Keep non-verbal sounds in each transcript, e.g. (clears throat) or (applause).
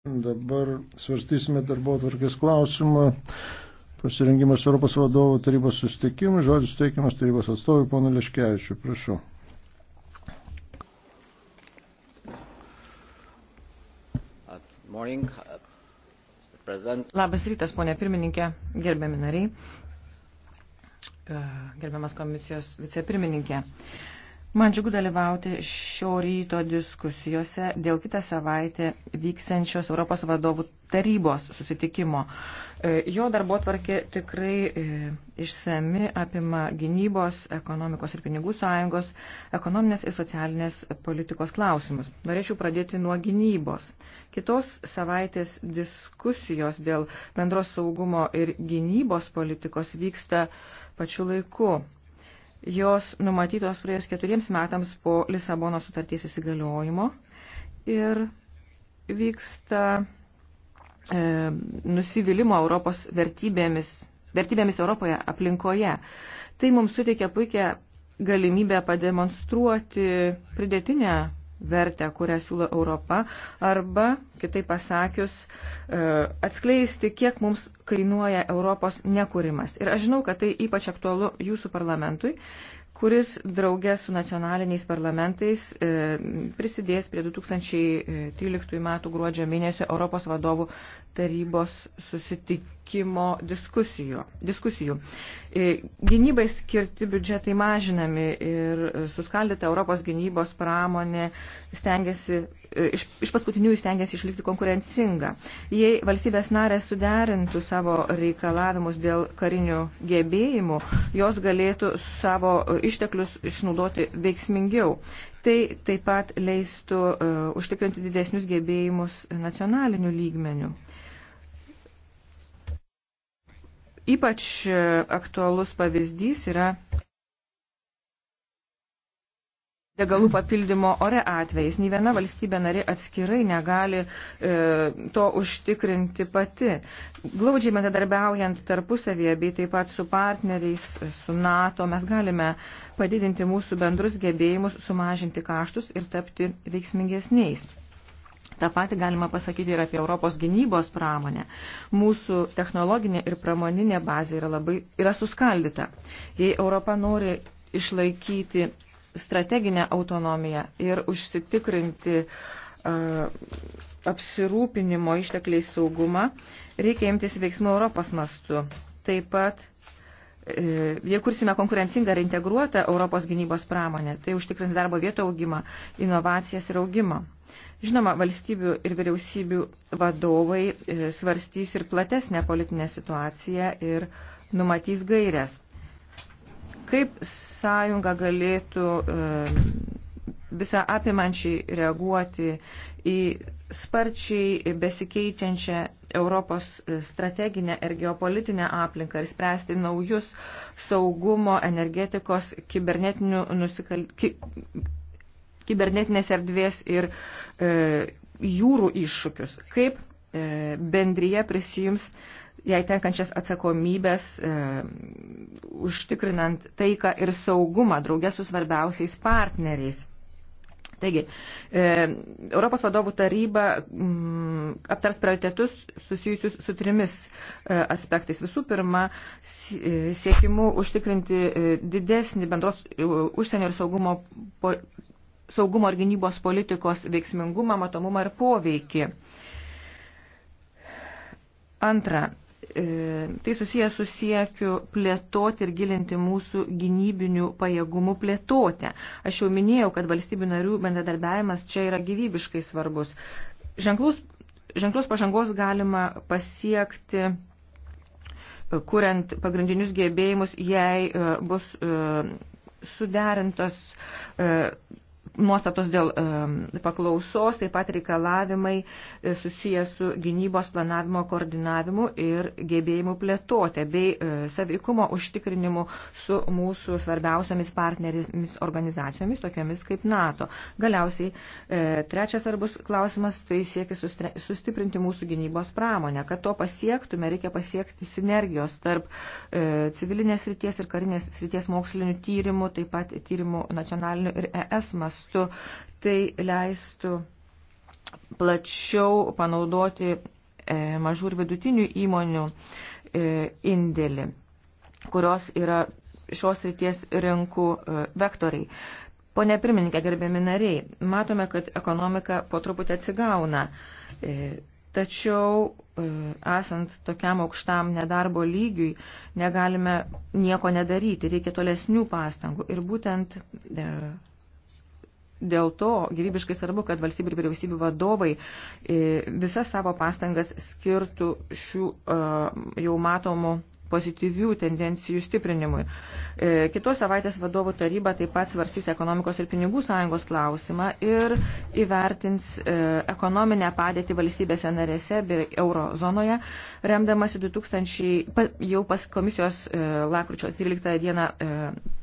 Dabar svarstysime darbo atvarkės klausimą. Pasirengimas Europos vadovų tarybos sustikimui. Žodis teikiamas tarybos atstovui pono Leškevičiu. Prašau. Uh, morning, uh, Labas rytas, ponė pirmininkė, gerbiami nariai, uh, gerbiamas komisijos vicepirmininkė. Man džiugu dalyvauti šio ryto diskusijose dėl kitą savaitę vyksiančios Europos vadovų tarybos susitikimo. E, jo darbo tvarkė tikrai e, išsami apima gynybos, ekonomikos ir pinigų sąjungos, ekonominės ir socialinės politikos klausimus. Norėčiau pradėti nuo gynybos. Kitos savaitės diskusijos dėl bendros saugumo ir gynybos politikos vyksta pačiu laiku. Jos numatytos prieš keturiems metams po Lisabono sutarties įsigaliojimo ir vyksta e, nusivylimo Europos vertybėmis, vertybėmis Europoje aplinkoje. Tai mums suteikia puikia galimybę pademonstruoti pridėtinę vertę, kurią siūlo Europa, arba, kitaip pasakius, e, atskleisti, kiek mums kainuoja Europos nekūrimas. Ir aš žinau, kad tai ypač aktualu jūsų parlamentui, kuris draugė su nacionaliniais parlamentais e, prisidės prie 2013 e, m. gruodžio mėnesio Europos vadovų tarybos susitikimo diskusijų. diskusijų. E, gynybai skirti biudžetai mažinami ir suskaldyta Europos gynybos pramonė stengiasi, e, iš, iš paskutinių stengiasi išlikti konkurencinga. Jei valstybės narės suderintų savo reikalavimus dėl karinių gebėjimų, jos galėtų savo išteklius išnaudoti veiksmingiau. Tai taip pat leistų uh, užtikrinti didesnius gebėjimus nacionaliniu lygmeniu. Ypač e, aktualus pavyzdys yra degalų papildymo ore atvejais. Nį viena valstybė nari atskirai negali e, to užtikrinti pati. Glaudžiai bendradarbiaujant tarpusavėje, bei taip pat su partneriais, e, su NATO, mes galime padidinti mūsų bendrus gebėjimus, sumažinti kaštus ir tapti veiksmingesniais. Ta pati galima pasakyti ir apie Europos gynybos pramonę. Mūsų technologinė ir pramoninė bazė yra, labai, yra suskaldyta. Jei Europa nori išlaikyti strateginę autonomiją ir užsitikrinti uh, apsirūpinimo ištekliais saugumą, reikia imtis veiksmų Europos mastu. Taip pat, e, jei kursime konkurencingą ir integruotą Europos gynybos pramonę, tai užtikrins darbo vietų augimą, inovacijas ir augimą. Žinoma, valstybių ir vyriausybių vadovai e, svarstys ir platesnę politinę situaciją ir numatys gairias. Kaip sąjunga galėtų e, visą apimančiai reaguoti į sparčiai besikeičiančią Europos strateginę ir geopolitinę aplinką ir spręsti naujus saugumo, energetikos, kibernetinių nusikal... ki kibernetinės erdvės ir e, jūrų iššūkius. Kaip e, bendryje prisijums jai tenkančias atsakomybės e, užtikrinant taiką ir saugumą draugę su svarbiausiais partneriais. Taigi, e, Europos vadovų taryba m, mm, aptars prioritetus susijusius su trimis e, aspektais. Visų pirma, e, siekimu užtikrinti e, didesnį bendros e, užsienio ir saugumo po, saugumo ir gynybos politikos veiksmingumą, matomumą ir poveikį. Antra, e, tai susijęs su siekiu plėtoti ir gilinti mūsų gynybinių pajėgumų plėtotę. Aš jau minėjau, kad valstybių narių bendradarbiavimas čia yra gyvybiškai svarbus. Ženklus, ženklus pažangos galima pasiekti e, kuriant pagrindinius gebėjimus, jei e, bus suderintos nuostatos dėl paklausos, taip pat reikalavimai e, susijęs su gynybos planavimo koordinavimu ir gebėjimu plėtoti, bei e, savykumo užtikrinimu su mūsų svarbiausiamis partnerėmis organizacijomis, tokiamis kaip NATO. Galiausiai e, trečias svarbus klausimas, tai siekia sustiprinti mūsų gynybos pramonę. Kad to pasiektume, reikia pasiekti sinergijos tarp civilinės ryties ir karinės ryties mokslinių tyrimų, taip pat tyrimų nacionalinių ir ES masu mastu. Tai leistų plačiau panaudoti e, mažų ir vidutinių įmonių e, indėlį, kurios yra šios ryties rinkų e, vektoriai. Pone pirmininkė, gerbėmi nariai, matome, kad ekonomika po truputį atsigauna. Tačiau, esant tokiam aukštam nedarbo lygiui, negalime nieko nedaryti, reikia tolesnių pastangų. Ir būtent Dėl to gyvybiškai svarbu, kad valstybių ir vyriausybių vadovai e, visas savo pastangas skirtų šių e, jau matomų pozityvių tendencijų stiprinimui. E, kitos savaitės vadovų taryba taip pat svarstys ekonomikos ir pinigų sąjungos klausimą ir įvertins e, ekonominę padėtį valstybėse narėse bei eurozonoje, remdamasi 2000, jau pas komisijos e, lakryčio 13 dieną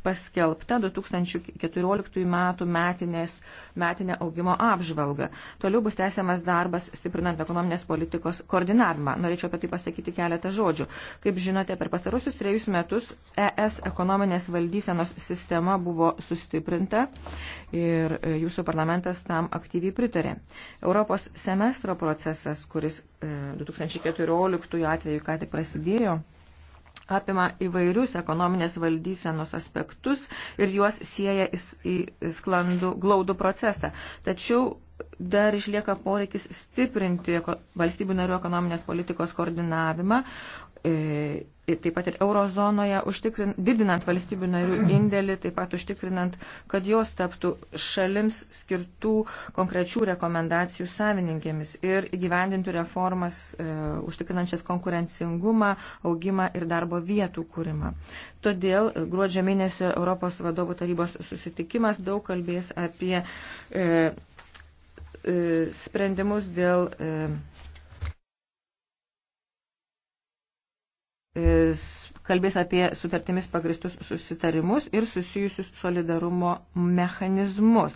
paskelbta 2014 metų metinės, metinė augimo apžvalga. Toliau bus tęsiamas darbas stiprinant ekonominės politikos koordinavimą. Norėčiau apie tai pasakyti keletą žodžių. Kaip žinote, Per pastarosius trejus metus ES ekonominės valdysenos sistema buvo sustiprinta ir e, jūsų parlamentas tam aktyviai pritarė. Europos semestro procesas, kuris 2014 e, atveju ką tik prasidėjo, apima įvairius ekonominės valdysenos aspektus ir juos sieja į sklandų glaudų procesą. Tačiau dar išlieka poreikis stiprinti valstybių narių ekonominės politikos koordinavimą e, taip pat ir eurozonoje, užtikrin, didinant valstybių narių (clears throat) indėlį, taip pat užtikrinant, kad jos taptų šalims skirtų konkrečių rekomendacijų savininkėmis ir įgyvendintų reformas e, užtikrinančias konkurencingumą, augimą ir darbo vietų kūrimą. Todėl gruodžio mėnesio Europos vadovų tarybos susitikimas daug kalbės apie e, e, sprendimus dėl. E, kalbės apie sutartimis pagristus susitarimus ir susijusius solidarumo mechanizmus.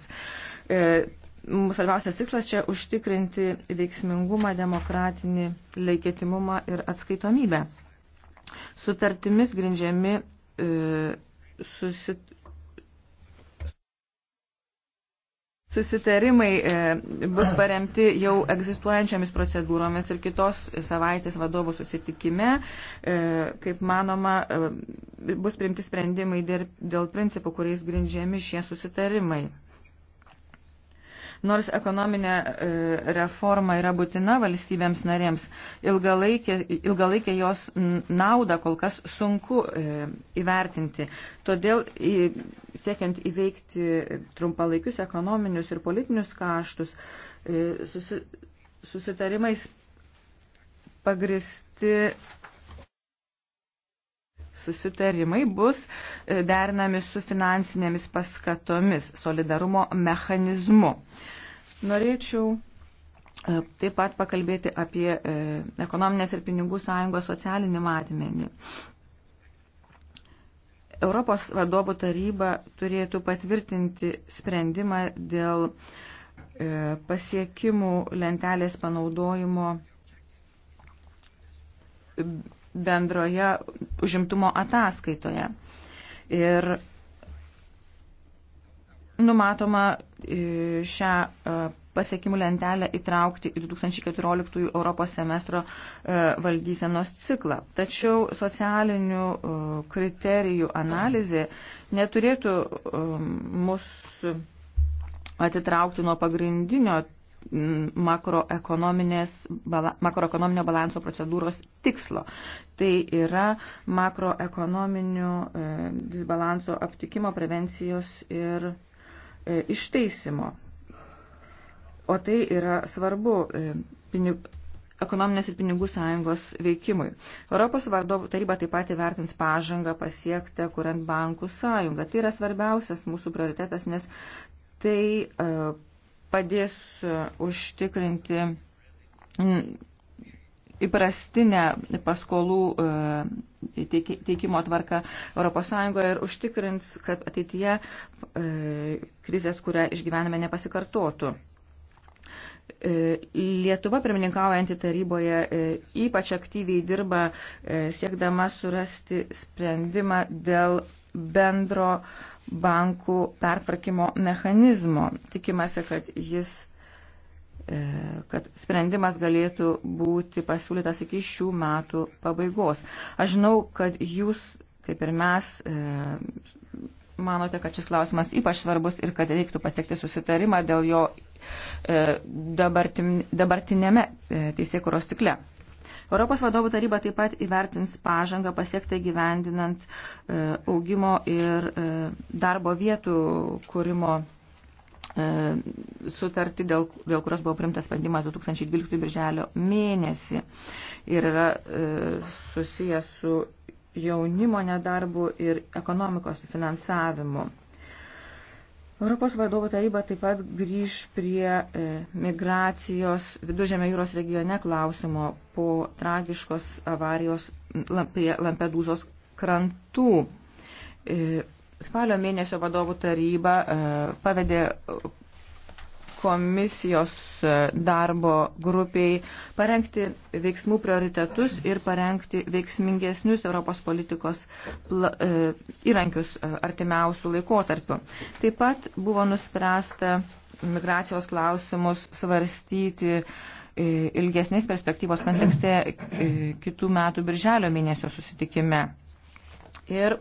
E, svarbiausias tikslas čia užtikrinti veiksmingumą, demokratinį leikėtimumą ir atskaitomybę. Sutartimis grindžiami e, susit, Susitarimai e, bus paremti jau egzistuojančiamis procedūromis ir kitos savaitės vadovų susitikime, e, kaip manoma, e, bus priimti sprendimai dėl principų, kuriais grindžiami šie susitarimai. Nors ekonominė e, reforma yra būtina valstybėms narėms, ilgalaikė, ilgalaikė jos naudą kol kas sunku e, įvertinti. Todėl siekiant įveikti trumpalaikius ekonominius ir politinius kaštus, e, susitarimais pagristi susitarimai bus e, derinami su finansinėmis paskatomis, solidarumo mechanizmu. Norėčiau e, taip pat pakalbėti apie e, ekonominės ir pinigų sąjungos socialinį matmenį. Europos vadovų taryba turėtų patvirtinti sprendimą dėl pasiekimų lentelės panaudojimo bendroje užimtumo ataskaitoje. Ir numatoma e, šią e, pasiekimų lentelę įtraukti į 2014 Europos semestro e, valdysenos ciklą. Tačiau socialinių kriterijų analizė neturėtų mus atitraukti nuo pagrindinio Mm, makroekonominio balanso procedūros tikslo. Tai yra makroekonominių e, disbalanso aptikimo, prevencijos ir e, išteisimo. O tai yra svarbu e, pinig, ekonominės ir pinigų sąjungos veikimui. Europos vadovų taryba taip pat įvertins pažangą pasiektą, kuriant bankų sąjungą. Tai yra svarbiausias mūsų prioritetas, nes tai uh, padės e, užtikrinti įprastinę paskolų e, teikimo tvarką ES ir užtikrins, kad ateityje e, krizės, kurią išgyvename, nepasikartotų. Lietuva pirmininkaujantį taryboje ypač aktyviai dirba siekdama surasti sprendimą dėl bendro bankų pertvarkymo mechanizmo. Tikimasi, kad jis e, kad sprendimas galėtų būti pasiūlytas iki šių metų pabaigos. Aš žinau, kad jūs, kaip ir mes, e, manote, kad šis klausimas ypač svarbus ir kad reiktų pasiekti susitarimą dėl jo e, dabartinėme teisėkuros tikle. Europos vadovų taryba taip pat įvertins pažangą pasiektą gyvendinant e, augimo ir e, darbo vietų kūrimo e, sutartį, dėl, dėl kurios buvo primtas sprendimas 2012 birželio mėnesį ir yra susijęs su jaunimo nedarbu ir ekonomikos finansavimu. Europos vadovų taryba taip pat grįž prie e, migracijos viduržėmio jūros regione klausimo po tragiškos avarijos prie Lampedūzos krantų. E, spalio mėnesio vadovų taryba e, pavedė komisijos e, darbo grupiai parengti veiksmų prioritetus ir parengti veiksmingesnius Europos politikos e, įrankius e, artimiausių laikotarpių. Taip pat buvo nuspręsta migracijos klausimus svarstyti ilgesnės perspektyvos kontekste kitų metų birželio mėnesio susitikime. Ir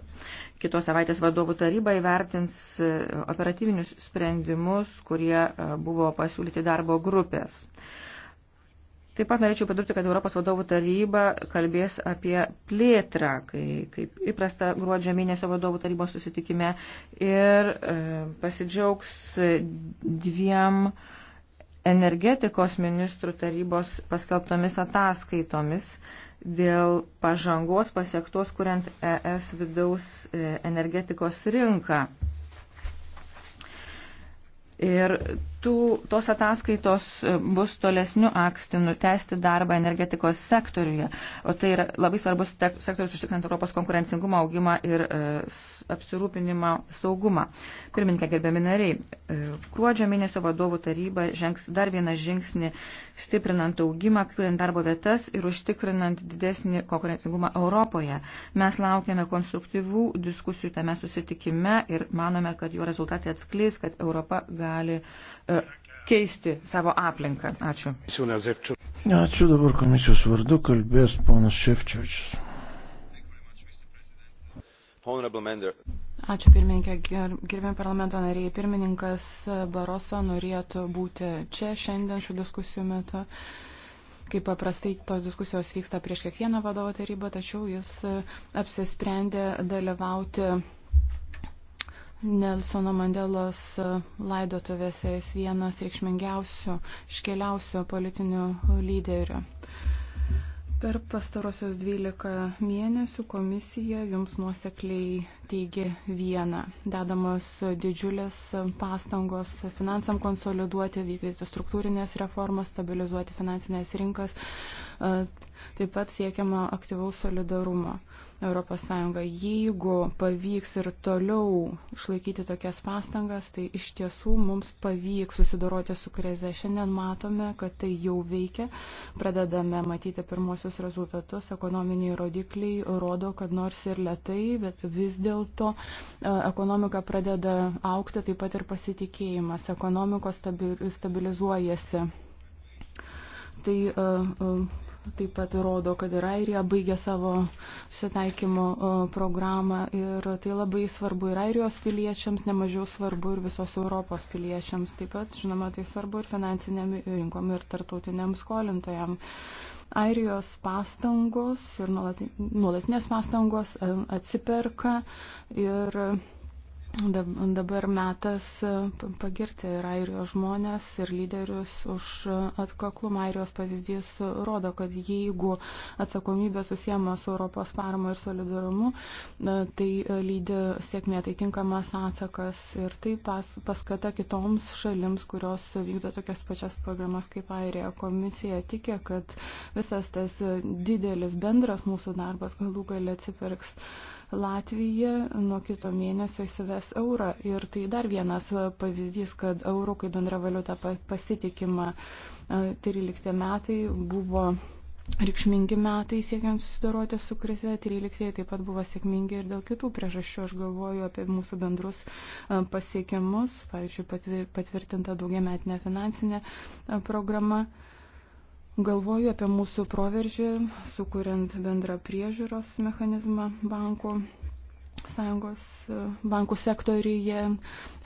Kitos savaitės vadovų taryba įvertins e, operatyvinius sprendimus, kurie e, buvo pasiūlyti darbo grupės. Taip pat norėčiau pridurti, kad Europos vadovų taryba kalbės apie plėtrą, kai, kaip įprasta gruodžio mėnesio vadovų tarybos susitikime ir e, pasidžiaugs dviem energetikos ministrų tarybos paskelbtomis ataskaitomis. E, dėl pažangos pasiektos, kuriant ES vidaus e, energetikos rinką. Ir tų, tos ataskaitos e, bus tolesniu akstinu tęsti darbą energetikos sektoriuje. O tai yra labai svarbus sektorius užtikrinant Europos konkurencingumą, augimą ir e, apsirūpinimą saugumą. Pirmininkė, gerbiami nariai, e, gruodžio mėnesio vadovų taryba žengs dar vieną žingsnį stiprinant augimą, kuriant darbo vietas ir užtikrinant didesnį konkurencingumą Europoje. Mes laukiame konstruktyvų diskusijų tame susitikime ir manome, kad jų rezultatai atskleis, kad Europa gali E, keisti savo aplinką. Ačiū. Ačiū dabar komisijos vardu, kalbės ponas Šefčiovičius. Ačiū pirmininkė, gerbėm parlamento nariai. Pirmininkas Baroso norėtų būti čia šiandien šių diskusijų metu. Kaip paprastai tos diskusijos vyksta prieš kiekvieną vadovo tarybą, tačiau jis apsisprendė dalyvauti Nelsono Mandelos laidotuvėse jis vienas reikšmingiausių, iškeliausių politinių lyderių. Per pastarosios 12 mėnesių komisija jums nuosekliai teigia vieną, dedamos didžiulės pastangos finansam konsoliduoti, vykdyti struktūrinės reformas, stabilizuoti finansinės rinkas, taip pat siekiama aktyvaus solidarumo. ES. Jeigu pavyks ir toliau išlaikyti tokias pastangas, tai iš tiesų mums pavyks susidoroti su krize. Šiandien matome, kad tai jau veikia. Pradedame matyti pirmosius rezultatus. Ekonominiai rodikliai rodo, kad nors ir lietai, bet vis dėlto e, ekonomika pradeda aukti, taip pat ir pasitikėjimas. Ekonomikos stabilizuojasi. Tai uh, uh, taip pat rodo, kad ir Airija baigė savo susitaikymo e, programą ir tai labai svarbu ir Airijos piliečiams, nemažiau svarbu ir visos Europos piliečiams. Taip pat, žinoma, tai svarbu ir finansiniam rinkom ir tartautiniam skolintojam. Airijos pastangos ir nuolatinės pastangos e, atsiperka ir Dabar metas e, pagirti ir airijos žmonės, ir lyderius už e, atkaklumą. Airijos pavyzdys rodo, kad jeigu atsakomybė susiema su Europos paramo ir solidarumu, e, tai lydi sėkmė, tai tinkamas atsakas ir tai pas, paskata kitoms šalims, kurios vykdo tokias pačias programas kaip Airija. Komisija tikė, kad visas tas didelis bendras mūsų darbas galų gale atsipirks. Uh, Latvija nuo kito mėnesio įsives eurą. Ir tai dar vienas pavyzdys, kad eurų kaip bendra valiuta pasitikima 13 e, metai buvo reikšmingi metai siekiant susidoroti su krize, 13 taip pat buvo sėkmingi ir dėl kitų priežasčių. Aš galvoju apie mūsų bendrus e, pasiekimus, pavyzdžiui, patvirtinta daugiametinė finansinė e, programa. Galvoju apie mūsų proveržį, sukuriant bendrą priežiūros mechanizmą bankų sąjungos e, bankų sektoriuje,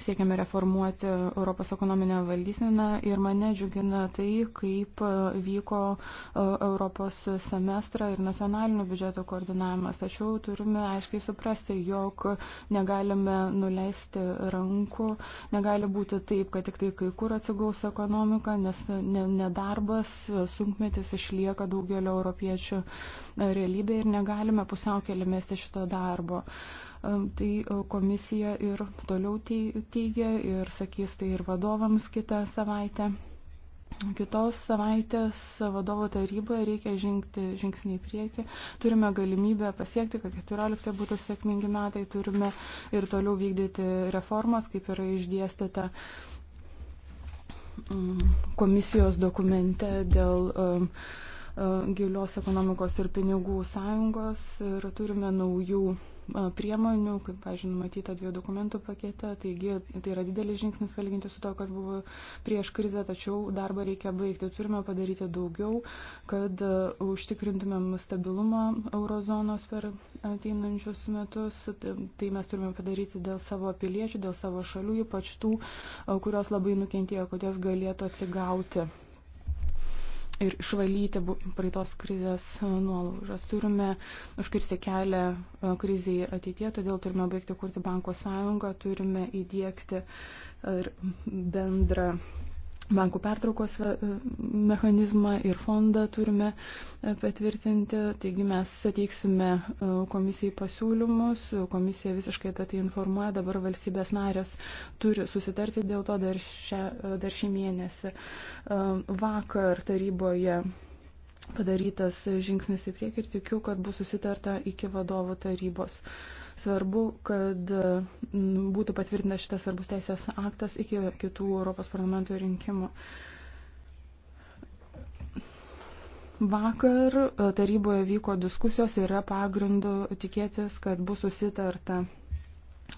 siekiame reformuoti Europos ekonominę valdyseną ir mane džiugina tai, kaip e, vyko e, Europos semestrą ir nacionalinių biudžeto koordinavimas. Tačiau turime aiškiai suprasti, jog negalime nuleisti rankų, negali būti taip, kad tik tai kai kur atsigaus ekonomika, nes nedarbas, sunkmetis išlieka daugelio europiečių realybė ir negalime pusiaukelį mesti šito darbo. Uh, tai e, komisija ir toliau teigia ir sakys tai ir vadovams kitą savaitę. Kitos savaitės vadovo taryboje reikia žingti žingsnį į priekį. Turime galimybę pasiekti, kad 14 būtų sėkmingi metai, turime ir toliau vykdyti reformas, kaip yra išdėstyta mm, komisijos dokumente dėl e, gilios ekonomikos ir pinigų sąjungos ir turime naujų priemonių, kaip, pavyzdžiui, numatyta dviejų dokumentų pakete, taigi tai yra didelis žingsnis palyginti su to, kas buvo prieš krizę, tačiau darbą reikia baigti. Turime padaryti daugiau, kad užtikrintumėm stabilumą eurozonos per ateinančius metus. Tai, tai mes turime padaryti dėl savo piliečių, dėl savo šalių, ypač tų, kurios labai nukentėjo, kad jos galėtų atsigauti ir išvalyti praeitos krizės e, nuolaužas. Turime užkirsti kelią e, kriziai ateitie, todėl turime baigti kurti banko sąjungą, turime įdėkti bendrą bankų pertraukos e, mechanizmą ir fondą turime e, patvirtinti. Taigi mes teiksime e, komisijai pasiūlymus, komisija visiškai apie tai informuoja, dabar valstybės narės turi susitarti dėl to dar, šią, dar šį mėnesį. Vakar taryboje padarytas žingsnis į priekį ir tikiu, kad bus susitarta iki vadovų tarybos. Uh, Svarbu, kad būtų patvirtintas šitas svarbus teisės aktas iki kitų Europos parlamento rinkimų. Vakar e, taryboje vyko diskusijos ir yra pagrindų tikėtis, kad bus susitarta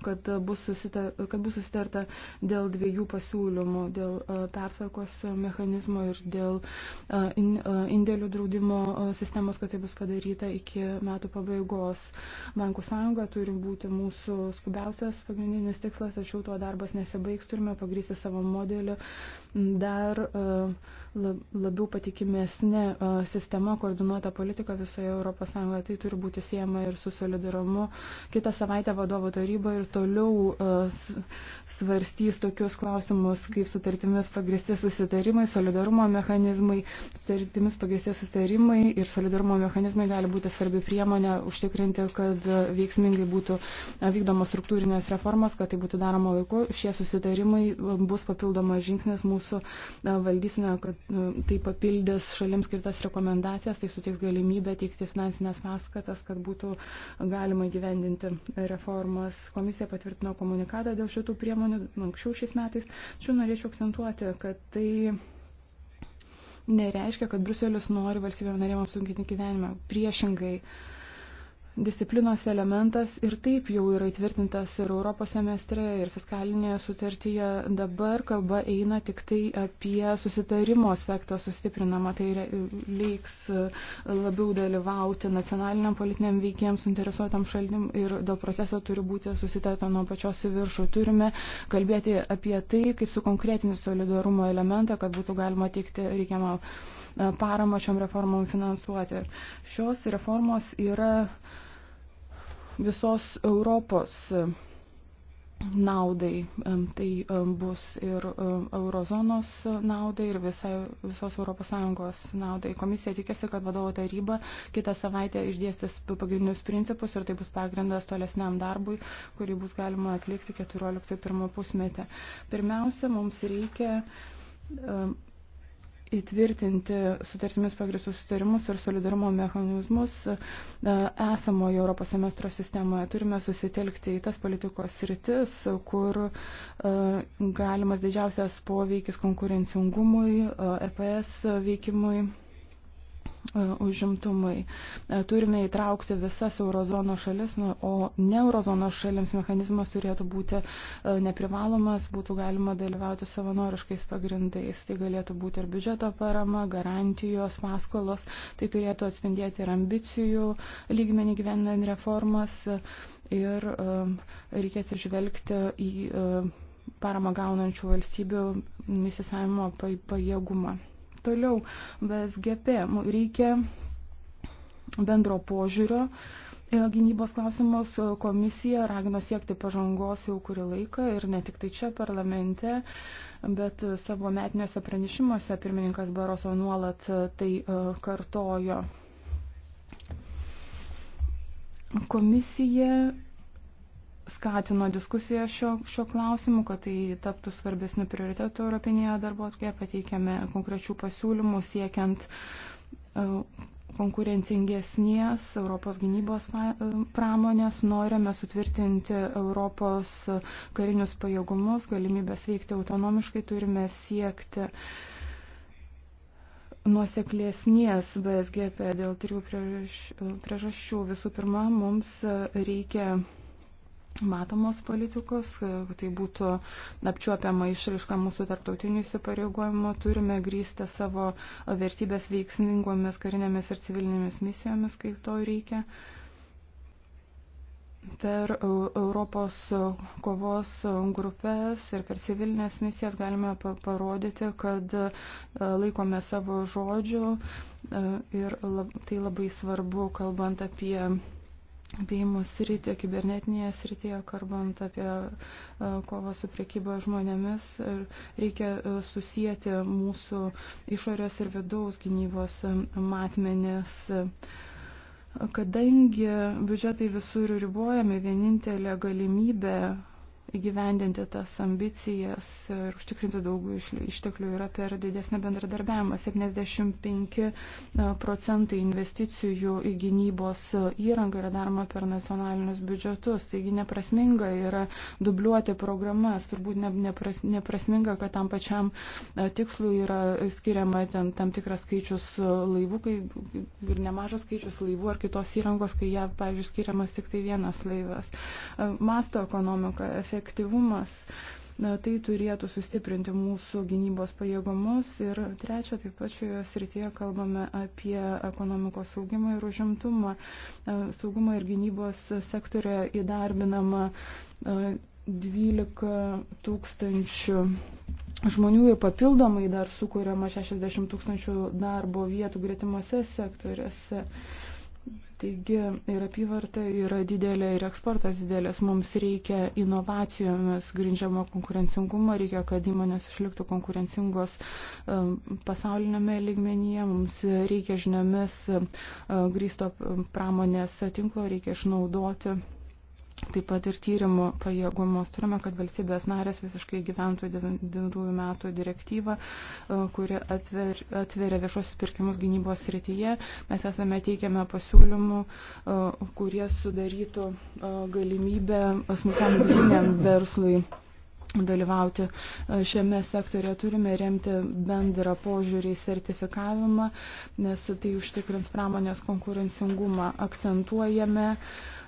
kad e, bus, susita, kad bus susitarta dėl dviejų pasiūlymų, dėl e, pertvarkos mechanizmo ir dėl e, indėlių draudimo sistemos, kad tai bus padaryta iki metų pabaigos. Bankų sąjunga turi būti mūsų skubiausias pagrindinis tikslas, tačiau tuo darbas nesibaigs, turime pagrysti savo modelį dar. Uh, labiau patikimesnė sistema, koordinuota politika visoje ES. Tai turi būti siejama ir su solidarumu. Kitą savaitę vadovo taryba ir toliau svarstys tokius klausimus, kaip sutartimis pagristi susitarimai, solidarumo mechanizmai. Sutartimis pagristi susitarimai ir solidarumo mechanizmai gali būti svarbi priemonė užtikrinti, kad veiksmingai būtų vykdomos struktūrinės reformos, kad tai būtų daroma laiku. Šie susitarimai bus papildomas žingsnis mūsų valdysime, kad tai papildys šalims skirtas rekomendacijas, tai suteiks galimybę teikti finansinės paskatas, kad būtų galima gyvendinti reformas. Komisija patvirtino komunikatą dėl šitų priemonių anksčiau šiais metais. Šiuo norėčiau akcentuoti, kad tai nereiškia, kad Bruselis nori valstybėm narėm apsunkinti gyvenimą. Priešingai. Uh, disciplinos elementas ir taip jau yra įtvirtintas ir Europos semestre, ir fiskalinėje sutartyje. Dabar kalba eina tik tai apie susitarimo aspektą sustiprinamą, tai leiks e, labiau dalyvauti nacionaliniam politiniam veikėjams, suinteresuotam šalim ir dėl proceso turi būti susitarta nuo pačios į viršų. Turime kalbėti apie tai, kaip sukonkretinį solidarumo elementą, kad būtų galima teikti reikiamą e, paramą šiom reformom finansuoti. Šios reformos yra uh, visos Europos naudai. Tai bus ir eurozonos naudai, ir visa, visos ES naudai. Komisija tikėsi, kad vadovo taryba kitą savaitę išdėstys pagrindinius principus ir tai bus pagrindas tolesniam darbui, kurį bus galima atlikti 14.1 pusmetį. Pirmiausia, mums reikia įtvirtinti sutartimis pagristus sutarimus ir solidarumo mechanizmus e, esamoje Europos semestro sistemoje. Turime susitelkti į tas politikos sritis, kur e, galimas didžiausias poveikis konkurencingumui, EPS veikimui E, užimtumui. E, turime įtraukti visas eurozono šalis, nu, o ne eurozono šalims mechanizmas turėtų būti e, neprivalomas, būtų galima dalyvauti savanoriškais pagrindais. Tai galėtų būti ir biudžeto parama, garantijos, paskolos. Tai turėtų atspindėti ir ambicijų lygmenį gyvenant reformas ir reikia atsižvelgti į paramą gaunančių valstybių įsisavimo pajėgumą toliau BSGP. Reikia bendro požiūrio. E, gynybos klausimus e, komisija ragino siekti pažangos jau kurį laiką ir ne tik tai čia parlamente, bet savo metiniuose pranešimuose pirmininkas Baroso nuolat e, tai kartojo. Komisija skatino diskusiją šio, šio klausimu, kad tai taptų svarbesnių prioritetų Europinėje darbo atkėje, pateikėme konkrečių pasiūlymų siekiant e, konkurencingesnės Europos gynybos e, pramonės, norime sutvirtinti Europos karinius pajėgumus, galimybės veikti autonomiškai, turime siekti nuoseklėsnės BSGP dėl trijų e, priežasčių. Visų pirma, mums reikia matomos politikos, kad tai būtų apčiuopiama išraiška mūsų tarptautinių įsipareigojimų, turime grįsti savo vertybės veiksmingomis karinėmis ir civilinėmis misijomis, kaip to reikia. Per Europos kovos grupės ir per civilinės misijas galime parodyti, kad e, laikome savo žodžių e, ir tai labai svarbu, kalbant apie apėjimų sritį, kibernetinėje srityje, kalbant apie e, kovą su priekyba žmonėmis, reikia e, susijęti mūsų išorės ir vidaus gynybos e, matmenės. Kadangi biudžetai visur ribojami, vienintelė galimybė įgyvendinti tas ambicijas ir užtikrinti daug išteklių yra per didesnį bendradarbiavimą. 75 e, procentai investicijų į gynybos įrangą yra daroma per nacionalinius biudžetus, taigi neprasminga yra dubliuoti programas, turbūt nepras, neprasminga, kad tam pačiam e, tikslui yra skiriama ten, tam tikras skaičius e, laivų kai, ir nemažas skaičius laivų ar kitos įrangos, kai ją, pavyzdžiui, skiriamas tik tai vienas laivas. Masto ekonomika, efektyvumas efektyvumas. Na, tai turėtų sustiprinti mūsų gynybos pajėgumus. Ir trečia, taip pat šioje srityje kalbame apie ekonomikos saugimą ir užimtumą. Saugumą ir gynybos sektorė įdarbinama 12 tūkstančių žmonių ir papildomai dar sukūriama 60 tūkstančių darbo vietų gretimose sektoriuose. Taigi ir apyvarta yra didelė ir eksportas didelis. Mums reikia inovacijomis grindžiamo konkurencingumo, reikia, kad įmonės išliktų konkurencingos um, pasaulinėme lygmenyje, mums reikia žiniomis um, grįsto um, pramonės tinklo, reikia išnaudoti taip pat ir tyrimų pajėgumus. Turime, kad valstybės narės visiškai gyventų 92 metų direktyvą, e, kuri atver, atveria viešosius pirkimus gynybos srityje. Mes esame teikiame pasiūlymų, e, kurie sudarytų e, galimybę smulkiam vidiniam verslui dalyvauti šiame sektorė. Turime remti bendrą požiūrį į sertifikavimą, nes tai užtikrins pramonės konkurencingumą. Akcentuojame uh,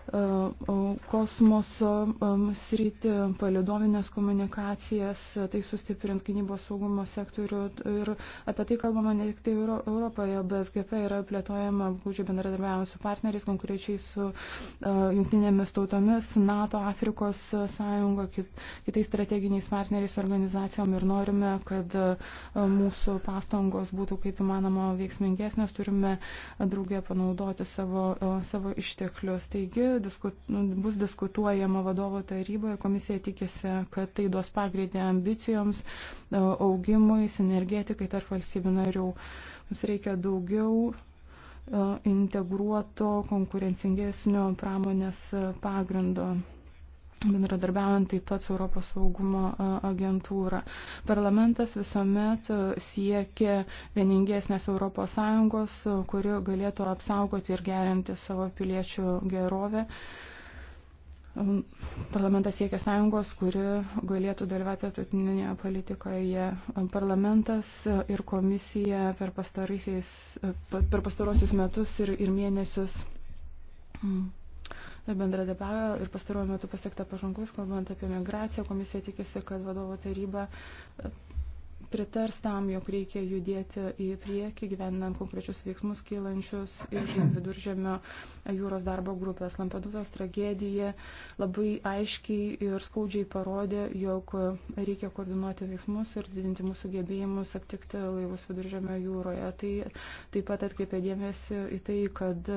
E, kosmoso e, sritį, palidovinės komunikacijas, tai sustiprins gynybos saugumo sektorių ir apie tai kalbama ne tik tai Euro Europoje, BSGP yra plėtojama glūdžiai bendradarbiavimu su partneriais, konkrečiai su e, jungtinėmis tautomis, NATO, Afrikos sąjunga, kit, kitais strateginiais partneriais organizacijom ir norime, kad mūsų pastangos būtų kaip įmanoma veiksmingesnės, turime draugė panaudoti savo, savo išteklius. Taigi, disku, nu, bus diskutuojama vadovo taryboje ir komisija tikisi, kad tai duos pagreitį ambicijoms, e, augimui, sinergetikai tarp valstybių narių. Mums reikia daugiau e, integruoto, konkurencingesnio pramonės e, pagrindo bendradarbiaujant taip pat su Europos saugumo agentūra. Parlamentas visuomet siekia vieningesnės ES, kuri galėtų apsaugoti ir gerinti savo piliečių gerovę. Um, parlamentas siekia sąjungos, kuri galėtų dalyvauti tarptautinėje politikoje. Parlamentas ir komisija per, per pastarosius metus ir, ir mėnesius mm, bendradarbiavo ir pastaruoju metu pasiekta pažangos, kalbant apie migraciją. Komisija tikisi, kad vadovo taryba pritars tam, jog reikia judėti į priekį, gyvenant konkrečius veiksmus kylančius iš viduržėmio jūros darbo grupės. Lampedūzos tragedija labai aiškiai ir skaudžiai parodė, jog reikia koordinuoti veiksmus ir didinti mūsų gebėjimus aptikti laivus viduržėmio jūroje. Tai taip pat atkreipė dėmesį į tai, kad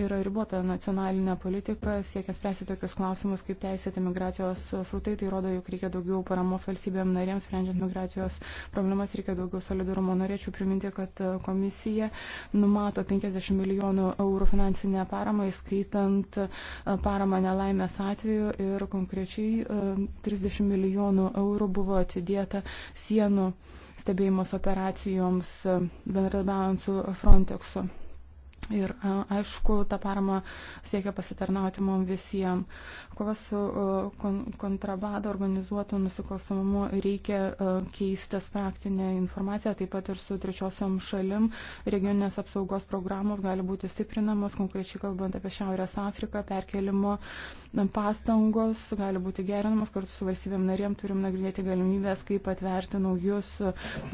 yra ribota nacionalinė politika, siekiant spręsti tokius klausimus kaip teisėti migracijos srautai, tai rodo, jog reikia daugiau paramos valstybėm narėms, sprendžiant migracijos problemas, reikia daugiau solidarumo. Norėčiau priminti, kad e, komisija numato 50 milijonų eurų finansinę paramą, įskaitant e, paramą nelaimės atveju ir konkrečiai 30 e, milijonų eurų buvo atidėta sienų stebėjimos operacijoms bendradarbiaujant su Frontexu. Ir aišku, tą paramą siekia pasitarnauti mums visiems. Kova su kontrabada organizuotų nusikalstamumu reikia keistis praktinę informaciją, taip pat ir su trečiosiom šalim. Regioninės apsaugos programos gali būti stiprinamos, konkrečiai kalbant apie Šiaurės Afriką, perkelimo pastangos gali būti gerinamos, kartu su valstybėm narėm turim nagrinėti galimybės, kaip atverti naujus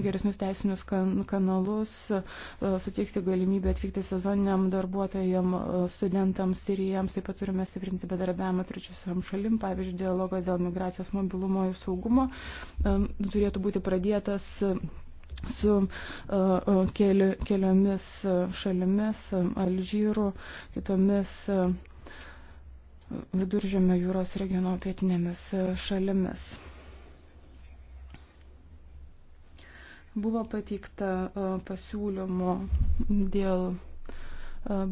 geresnius teisinius kanalus, suteikti galimybę atvykti sezoninį sezoniniam darbuotojam, e, studentams, sirijams, taip pat turime stiprinti bedarbiavimą trečiosiam šalim, pavyzdžiui, dialogas dėl migracijos mobilumo ir saugumo e, turėtų būti pradėtas e, su keli, keliomis šalimis, Alžyru, kitomis viduržėmio jūros regiono pietinėmis šalimis. Buvo pateikta pasiūlymų dėl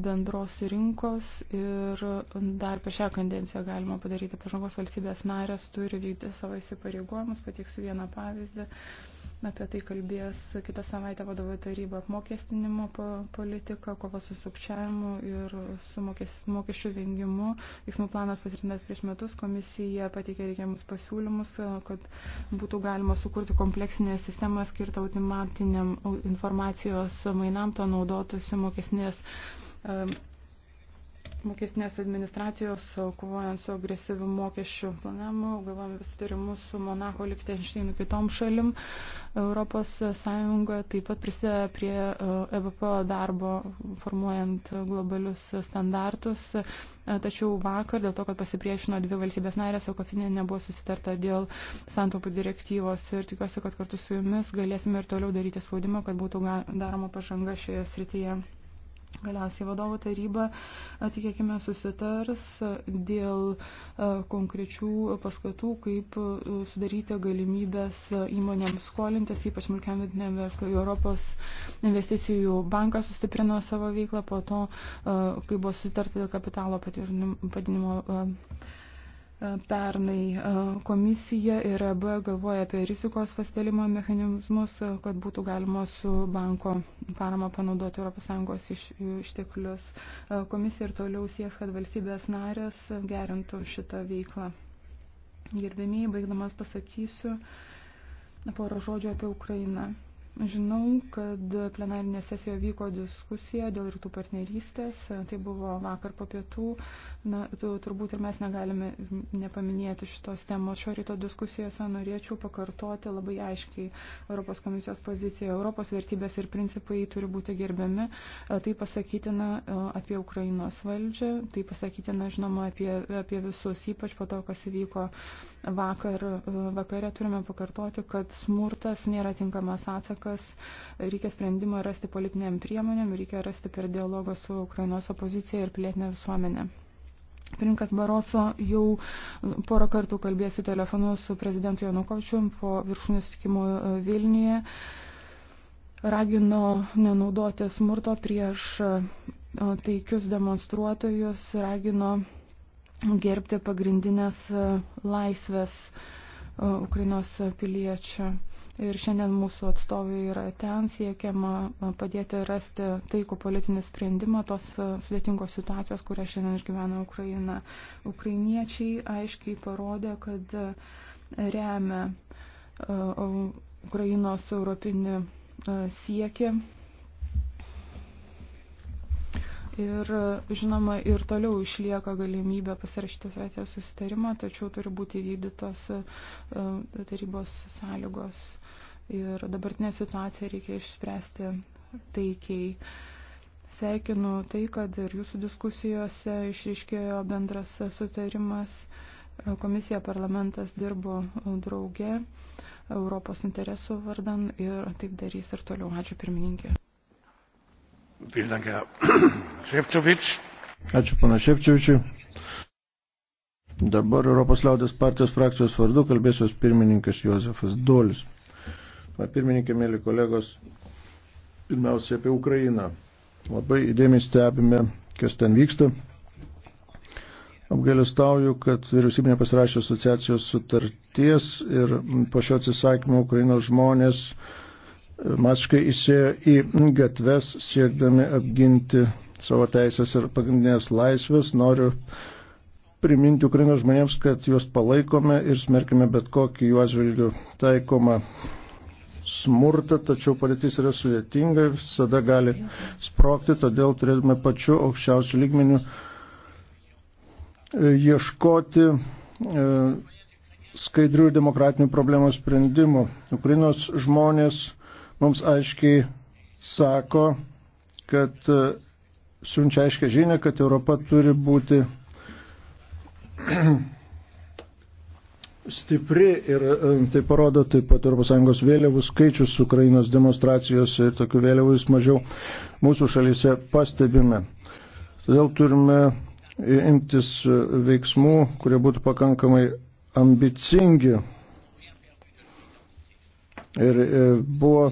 bendros rinkos ir dar per šią kandenciją galima padaryti pažangos valstybės narės turi vykdyti savo įsipareigojimus. Pateiksiu vieną pavyzdį. Apie tai kalbės kitą savaitę vadovų taryba apmokestinimo politika, kova su sukčiavimu ir su mokes, mokesčių vengimu. Veiksmų planas patvirtintas prieš metus, komisija pateikė reikiamus pasiūlymus, kad būtų galima sukurti kompleksinę sistemą skirtą automatiniam informacijos mainam, to naudotųsi mokesnės mokestinės administracijos, kovojant su agresyviu mokesčių planavimu, galvojame susitarimus su Monako, Liktenšteinu, kitom šalim. Europos Sąjunga taip pat prisideda prie EVPO e darbo, formuojant globalius standartus. Tačiau vakar, dėl to, kad pasipriešino dvi valstybės narės, Okofinė nebuvo susitarta dėl santaupų direktyvos ir tikiuosi, kad kartu su jumis galėsime ir toliau daryti spaudimą, kad būtų daroma pažanga šioje srityje. Galiausiai vadovo taryba, tikėkime, susitars dėl konkrečių paskatų, kaip sudaryti galimybės įmonėms skolintis, ypač smulkiam vidiniam verslui. Europos investicijų bankas sustiprino savo veiklą po to, kai buvo susitarta dėl kapitalo padinimo Pernai komisija ir EB galvoja apie rizikos pasidalimo mechanizmus, kad būtų galima su banko parama panaudoti ES iš, išteklius. Komisija ir toliau sieks, kad valstybės narės gerintų šitą veiklą. Gerbėmiai, baigdamas pasakysiu porą žodžių apie Ukrainą. Žinau, kad plenarinė sesija vyko diskusija dėl rytų partnerystės, tai buvo vakar po pietų, na, turbūt ir mes negalime nepaminėti šitos temos. Šio ryto diskusijose norėčiau pakartoti labai aiškiai Europos komisijos poziciją. Europos vertybės ir principai turi būti gerbiami, tai pasakytina e, apie Ukrainos valdžią, tai pasakytina, žinoma, apie, apie visus, ypač po to, kas įvyko vakar, e, vakare, turime pakartoti, kad smurtas nėra tinkamas atsakas taškas. Reikia sprendimą rasti politiniam priemonėm, reikia rasti per dialogą su Ukrainos opozicija ir pilietinė visuomenė. Pirinkas Baroso jau porą kartų kalbėsiu telefonu su prezidentu Janukovičiu po viršūnės sutikimo e, Vilniuje. Ragino nenaudoti smurto prieš e, taikius demonstruotojus, ragino gerbti pagrindinės e, laisvės Ukrainos piliečių. Ir šiandien mūsų atstovai yra ten siekiama padėti rasti taikų politinį sprendimą tos sudėtingos situacijos, kurią šiandien išgyvena Ukraina. Ukrainiečiai aiškiai parodė, kad remia Ukrainos europinį siekį Ir žinoma, ir toliau išlieka galimybė pasirašyti fetės susitarimą, tačiau turi būti vykdytos e, tarybos sąlygos. Ir dabartinę situaciją reikia išspręsti taikiai. Sveikinu tai, kad ir jūsų diskusijose išriškėjo bendras sutarimas. Komisija parlamentas dirbo drauge Europos interesų vardan ir taip darys ir toliau. Ačiū pirmininkė. (clears throat) Ačiū pana Šepčiovičiui. Dabar Europos liaudės partijos frakcijos vardu kalbėsios pirmininkas Jozefas Dolis. Na, pirmininkė, mėly kolegos, pirmiausia apie Ukrainą. Labai įdėmiai stebime, kas ten vyksta. Apgailestauju, kad vyriausybė nepasirašė asociacijos sutarties ir po šio atsisakymo Ukrainos žmonės masiškai įsėjo į gatves siekdami apginti savo teisės ir pagrindinės laisvės. Noriu priminti Ukrainos žmonėms, kad juos palaikome ir smerkime bet kokį jų atžvilgių taikomą smurtą, tačiau padėtis yra sudėtinga ir visada gali sprokti, todėl turėtume pačiu aukščiausiu lygmeniu e, ieškoti e, skaidrių ir demokratinių problemų sprendimų. Ukrainos žmonės mums aiškiai sako, kad e, siunčia aiškia žinia, kad Europa turi būti (clears throat) stipri ir e, tai parodo taip pat ES vėliavų skaičius Ukrainos demonstracijose ir tokių vėliavų vis mažiau mūsų šalyse pastebime. Todėl turime imtis e, veiksmų, kurie būtų pakankamai ambicingi. Ir buvo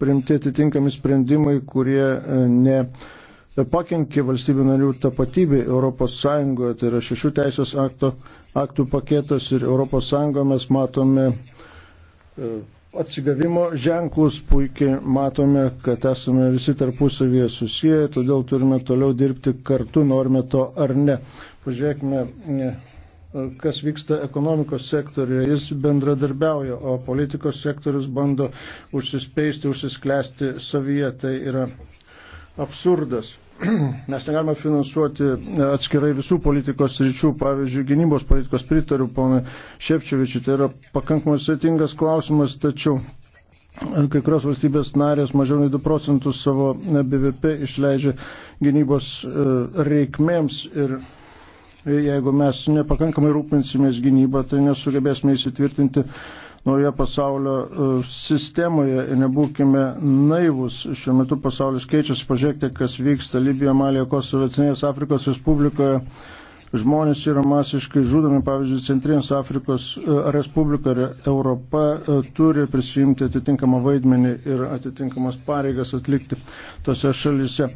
primti atitinkami sprendimai, kurie e, ne e, pakenkė valstybių narių tapatybė Europos Sąjungoje, tai yra šešių teisės akto, aktų paketas ir Europos Sąjungoje mes matome e, atsigavimo ženklus, puikiai matome, kad esame visi tarpusavyje susiję, todėl turime toliau dirbti kartu, norime to ar ne. Pažiūrėkime kas vyksta ekonomikos sektoriuje. Jis bendradarbiauja, o politikos sektorius bando užsispeisti, užsisklęsti savyje. Tai yra absurdas. (clears throat) Mes negalime finansuoti atskirai visų politikos ryčių, pavyzdžiui, gynybos politikos pritariu, ponai Šepčiovičiu, tai yra pakankamai sėtingas klausimas, tačiau kai kurios valstybės narės mažiau nei 2 procentus savo BVP išleidžia gynybos e, reikmėms ir Jeigu mes nepakankamai rūpinsimės gynybą, tai nesugebėsime įsitvirtinti naujo pasaulio e, sistemoje ir nebūkime naivus. Šiuo metu pasaulis keičiasi, pažiūrėkite, kas vyksta Libijoje, Malėje, Kosovo, Cinės Afrikos Respublikoje. Žmonės yra masiškai žudomi, pavyzdžiui, Centrinės Afrikos e, Respublika ir Europa e, turi prisijimti atitinkamą vaidmenį ir atitinkamas pareigas atlikti tose šalise.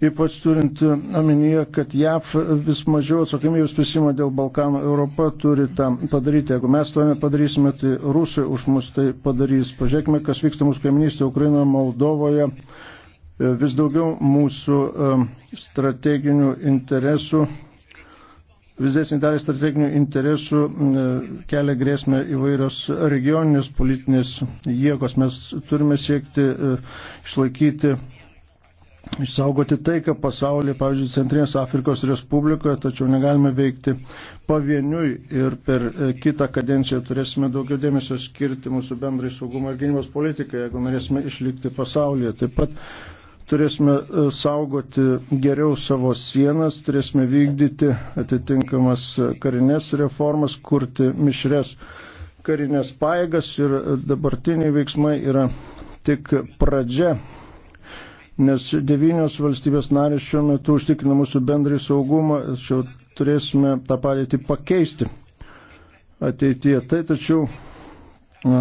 Ypač turint omenyje, kad JAV vis mažiau atsakomybės prisima dėl Balkanų, Europa turi tam padaryti. Jeigu mes to nepadarysime, tai rusai už mus tai padarys. Pažiūrėkime, kas vyksta mūsų kaiminystėje Ukrainoje, Moldovoje. Vis daugiau mūsų um, strateginių interesų, vis dėsnį dalį strateginių interesų um, kelia grėsmę įvairios regioninės politinės jėgos. Mes turime siekti uh, išlaikyti išsaugoti taiką pasaulyje, pavyzdžiui, Centrinės Afrikos Respublikoje, tačiau negalime veikti pavieniui ir per e, kitą kadenciją turėsime daugiau dėmesio skirti mūsų bendrai saugumo ir gynybos politikai, jeigu norėsime išlikti pasaulyje. Taip pat turėsime e, saugoti geriau savo sienas, turėsime vykdyti atitinkamas e, karinės reformas, kurti mišres karinės paėgas ir dabartiniai veiksmai yra tik pradžia nes devynios valstybės narės šiuo metu užtikrina mūsų bendrąjį saugumą, tačiau turėsime tą padėtį pakeisti ateityje. Tai tačiau na,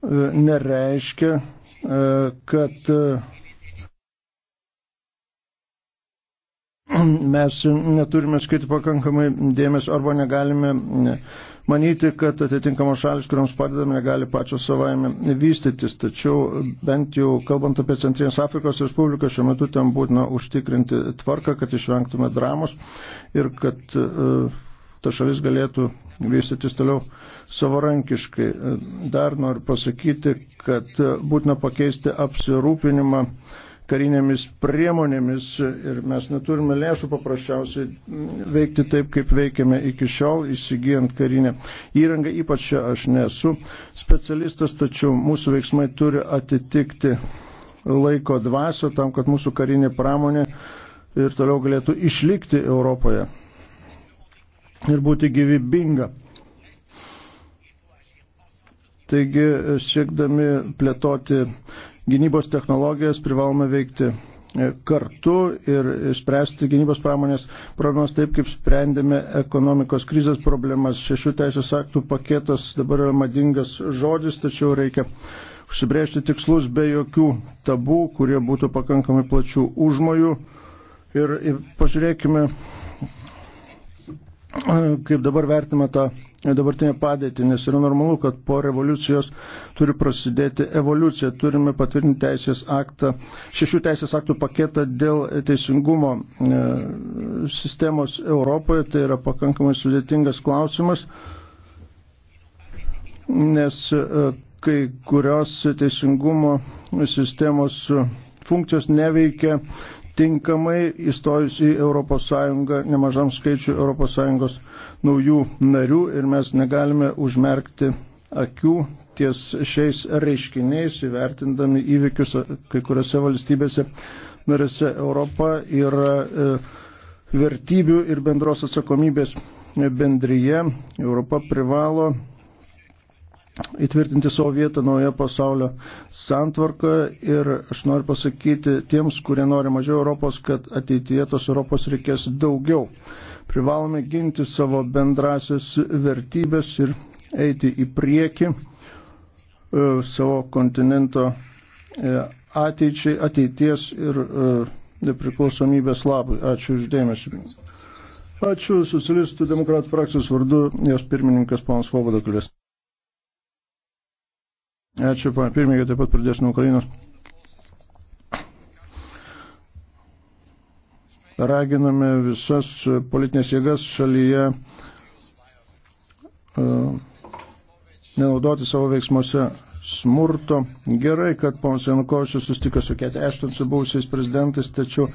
e, nereiškia, e, kad e, mes neturime skirti pakankamai dėmesio arba negalime manyti, kad atitinkamos šalis, kuriams padedame, negali pačios savaime vystytis. Tačiau bent jau kalbant apie Centrinės Afrikos Respubliką, šiuo metu ten būtina užtikrinti tvarką, kad išvengtume dramos ir kad e, ta šalis galėtų vystytis toliau savarankiškai. E, dar noriu pasakyti, kad e, būtina pakeisti apsirūpinimą karinėmis priemonėmis ir mes neturime lėšų paprasčiausiai veikti taip, kaip veikiame iki šiol, įsigijant karinę įrangą. Ypač čia aš nesu specialistas, tačiau mūsų veiksmai turi atitikti laiko dvasio tam, kad mūsų karinė pramonė ir toliau galėtų išlikti Europoje ir būti gyvybinga. Taigi, siekdami plėtoti gynybos technologijas privalome veikti e, kartu ir spręsti gynybos pramonės problemas taip, kaip sprendėme ekonomikos krizės problemas. Šešių teisės aktų paketas dabar yra madingas žodis, tačiau reikia užsibrėžti tikslus be jokių tabų, kurie būtų pakankamai plačių užmojų. Ir, ir pažiūrėkime, e, kaip dabar vertima tą dabartinę padėtį, nes yra normalu, kad po revoliucijos turi prasidėti evoliucija. Turime patvirtinti teisės aktą, šešių teisės aktų paketą dėl teisingumo e, sistemos Europoje. Tai yra pakankamai sudėtingas klausimas, nes e, kai kurios teisingumo sistemos funkcijos neveikia tinkamai įstojus į ES nemažam skaičiu ES naujų narių ir mes negalime užmerkti akių ties šiais reiškiniais įvertindami įvykius kai kuriuose valstybėse narėse Europa yra e, vertybių ir bendros atsakomybės bendryje. Europa privalo įtvirtinti savo vietą nauja pasaulio santvarka ir aš noriu pasakyti tiems, kurie nori mažiau Europos, kad ateityje tos Europos reikės daugiau. Privalome ginti savo bendrasias vertybės ir eiti į priekį e, savo kontinento e, ateičiai, ateities ir e, nepriklausomybės labui. Ačiū uždėmesi. Ačiū socialistų demokratų frakcijos vardu, jos pirmininkas panas Vobodaklės. Ačiū, pana pirmininkė, taip pat pradėsiu nuo Ukrainos. raginame visas politinės jėgas šalyje e, nenaudoti savo veiksmuose smurto. Gerai, kad ponas Janukovičius sustiko su Keti Ešton, su buvusiais prezidentais, tačiau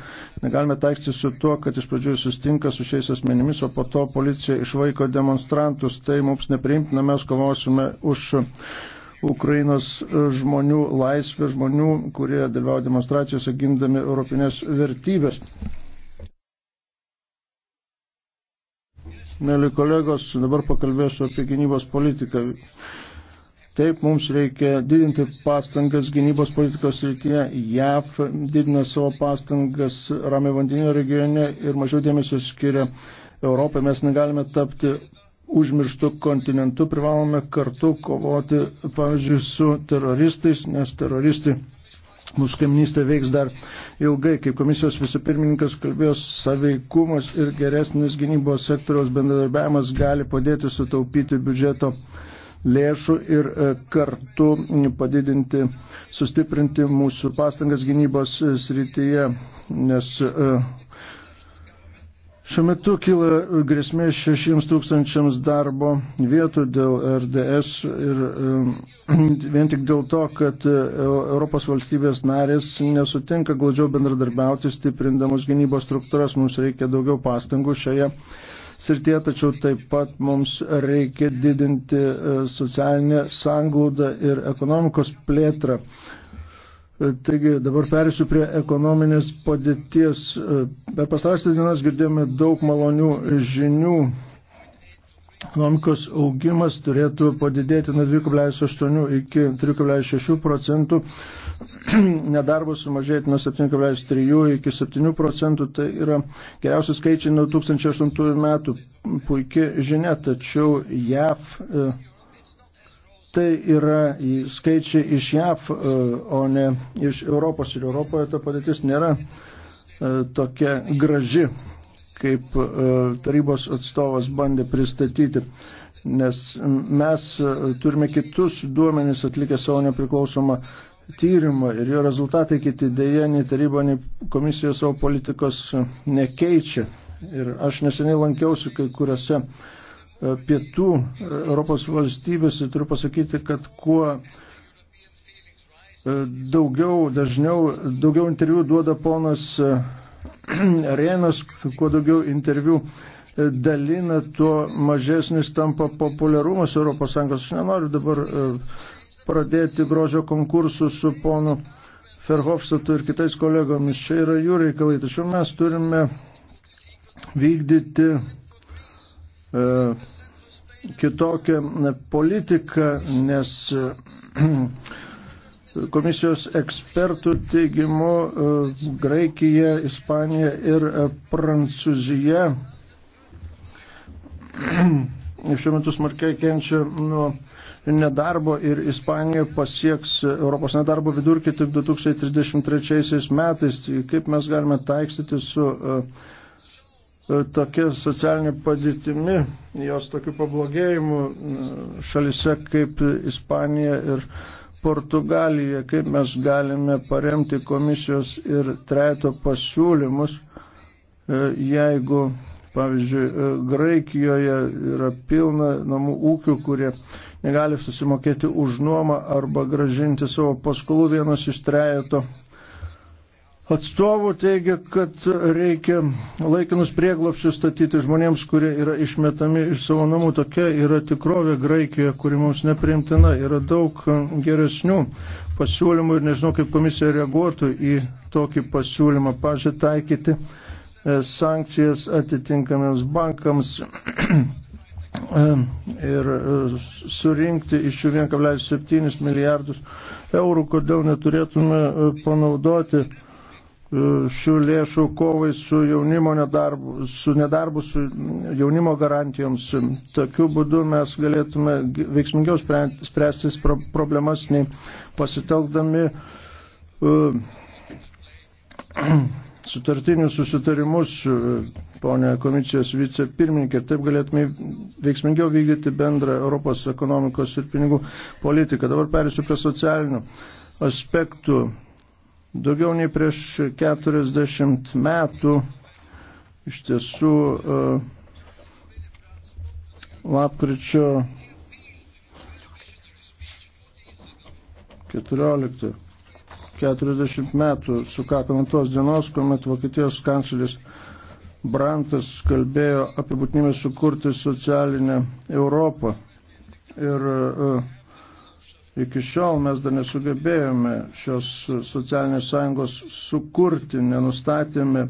negalime taikstyti su tuo, kad iš pradžių sustinka su šiais asmenimis, o po to policija išvaiko demonstrantus. Tai mums nepriimtina, mes kovosime už Ukrainos žmonių laisvę, žmonių, kurie dalyvauja demonstracijose gindami europinės vertybės. Mėly kolegos, dabar pakalbėsiu apie gynybos politiką. Taip, mums reikia didinti pastangas gynybos politikos rytyje. JAF didina savo pastangas Ramio vandeninio regione ir mažiau dėmesio skiria Europai. Mes negalime tapti užmirštų kontinentų, privalome kartu kovoti, pavyzdžiui, su teroristais, nes teroristai mūsų kaiminystė veiks dar ilgai, kaip komisijos visupirmininkas kalbėjo, saveikumas ir geresnis gynybos sektoriaus bendradarbiavimas gali padėti sutaupyti biudžeto lėšų ir e, kartu padidinti, sustiprinti mūsų pastangas gynybos e, srityje, nes e, Šiuo metu kyla grėsmė 6 tūkstančiams darbo vietų dėl RDS ir (clears throat) vien tik dėl to, kad e, Europos valstybės narės nesutinka glaudžiau bendradarbiauti, stiprindamos gynybos struktūras, mums reikia daugiau pastangų šioje srityje, tačiau taip pat mums reikia didinti e, socialinę sanglaudą ir ekonomikos plėtrą E, taigi dabar perėsiu prie ekonominės padėties. E, per pastarąsias dienas girdėjome daug malonių žinių. Ekonomikos augimas turėtų padidėti nuo 2,8 iki 3,6 procentų, (clears throat) nedarbas sumažėti nuo 7,3 iki 7 procentų, tai yra geriausi skaičiai nuo 2008 metų. Puikia žinia, tačiau JAV e, Tai yra skaičiai iš JAV, e, o ne iš Europos. Ir Europoje ta padėtis nėra e, tokia graži, kaip e, tarybos atstovas bandė pristatyti. Nes mes turime kitus duomenys atlikę savo nepriklausomą tyrimą ir jo rezultatai kiti dėja, nei taryba, nei komisija savo politikos nekeičia. Ir aš neseniai lankiausi kai kuriuose pietų Europos valstybėse, turiu pasakyti, kad kuo e, daugiau, dažniau, daugiau interviu duoda ponas e, Renas, (clears throat) kuo daugiau interviu e, dalina, tuo mažesnis tampa populiarumas ES. Aš nenoriu dabar pradėti grožio konkursų su ponu Ferhofsatu ir kitais kolegomis. Čia yra jų reikalai, tačiau mes turime vykdyti E, kitokią politiką, nes e, komisijos ekspertų teigimu e, Graikija, Ispanija ir Prancūzija (clears throat) šiuo metu smarkiai kenčia nuo nedarbo ir Ispanija pasieks Europos nedarbo vidurkį tik 2033 metais. Kaip mes galime taikstyti su uh, E, tokia socialinė padėtimi, jos tokiu pablogėjimu e, šalise kaip Ispanija ir Portugalija, kaip mes galime paremti komisijos ir treto pasiūlymus, e, jeigu, pavyzdžiui, Graikijoje yra pilna namų ūkių, kurie negali susimokėti už nuomą arba gražinti savo paskolų vienas iš trejato atstovų teigia, kad reikia laikinus prieglopščius statyti žmonėms, kurie yra išmetami iš savo namų. Tokia yra tikrovė Graikijoje, kuri mums neprimtina. Yra daug geresnių pasiūlymų ir nežinau, kaip komisija reaguotų į tokį pasiūlymą. Pavyzdžiui, taikyti e, sankcijas atitinkamiems bankams. (clears throat) ir e, surinkti iš jų 1,7 milijardus eurų, kodėl neturėtume e, panaudoti šių lėšų kovai su jaunimo nedarbu, su nedarbu, su jaunimo garantijoms. Tokiu būdu mes galėtume veiksmingiau spręsti problemas, nei pasitelkdami uh, (clears throat) sutartinius susitarimus, uh, ponė komisijos vicepirmininkė, taip galėtume veiksmingiau vykdyti bendrą Europos ekonomikos ir pinigų politiką. Dabar perėsiu prie socialinių aspektų Daugiau nei prieš 40 metų iš tiesų e, lapkričio 14. 40 metų sukako nuo tos dienos, kuomet Vokietijos kancleris Brantas kalbėjo apie būtinybę sukurti socialinę Europą. Ir uh, Iki šiol mes dar nesugebėjome šios socialinės sąjungos sukurti, nenustatėme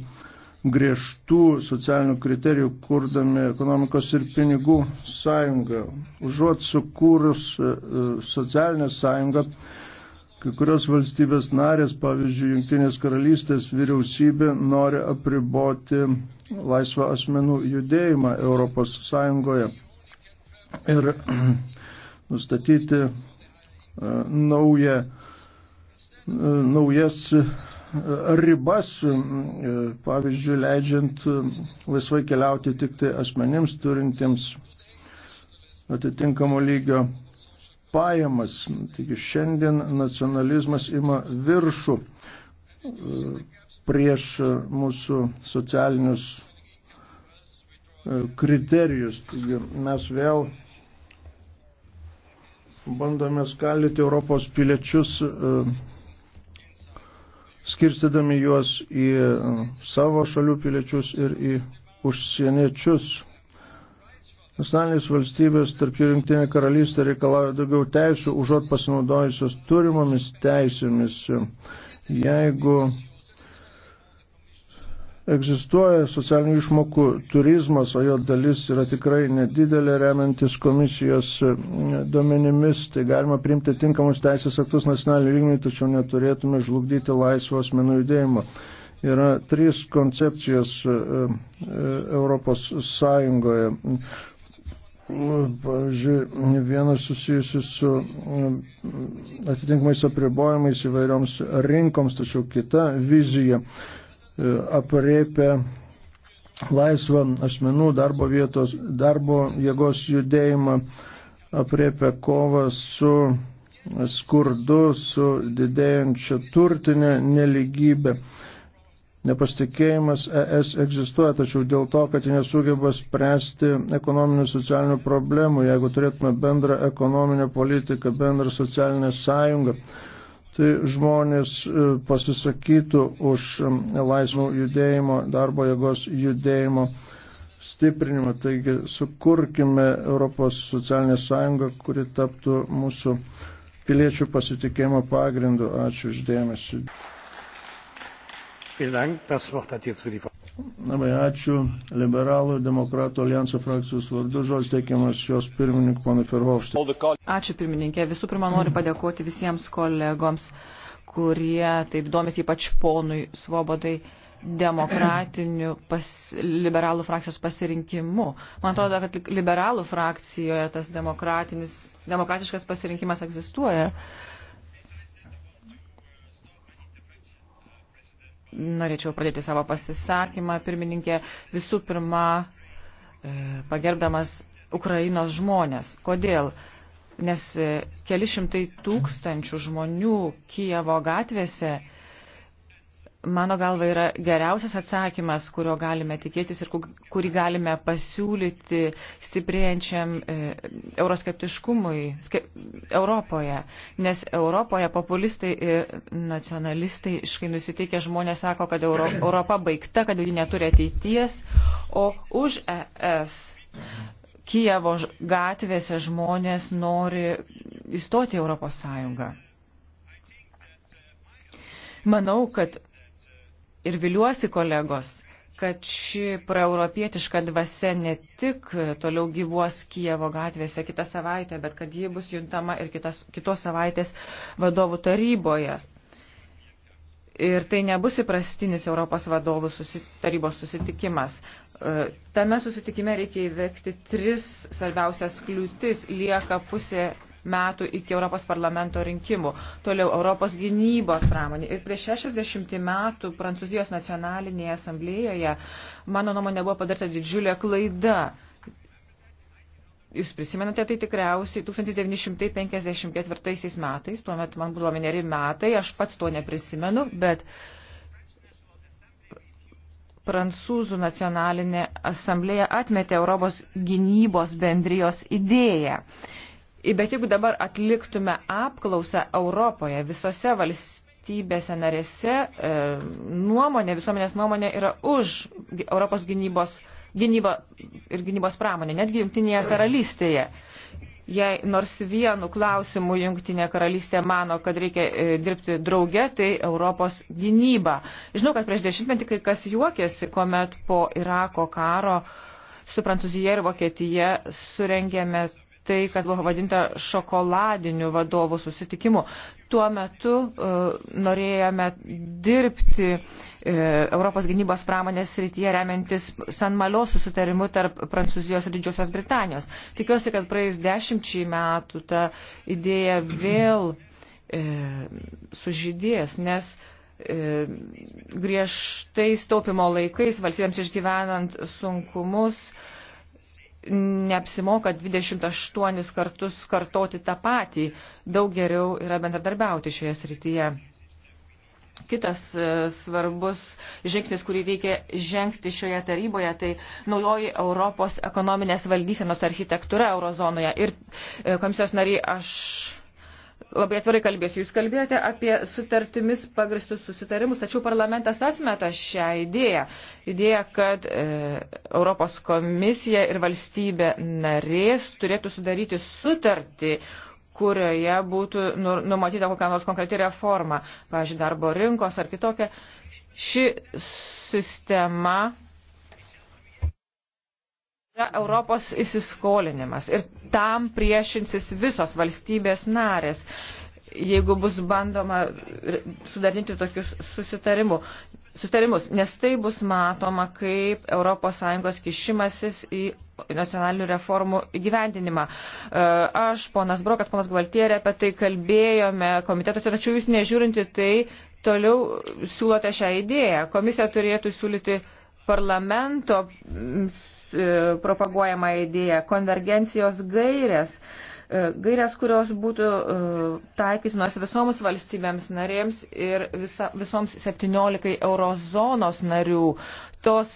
griežtų socialinių kriterijų, kurdami ekonomikos ir pinigų sąjungą. Užuot sukūrus e, e, socialinę sąjungą, kai kurios valstybės narės, pavyzdžiui, Junktinės karalystės vyriausybė nori apriboti laisvą asmenų judėjimą Europos sąjungoje. Ir (clears throat) nustatyti naują, naujas ribas, pavyzdžiui, leidžiant laisvai keliauti tik tai asmenims turintiems atitinkamo lygio pajamas. Taigi šiandien nacionalizmas ima viršų prieš mūsų socialinius e, kriterijus. Taigi mes vėl bandome skaldyti Europos piliečius, e, skirstydami juos į e, savo šalių piliečius ir į užsieniečius. Nacionalinės valstybės, tarp jų rinktinė karalystė, reikalauja daugiau teisų, užuot pasinaudojusios turimomis teisėmis. Jeigu Egzistuoja socialinių išmokų turizmas, o jo dalis yra tikrai nedidelė, remiantis komisijos e, duomenimis. Tai galima priimti tinkamus teisės aktus nacionalinių lygmenį, tačiau neturėtume žlugdyti laisvos menų judėjimo. Yra trys koncepcijos e, e, Europos Sąjungoje. Pavyzdžiui, vienas susijusi su atitinkamais apribojimais įvairioms rinkoms, tačiau kita vizija E, apriepia laisvą asmenų darbo vietos, darbo jėgos judėjimą, apriepia kovą su skurdu, su didėjančia turtinė neligybė. Nepasitikėjimas ES egzistuoja, tačiau dėl to, kad jie nesugeba spręsti ekonominių socialinių problemų, jeigu turėtume bendrą ekonominę politiką, bendrą socialinę sąjungą, tai žmonės e, pasisakytų už laisvų judėjimo, darbo jėgos judėjimo stiprinimą. Taigi sukurkime Europos socialinę sąjungą, kuri taptų mūsų piliečių pasitikėjimo pagrindu. Ačiū uždėmesi. Vielen Dank. Das Wort hat jetzt für die Labai ačiū liberalų ir demokratų alijanso frakcijos vardu. Žodis teikiamas jos pirmininkų ponui Ferhofštui. Ačiū pirmininkė. Visų pirma, noriu padėkoti visiems kolegoms, kurie taip domės ypač ponui Svobodai demokratiniu pas, liberalų frakcijos pasirinkimu. Man atrodo, kad liberalų frakcijoje tas demokratinis, demokratiškas pasirinkimas egzistuoja. Uh, norėčiau pradėti savo pasisakymą, pirmininkė, visų pirma, e, pagerbdamas Ukrainos žmonės. Kodėl? Nes e, keli šimtai tūkstančių žmonių Kijevo gatvėse mano galva, yra geriausias atsakymas, kurio galime tikėtis ir kurį galime pasiūlyti stiprėjančiam e, euroskeptiškumui skep, Europoje. Nes Europoje populistai ir nacionalistai iškai nusiteikę žmonės sako, kad Euro, Europa baigta, kad ji neturi ateities, o už ES. Kijevo gatvėse žmonės nori įstoti Europos Sąjungą. Manau, kad ir viliuosi kolegos, kad ši proeuropietiška dvasia ne tik toliau gyvuos Kievo gatvėse kitą savaitę, bet kad ji bus juntama ir kitas, kitos savaitės vadovų taryboje. Ir tai nebus įprastinis Europos vadovų susi, tarybos susitikimas. E, tame susitikime reikia įvekti tris svarbiausias kliūtis. Lieka pusė metų iki Europos parlamento rinkimų. Toliau Europos gynybos pramonė. Ir prieš 60 metų Prancūzijos nacionalinėje asamblėjoje, mano nuomonė, buvo padaryta didžiulė klaida. Jūs prisimenate tai tikriausiai 1954 metais, tuomet man buvo mineri metai, aš pats to neprisimenu, bet Prancūzų nacionalinė asamblėja atmetė Europos gynybos bendrijos idėją. Bet jeigu dabar atliktume apklausą Europoje, visose valstybėse narėse, e, nuomonė, visuomenės nuomonė yra už Europos gynybos, gynybą ir gynybos pramonę, netgi jungtinėje karalystėje. Jei nors vienu klausimu jungtinė karalystė mano, kad reikia e, dirbti drauge, tai Europos gynyba. Žinau, kad prieš dešimtmetį kai kas juokėsi, kuomet po Irako karo su Prancūzija ir Vokietija surengėme tai, kas buvo vadinta šokoladiniu vadovų susitikimu. Tuo metu uh, norėjome dirbti uh, Europos gynybos pramonės srityje remiantis San Malio susitarimu tarp Prancūzijos ir Didžiosios Britanijos. Tikiuosi, kad praėjus dešimčiai metų ta idėja vėl uh, sužydės, nes uh, griežtais taupimo laikais, valstybėms išgyvenant sunkumus, uh, neapsimoka 28 kartus kartoti tą patį. Daug geriau yra bendradarbiauti šioje srityje. Kitas e, svarbus žingsnis, kurį reikia žengti šioje taryboje, tai naujoji Europos ekonominės valdysenos architektūra eurozonoje. Ir e, komisijos nariai aš labai atvirai kalbėsiu. Jūs kalbėjote apie sutartimis pagristus susitarimus, tačiau parlamentas atmeta šią idėją. Idėja, kad e, Europos komisija ir valstybė narės turėtų sudaryti sutartį, kurioje būtų nu, numatyta kokia nors konkreti reforma, pavyzdžiui, darbo rinkos ar kitokia. Ši sistema yra Europos įsiskolinimas ir tam priešinsis visos valstybės narės, jeigu bus bandoma sudarnyti tokius susitarimus. Sustarimus, nes tai bus matoma kaip ES kišimasis į nacionalinių reformų įgyvendinimą. E, aš, ponas Brokas, ponas Gvaltierė, apie tai kalbėjome komitetuose, tačiau jūs nežiūrinti tai, toliau siūlote šią idėją. Komisija turėtų siūlyti parlamento E, propaguojama idėja, konvergencijos gairės, e, gairės, kurios būtų e, taikytinos visoms valstybėms narėms ir visa, visoms 17 eurozonos narių. Tos,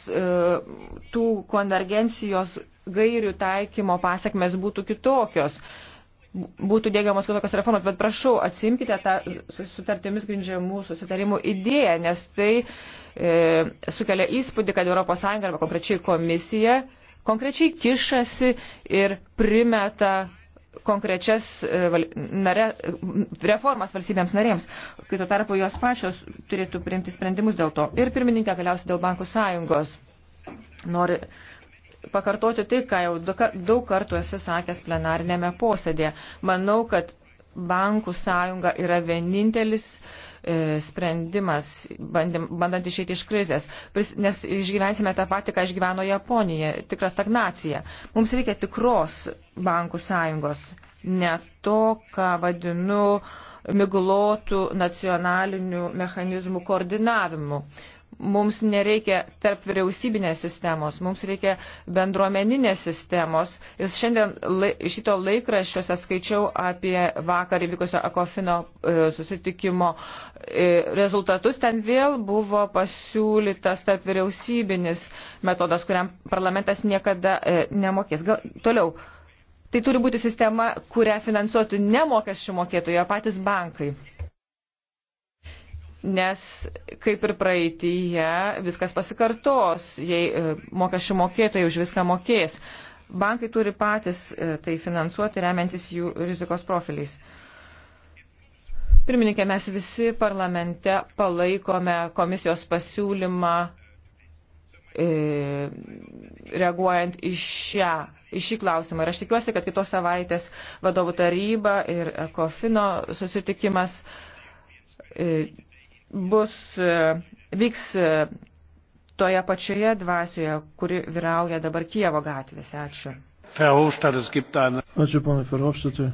tų konvergencijos gairių taikymo pasiekmes būtų kitokios būtų dėgiamos kitokios reformos, bet prašau, atsimkite tą sutartimis grindžiamų susitarimų idėją, nes tai e, sukelia įspūdį, kad ES arba konkrečiai komisija konkrečiai kišasi ir primeta konkrečias e, nare, reformas valstybėms narėms, kai tuo tarpu jos pačios turėtų priimti sprendimus dėl to. Ir pirmininkė galiausiai dėl bankų sąjungos nori pakartoti tai, ką jau daug kartų esi sakęs plenarinėme posėdėje. Manau, kad bankų sąjunga yra vienintelis e, sprendimas, bandym, bandant išeiti iš krizės, Pris, nes išgyvensime tą patį, ką išgyveno Japonija, tikrą stagnaciją. Mums reikia tikros bankų sąjungos, ne to, ką vadinu miglotų nacionalinių mechanizmų koordinavimu. E, Mums nereikia tarp vyriausybinės sistemos, mums reikia bendruomeninės sistemos. Ir šiandien lai, šito laikraščiuose skaičiau apie vakar įvykusio Akofino e, susitikimo e, rezultatus. Ten vėl buvo pasiūlytas tarp vyriausybinis metodas, kuriam parlamentas niekada e, nemokės. Gal, toliau. Tai turi būti sistema, kurią finansuotų ne mokesčių mokėtojai, o patys bankai nes kaip ir praeitįje viskas pasikartos, jei e, mokesčių mokėtojai už viską mokės. Bankai turi patys e, tai finansuoti, remiantis jų rizikos profiliais. Pirmininkė, mes visi parlamente palaikome komisijos pasiūlymą e, reaguojant į, šią, į šį klausimą. Ir aš tikiuosi, kad kitos savaitės vadovų taryba ir kofino susitikimas bus, e, vyks e, toje pačioje dvasioje, kuri vyrauja dabar Kievo gatvėse. Ačiū. Ačiū, ponai Ferhofštatui.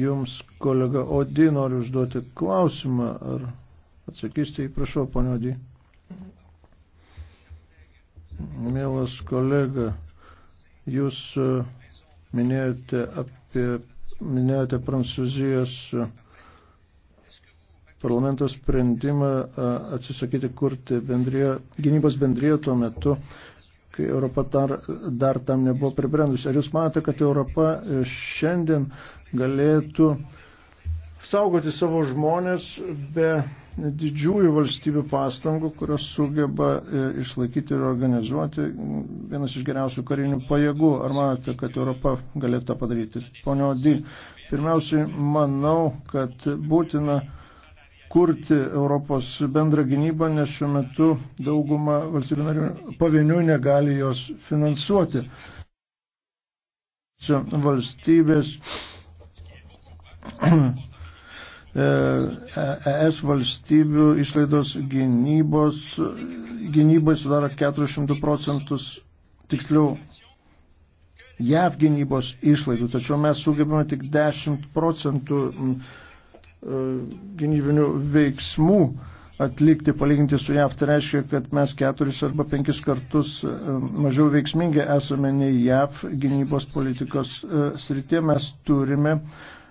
Jums, kolega Odi, noriu užduoti klausimą. Ar atsakysite į prašau, ponio Odi? Mielas kolega, jūs e, minėjote apie, minėjote Prancūzijos parlamento sprendimą atsisakyti kurti bendrijo, gynybos bendriją tuo metu, kai Europa dar, dar tam nebuvo pribrendusi. Ar jūs matote, kad Europa e, šiandien galėtų saugoti savo žmonės be didžiųjų valstybių pastangų, kurios sugeba e, išlaikyti ir organizuoti vienas iš geriausių karinių pajėgų. Ar manote, kad Europa galėtų tą padaryti? Pone Odi, pirmiausiai manau, kad būtina kurti Europos bendrą gynybą, nes šiuo metu dauguma valstybių narių pavienių negali jos finansuoti. Čia valstybės, ES (clears throat) e, e valstybių išlaidos gynybos, gynybai sudaro 400 procentus, tiksliau JAV gynybos išlaidų, tačiau mes sugebame tik 10 procentų gynybinių veiksmų atlikti palyginti su JAV, tai reiškia, kad mes keturis arba penkis kartus e, mažiau veiksmingi esame nei JAV gynybos politikos e, srityje. Mes turime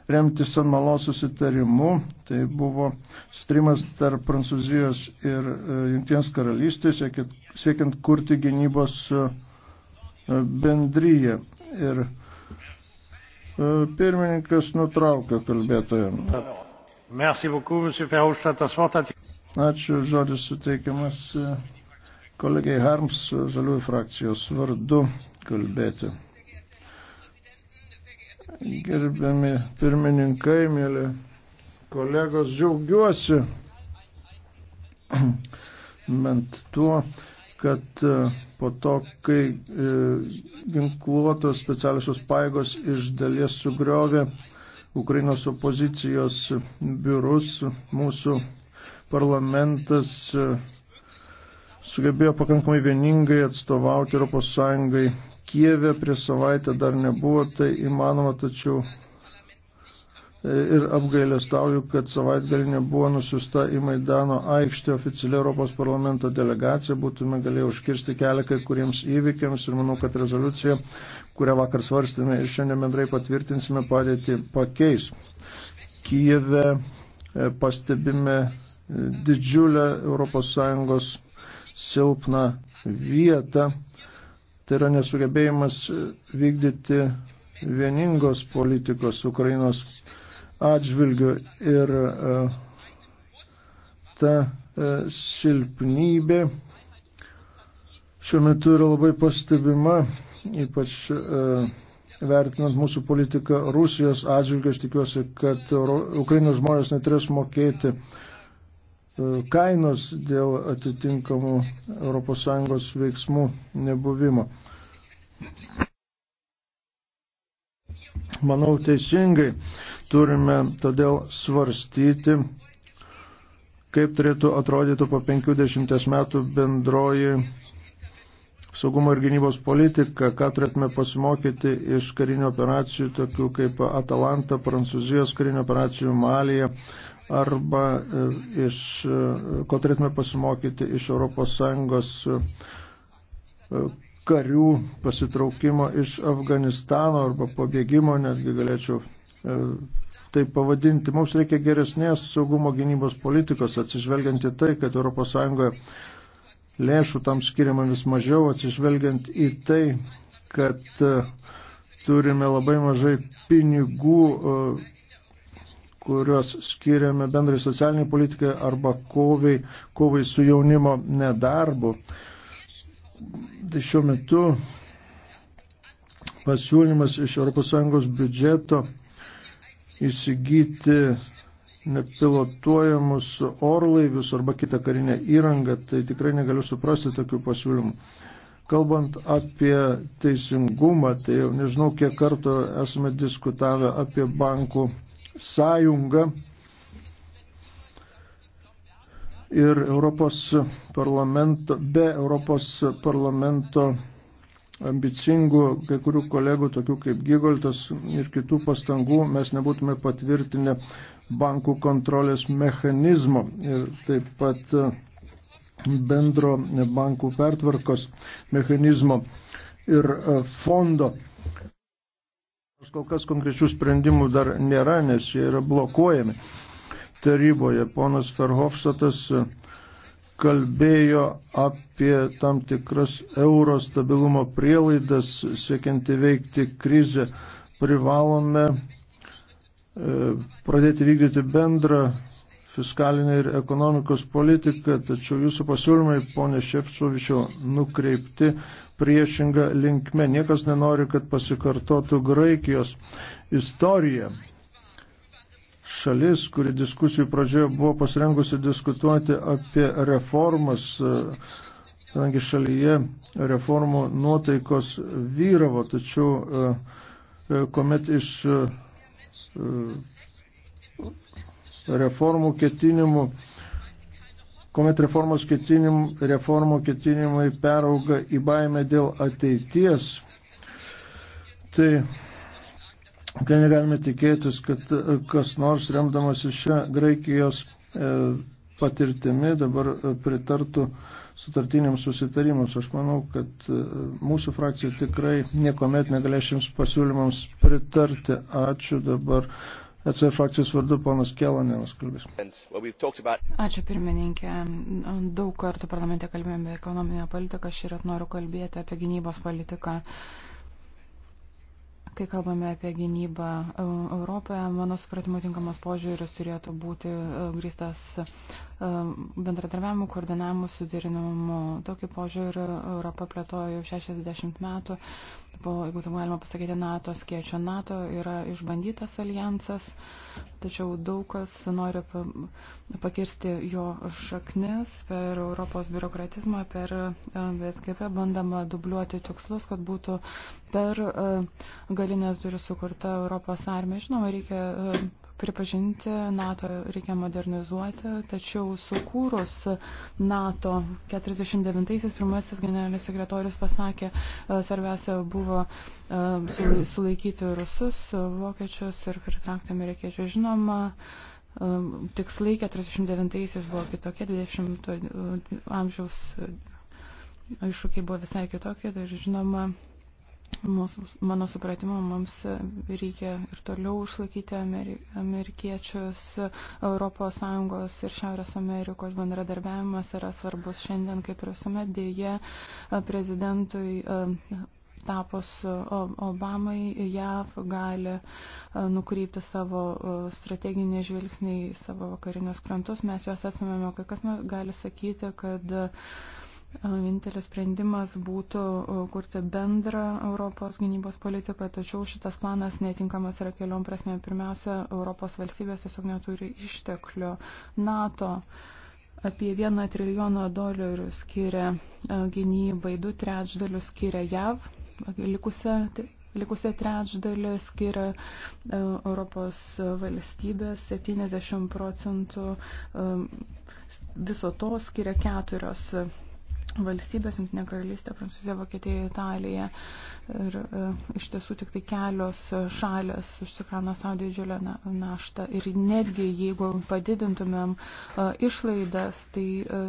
remti San Malo susitarimu. Tai buvo sustarimas tarp Prancūzijos ir e, Junktinės karalystės, siekiant kurti gynybos bendryje. Ir pirmininkas nutraukė kalbėtoją. Ačiū, žodis suteikiamas e, kolegiai Harms žaliųjų frakcijos vardu kalbėti. Gerbiami pirmininkai, mėly kolegos, džiaugiuosi (clears throat) bent tuo, kad e, po to, kai e, ginkluotos specialiosios paėgos iš dalies sugriovė Ukrainos opozicijos biurus. Mūsų parlamentas e, sugebėjo pakankamai vieningai atstovauti ES. Kieve prieš savaitę dar nebuvo tai įmanoma, tačiau e, ir apgailestauju, kad savaitgalį nebuvo nusiusta į Maidano aikštę oficialiai Europos parlamento delegacija, būtume galėję užkirsti kelią kai kuriems įvykiams ir manau, kad rezoliucija, kurią vakar svarstėme ir šiandien bendrai patvirtinsime padėti pakeis. Kijeve e, pastebime e, didžiulę ES silpną vietą. Tai yra nesugebėjimas e, vykdyti vieningos politikos Ukrainos atžvilgių ir ta silpnybė šiuo metu yra labai pastebima ypač e, vertinant mūsų politiką Rusijos atžvilgiu, aš tikiuosi, kad Ukrainos žmonės neturės mokėti e, kainos dėl atitinkamų ES veiksmų nebuvimo. Manau, teisingai turime todėl svarstyti, kaip turėtų atrodyti po 50 metų bendroji saugumo ir gynybos politiką, ką turėtume pasimokyti iš karinių operacijų, tokių kaip Atalanta, Prancūzijos karinių operacijų Malija, arba e, iš, e, ko turėtume pasimokyti iš ES e, karių pasitraukimo iš Afganistano arba pabėgimo, netgi galėčiau tai pavadinti. Mums reikia geresnės saugumo gynybos politikos, atsižvelgianti tai, kad ES lėšų tam skiriama vis mažiau, atsižvelgiant į tai, kad e, turime labai mažai pinigų, e, kuriuos skiriame bendrai socialiniai politikai arba kovai, kovai su jaunimo nedarbu. Tai šiuo metu pasiūlymas iš ES biudžeto įsigyti nepilotuojamus orlaivius arba kitą karinę įrangą, tai tikrai negaliu suprasti tokių pasiūlymų. Kalbant apie teisingumą, tai jau nežinau, kiek kartų esame diskutavę apie bankų sąjungą. Ir Europos parlamento, be Europos parlamento ambicingų kai kurių kolegų, tokių kaip Gigoltas ir kitų pastangų, mes nebūtume patvirtinę bankų kontrolės mechanizmo ir taip pat e, bendro bankų pertvarkos mechanizmo ir e, fondo. Kol kas konkrečių sprendimų dar nėra, nes jie yra blokuojami taryboje. Ponas Ferhofsatas e, kalbėjo apie tam tikras euro stabilumo prielaidas, siekiant įveikti krizę. Privalome pradėti vykdyti bendrą fiskalinę ir ekonomikos politiką, tačiau jūsų pasiūlymai, ponė Šefčovičiau, nukreipti priešingą linkmę. Niekas nenori, kad pasikartotų Graikijos istorija. Šalis, kuri diskusijų pradžioje buvo pasirengusi diskutuoti apie reformas, kadangi šalyje reformų nuotaikos vyravo, tačiau e, kuomet iš reformų ketinimų, kuomet reformos ketinim, reformų ketinimai perauga į baimę dėl ateities, tai kai negalime tikėtis, kad kas nors remdamasi šią Graikijos e, patirtimi dabar e, pritartų sutartiniams susitarimams. Aš manau, kad e, mūsų frakcija tikrai niekuomet negalės šiems pasiūlymams pritarti. Ačiū dabar. ECR frakcijos vardu ponas Kelanėnas kalbės. Ačiū pirmininkė. Daug kartų parlamente kalbėjome apie ekonominę politiką, šį noriu kalbėti apie gynybos politiką. Uh, Kai kalbame apie gynybą e, Europoje, mano supratimo tinkamas požiūris turėtų būti e, grįstas e, bendradarbiavimu, koordinavimu, suderinamu. Tokį požiūrį Europa plėtojo jau 60 metų po, jeigu tam galima pasakyti, NATO skėčio. NATO yra išbandytas alijansas, tačiau daug kas nori pakirsti jo šaknis per Europos biurokratizmą, per e, VSGP bandama dubliuoti tikslus, kad būtų per e, galinės duris sukurta Europos armija. Žinoma, reikia e, pripažinti, NATO reikia modernizuoti, tačiau sukūrus NATO 49-aisiais pirmasis generalinis sekretorius pasakė, e, svarbiausia buvo e, sulaikyti rusus, vokiečius ir pritraukti amerikiečius. Žinoma, e, tikslai 49-aisiais buvo kitokie, 20 amžiaus iššūkiai buvo visai kitokie, tai žinoma, Mūsų, mano supratimu, mums reikia ir toliau išlaikyti amerikiečius. ES ir Šiaurės Amerikos bendradarbiavimas yra svarbus šiandien, kaip ir visuomet dėje prezidentui e, tapus Obamai, JAV gali e, nukreipti savo e, strateginį žvilgsnį į savo vakarinius krantus. Mes juos atsimėme, kai kas gali sakyti, kad Vienintelis sprendimas būtų kurti bendrą Europos gynybos politiką, tačiau šitas planas netinkamas yra keliom prasme. Pirmiausia, Europos valstybės tiesiog neturi išteklių. NATO apie vieną trilijoną dolerių skiria gynybai, du trečdalius skiria JAV, likusią Likusią trečdalį skiria Europos valstybės, 70 procentų viso to skiria keturios valstybės, Junktinė karalystė, Prancūzija, Vokietija, Italija. Ir e, iš tiesų tik tai kelios šalės užsikrauna savo didžiulę naštą. Ir netgi jeigu padidintumėm e, išlaidas, tai e,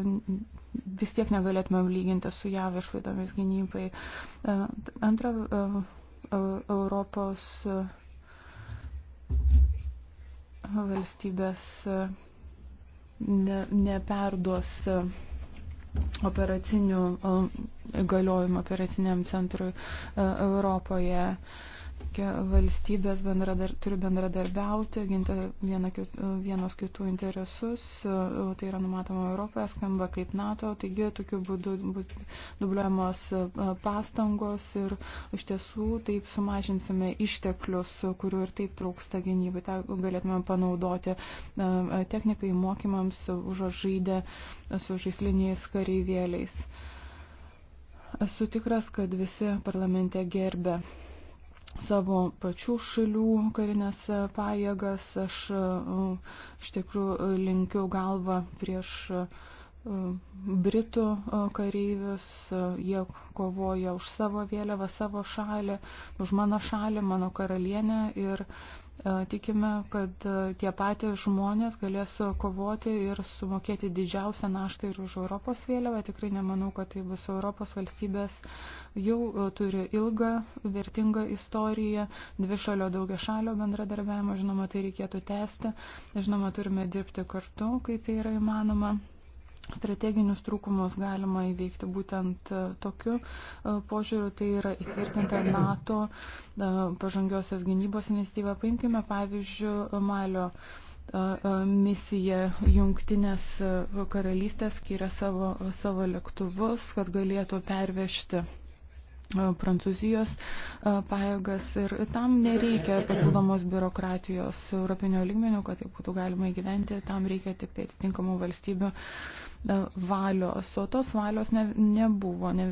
vis tiek negalėtumėm lyginti su JAV išlaidomis gynybai. E, antra, e, e Europos e, valstybės e, ne, neperduos. E, operacinių galiojimų operaciniam centrui e, Europoje reiškia valstybės bendradar, turi bendradarbiauti, ginti viena, vienos kitų interesus, tai yra numatoma Europoje, skamba kaip NATO, taigi tokiu būdu bus dubliuojamos pastangos ir iš tiesų taip sumažinsime išteklius, kurių ir taip trūksta gynybai, tą galėtume panaudoti technikai, mokymams, užuot žaidę su žaisliniais kareivėliais. Esu tikras, kad visi parlamente gerbė savo pačių šalių karinės pajėgas. Aš uh, iš tikrųjų linkiu galvą prieš uh, Britų kareivius, jie kovoja už savo vėliavą, savo šalį, už mano šalį, mano karalienę ir tikime, kad tie patys žmonės galės kovoti ir sumokėti didžiausią naštą ir už Europos vėliavą. Tikrai nemanau, kad tai bus Europos valstybės jau turi ilgą, vertingą istoriją, dvišalio daugia šalio bendradarbiavimo, žinoma, tai reikėtų tęsti, žinoma, turime dirbti kartu, kai tai yra įmanoma strateginius trūkumus galima įveikti būtent e, tokiu e, požiūriu, tai yra įtvirtinta NATO e, pažangiosios gynybos iniciatyva. Paimkime pavyzdžių Malio misija jungtinės karalystės skiria savo, savo lėktuvus, kad galėtų pervežti Prancūzijos pajėgas ir tam nereikia papildomos biurokratijos europinio lygmenio, kad tai būtų galima įgyventi, tam reikia tik tai atitinkamų valstybių valios, o tos valios ne, nebuvo, ne,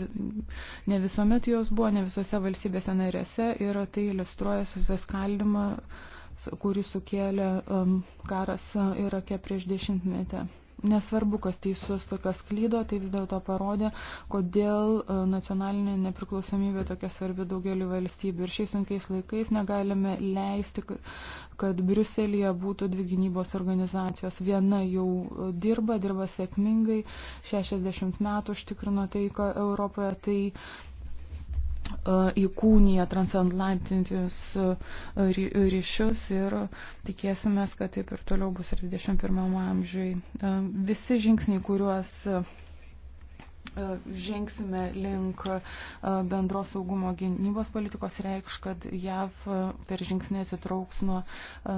ne visuomet jos buvo, ne visose valstybėse narėse ir tai iliustruoja susiskaldimą, kurį sukėlė um, karas Irake prieš dešimtmetę nesvarbu, kas teisus, kas klydo, tai vis dėlto parodė, kodėl e, nacionalinė nepriklausomybė tokia svarbi daugeliu valstybių. Ir šiais sunkiais laikais negalime leisti, kad Briuselėje būtų dvi gynybos organizacijos. Viena jau e, dirba, dirba sėkmingai, 60 metų užtikrino taiką Europoje. Tai E, įkūnija transatlantinius e, ryšius ir tikėsime, kad taip ir toliau bus ir 21 amžiui. E, visi žingsniai, kuriuos E, žengsime link e, bendros saugumo gynybos politikos reikš, kad JAV e, per žingsnį atsitrauks nuo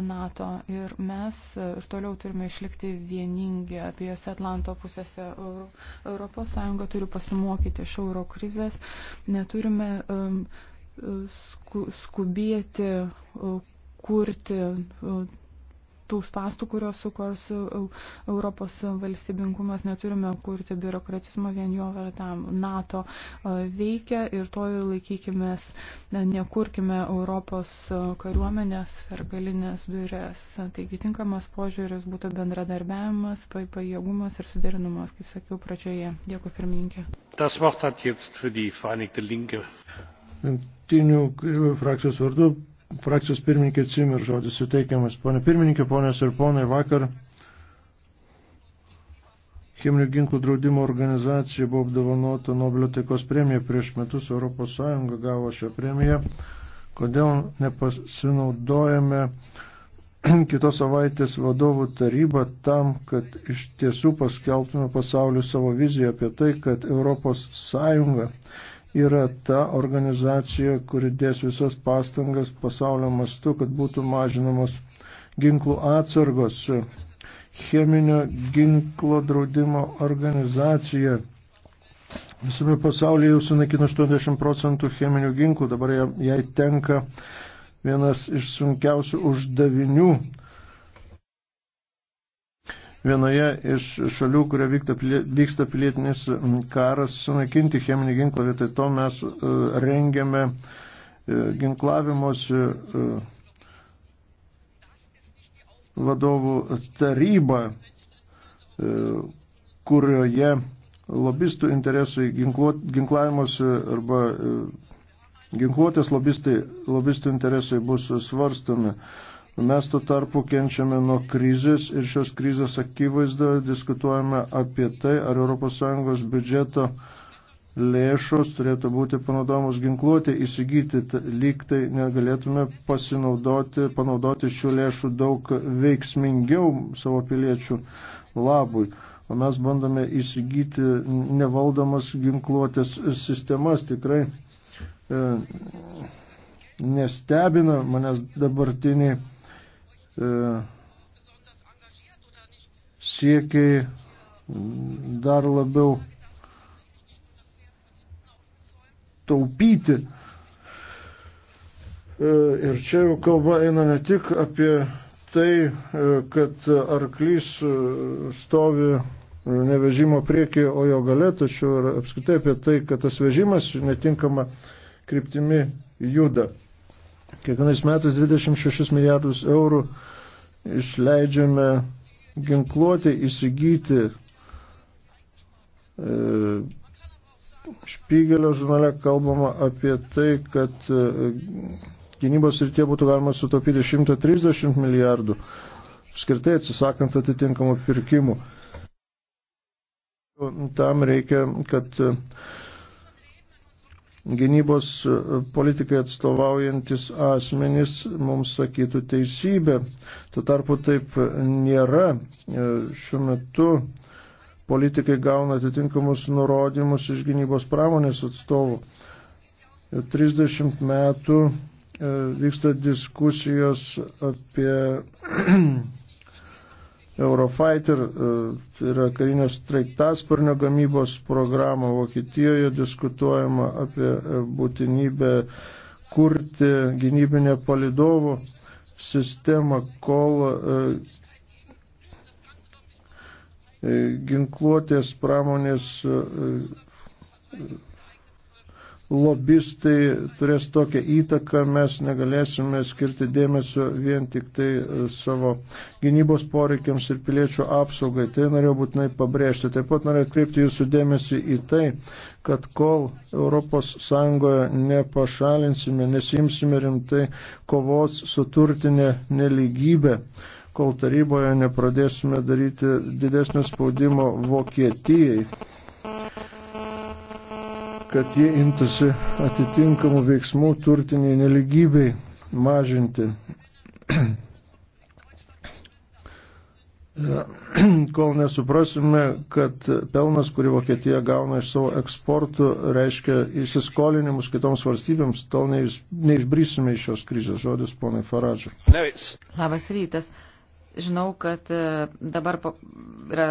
NATO. Ir mes ir toliau turime išlikti vieningi abiejose Atlanto pusėse. Europos Sąjunga turi pasimokyti iš euro krizės. Neturime skubėti kurti tų spastų, kurios sukurs e, e, Europos valstybingumas, neturime kurti biurokratizmo vien jo vardam. NATO e, veikia ir to ir laikykime, nekurkime Europos kariuomenės ir galinės durės. Taigi tinkamas požiūris būtų bendradarbiavimas, pajėgumas ir suderinumas, kaip sakiau pradžioje. Dėkui, pirmininkė. Das Wort hat jetzt für die Vereinigte Linke. Tinių frakcijos vardu frakcijos pirmininkė Cimir žodis suteikiamas. Pone pirmininkė, ponės ir ponai, vakar cheminių ginklų draudimo organizacija buvo apdovanota Nobelio taikos premija prieš metus Europos Sąjunga gavo šią premiją. Kodėl nepasinaudojame (clears throat) kitos savaitės vadovų tarybą tam, kad iš tiesų paskelbtume pasauliu savo viziją apie tai, kad Europos Sąjunga yra ta organizacija, kuri dės visas pastangas pasaulio mastu, kad būtų mažinamos ginklų atsargos. Cheminio ginklo draudimo organizacija visame pasaulyje jau sunaikino 80 procentų cheminių ginklų, dabar jai tenka vienas iš sunkiausių uždavinių vienoje iš šalių, kurioje vyksta, vyksta pilietinis karas, sunaikinti cheminį ginklą. Vietoj to mes e, rengiame e, ginklavimosi e, vadovų tarybą, kurioje lobistų interesai, ginklavimuose arba ginkluotės lobistai, lobistų interesai bus svarstami. Mes tuo tarpu kenčiame nuo krizės ir šios krizės akivaizdoje diskutuojame apie tai, ar ES biudžeto lėšos turėtų būti panaudojamos ginkluoti, įsigyti, lyg tai negalėtume pasinaudoti, panaudoti šių lėšų daug veiksmingiau savo piliečių labui. O mes bandome įsigyti nevaldomas ginkluotės sistemas tikrai. E, Nestebina manęs dabartiniai E, siekiai dar labiau taupyti. E, ir čia jau kalba eina ne tik apie tai, e, kad arklys stovi ne vežimo priekyje, o jo gale, tačiau ir apskritai apie tai, kad tas vežimas netinkama kryptimi juda. Kiekvienais metais 26 milijardus eurų išleidžiame ginkluoti įsigyti. E, Špygelio žurnale kalbama apie tai, kad e, gynybos ir tie būtų galima sutaupyti 130 milijardų, skirtai atsisakant atitinkamų pirkimų. Tam reikia, kad e, gynybos e, politikai atstovaujantis asmenys mums sakytų teisybę. Tuo tarpu taip nėra. E, šiuo metu politikai gauna atitinkamus nurodymus iš gynybos pramonės atstovų. 30 e, metų vyksta diskusijos apie (clears throat) Eurofighter, e, tai yra karinio straiktasparnio gamybos programą Vokietijoje, diskutuojama apie e, būtinybę kurti gynybinę palidovų sistemą, kol e, ginkluotės pramonės lobistai turės tokią įtaką, mes negalėsime skirti dėmesio vien tik tai e, savo gynybos poreikiams ir piliečių apsaugai. Tai norėjau būtinai pabrėžti. Taip pat norėjau atkreipti jūsų dėmesį į tai, kad kol ES nepašalinsime, nesimsime rimtai kovos su turtinė neligybė, kol taryboje nepradėsime daryti didesnio spaudimo Vokietijai kad jie imtųsi atitinkamų veiksmų turtiniai neligybei mažinti. (clears throat) Kol nesuprasime, kad pelnas, kurį Vokietija gauna iš savo eksportų, reiškia įsiskolinimus kitoms valstybėms, tol neišbrysime iš šios krizės. Žodis ponai Faradžiui. Labas rytas. Žinau, kad e, dabar yra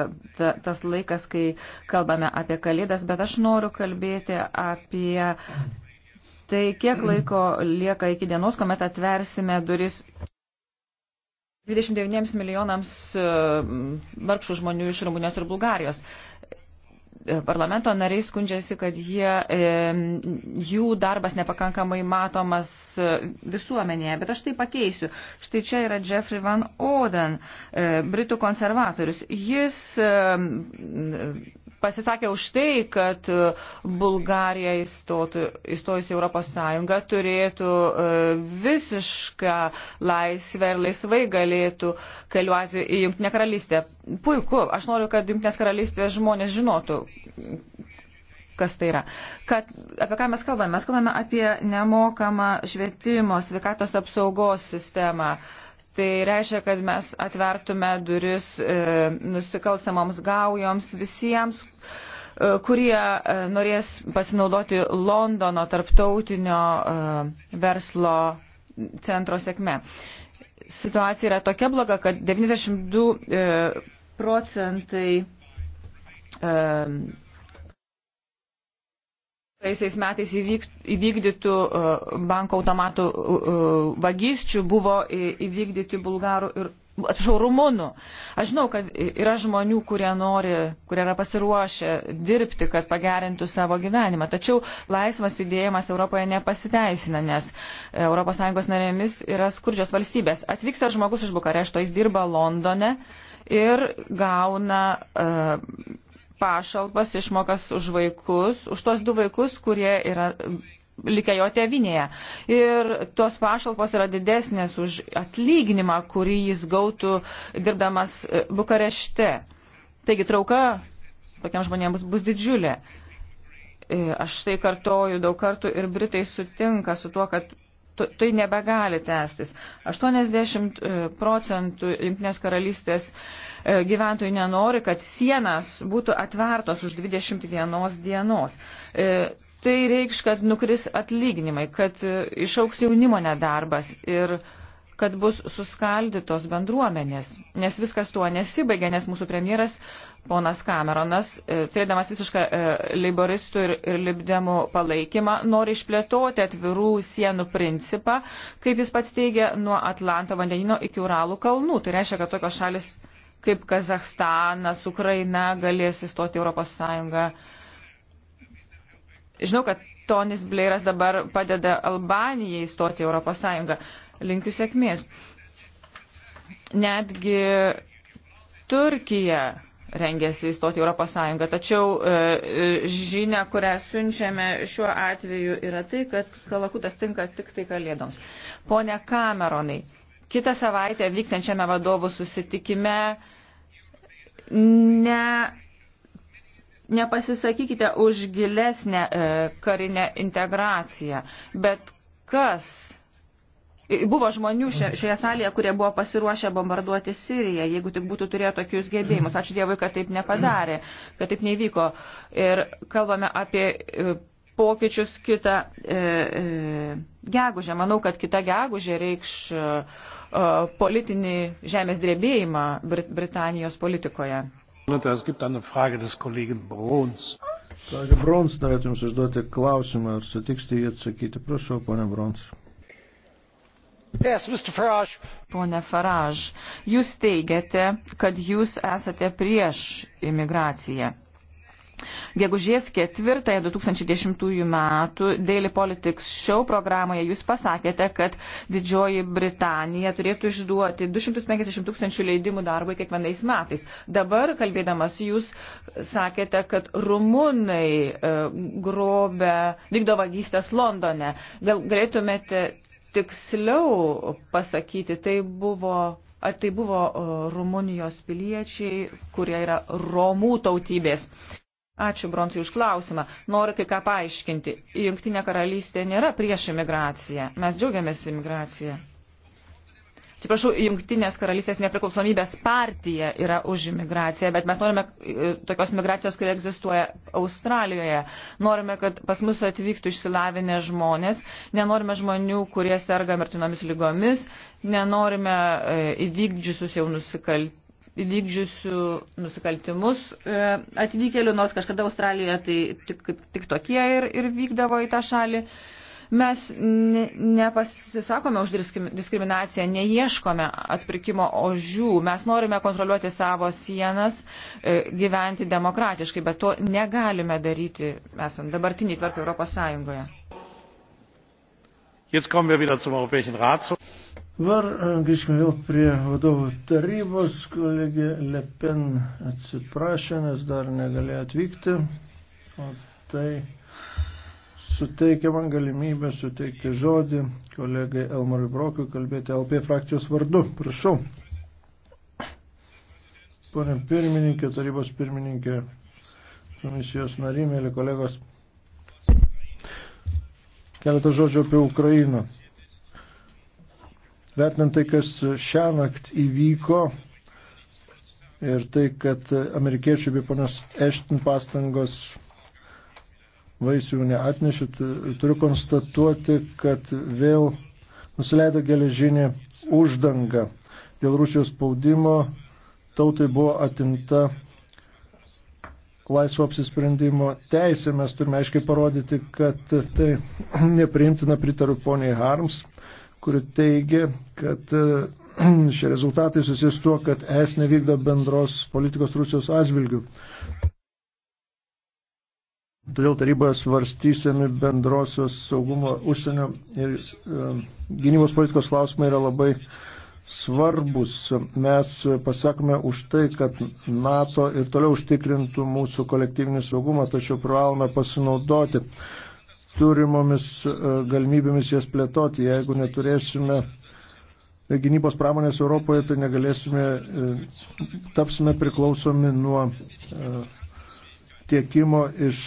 tas laikas, kai kalbame apie kalėdas, bet aš noriu kalbėti apie tai, kiek laiko lieka iki dienos, kuomet atversime duris 29 milijonams e, vargšų žmonių iš Rumunijos ir Bulgarijos parlamento nariai skundžiasi, kad jie, jų darbas nepakankamai matomas e, visuomenėje. Bet aš tai pakeisiu. Štai čia yra Jeffrey Van Oden, e, britų konservatorius. Jis pasisakė už tai, kad e, Bulgarija įstojus į Europos Sąjungą turėtų e, visišką laisvę ir laisvai galėtų keliuoti į Junktinę karalystę. Puiku, aš noriu, kad Junktinės karalystės žmonės žinotų, kas tai yra. Kad, apie ką mes kalbame? Mes kalbame apie nemokamą švietimo, sveikatos apsaugos sistemą. Uh, Tai reiškia, kad mes atvertume duris e, nusikalstamoms gaujoms visiems, e, kurie e, norės pasinaudoti Londono tarptautinio e, verslo centro sėkme. Situacija yra tokia bloga, kad 92 e, procentai e, praėjusiais metais įvyk, įvykdytų uh, banko automatų uh, uh, vagysčių buvo įvykdyti bulgarų ir atsiprašau, rumunų. Aš žinau, kad yra žmonių, kurie nori, kurie yra pasiruošę dirbti, kad pagerintų savo gyvenimą. Tačiau laisvas judėjimas Europoje nepasiteisina, nes e, ES narėmis yra skurdžios valstybės. Atvyksta žmogus iš Bukarešto, jis dirba Londone ir gauna uh, pašalpas, išmokas už vaikus, už tuos du vaikus, kurie yra likę jo tevinėje. Ir tos pašalpos yra didesnės už atlyginimą, kurį jis gautų dirbdamas e, Bukarešte. Taigi trauka tokiam žmonėms bus, bus didžiulė. E, aš tai kartoju daug kartų ir Britai sutinka su tuo, kad tai nebegali tęstis. 80 e, procentų Junktinės karalystės uh, E, gyventojai nenori, kad sienas būtų atvertos už 21 dienos. E, tai reikš, kad nukris atlyginimai, kad e, išauks jaunimo nedarbas ir kad bus suskaldytos bendruomenės, nes viskas tuo nesibaigia, nes mūsų premjeras ponas Cameronas, turėdamas visišką liberistų ir, ir libdemų palaikymą, nori išplėtoti atvirų sienų principą, kaip jis pats teigia, nuo Atlanto vandenino iki Uralų kalnų. Tai reiškia, kad tokios šalis kaip Kazahstanas, Ukraina galės įstoti Europos Sąjungą. Žinau, kad Tonis Blairas dabar padeda Albanijai įstoti Europos Sąjungą. Linkiu sėkmės. Netgi Turkija rengėsi įstoti Europos Sąjungą. Tačiau e, e, žinia, kurią siunčiame šiuo atveju, yra tai, kad kalakutas tinka tik tai kalėdoms. Pone Kameronai, kitą savaitę vyksiančiame vadovų susitikime ne, nepasisakykite už gilesnę e, karinę integraciją, bet kas. Buvo žmonių šia, šioje salėje, kurie buvo pasiruošę bombarduoti Siriją, jeigu tik būtų turėję tokius gebėjimus. Ačiū Dievui, kad taip nepadarė, kad taip nevyko. Ir kalbame apie e, pokyčius kitą e, e, gegužę. Manau, kad kita gegužė reikš. E, politinį žemės drebėjimą Brit Britanijos politikoje. Tai Kolegė Brons, norėtum jums užduoti klausimą, ar sutiksite jį atsakyti. Prašau, ponė Brons. Yes, Farage. Pone Farage, jūs teigiate, kad jūs esate prieš imigraciją. Gegužės 4.2010 metų Daily Politics Show programoje jūs pasakėte, kad Didžioji Britanija turėtų išduoti 250 tūkstančių leidimų darbui kiekvienais metais. Dabar, kalbėdamas, jūs sakėte, kad rumunai e, grobė, vykdo vagystės Londone. Gal galėtumėte tiksliau pasakyti, tai buvo ar tai buvo e, Rumunijos piliečiai, kurie yra Romų tautybės. Ačiū Bronsui už klausimą. Noriu kai ką paaiškinti. Jungtinė karalystė nėra prieš imigraciją. Mes džiaugiamės imigraciją. Atsiprašau, Jungtinės karalystės nepriklausomybės partija yra už imigraciją, bet mes norime e, tokios migracijos, kurie egzistuoja Australijoje. Norime, kad pas mus atvyktų išsilavinę žmonės, nenorime žmonių, kurie serga mirtinomis lygomis, nenorime e, įvykdžiusius jau nusikaltimus įvykdžiusių nusikaltimus e, atvykėlių, nors kažkada Australijoje tai tik, tik tokie ir, ir vykdavo į tą šalį. Mes nepasisakome už diskriminaciją, neieškome atpirkimo ožių, mes norime kontroliuoti savo sienas, e, gyventi demokratiškai, bet to negalime daryti, esant dabartiniai tvarkai Europos Sąjungoje. Jetzt kommen wir wieder zum Europäischen Rat. Dabar e, grįžkime vėl prie vadovų tarybos. Kolegė Lepen atsiprašė, nes dar negalėjo atvykti. O tai suteikia man galimybę suteikti žodį kolegai Elmarui Brokui kalbėti LP frakcijos vardu. Prašau. Pone pirmininkė, tarybos pirmininkė, komisijos narymėlė, kolegos. Keletą žodžių apie Ukrainą. Vertinant tai, kas šią nakt įvyko ir tai, kad amerikiečių bei ponios Eštin pastangos vaisių neatnešė, turiu konstatuoti, kad vėl nusileido geležinė uždanga. Dėl Rusijos spaudimo tautai buvo atimta laisvo apsisprendimo teisė. Mes turime aiškiai parodyti, kad tai (clears throat) nepriimtina, pritariu poniai Harms kuri teigia, kad e, (clears throat) šie rezultatai susijęs tuo, kad es nevykdo bendros politikos Rusijos atžvilgių. Todėl taryboje svarstysiami bendrosios saugumo užsienio ir e, gynybos politikos klausimai yra labai svarbus. Mes pasakome už tai, kad NATO ir toliau užtikrintų mūsų kolektyvinį saugumą, tačiau privalome pasinaudoti turimomis e, galimybėmis jas plėtoti. Jeigu neturėsime gynybos pramonės Europoje, tai negalėsime, e, tapsime priklausomi nuo e, tiekimo iš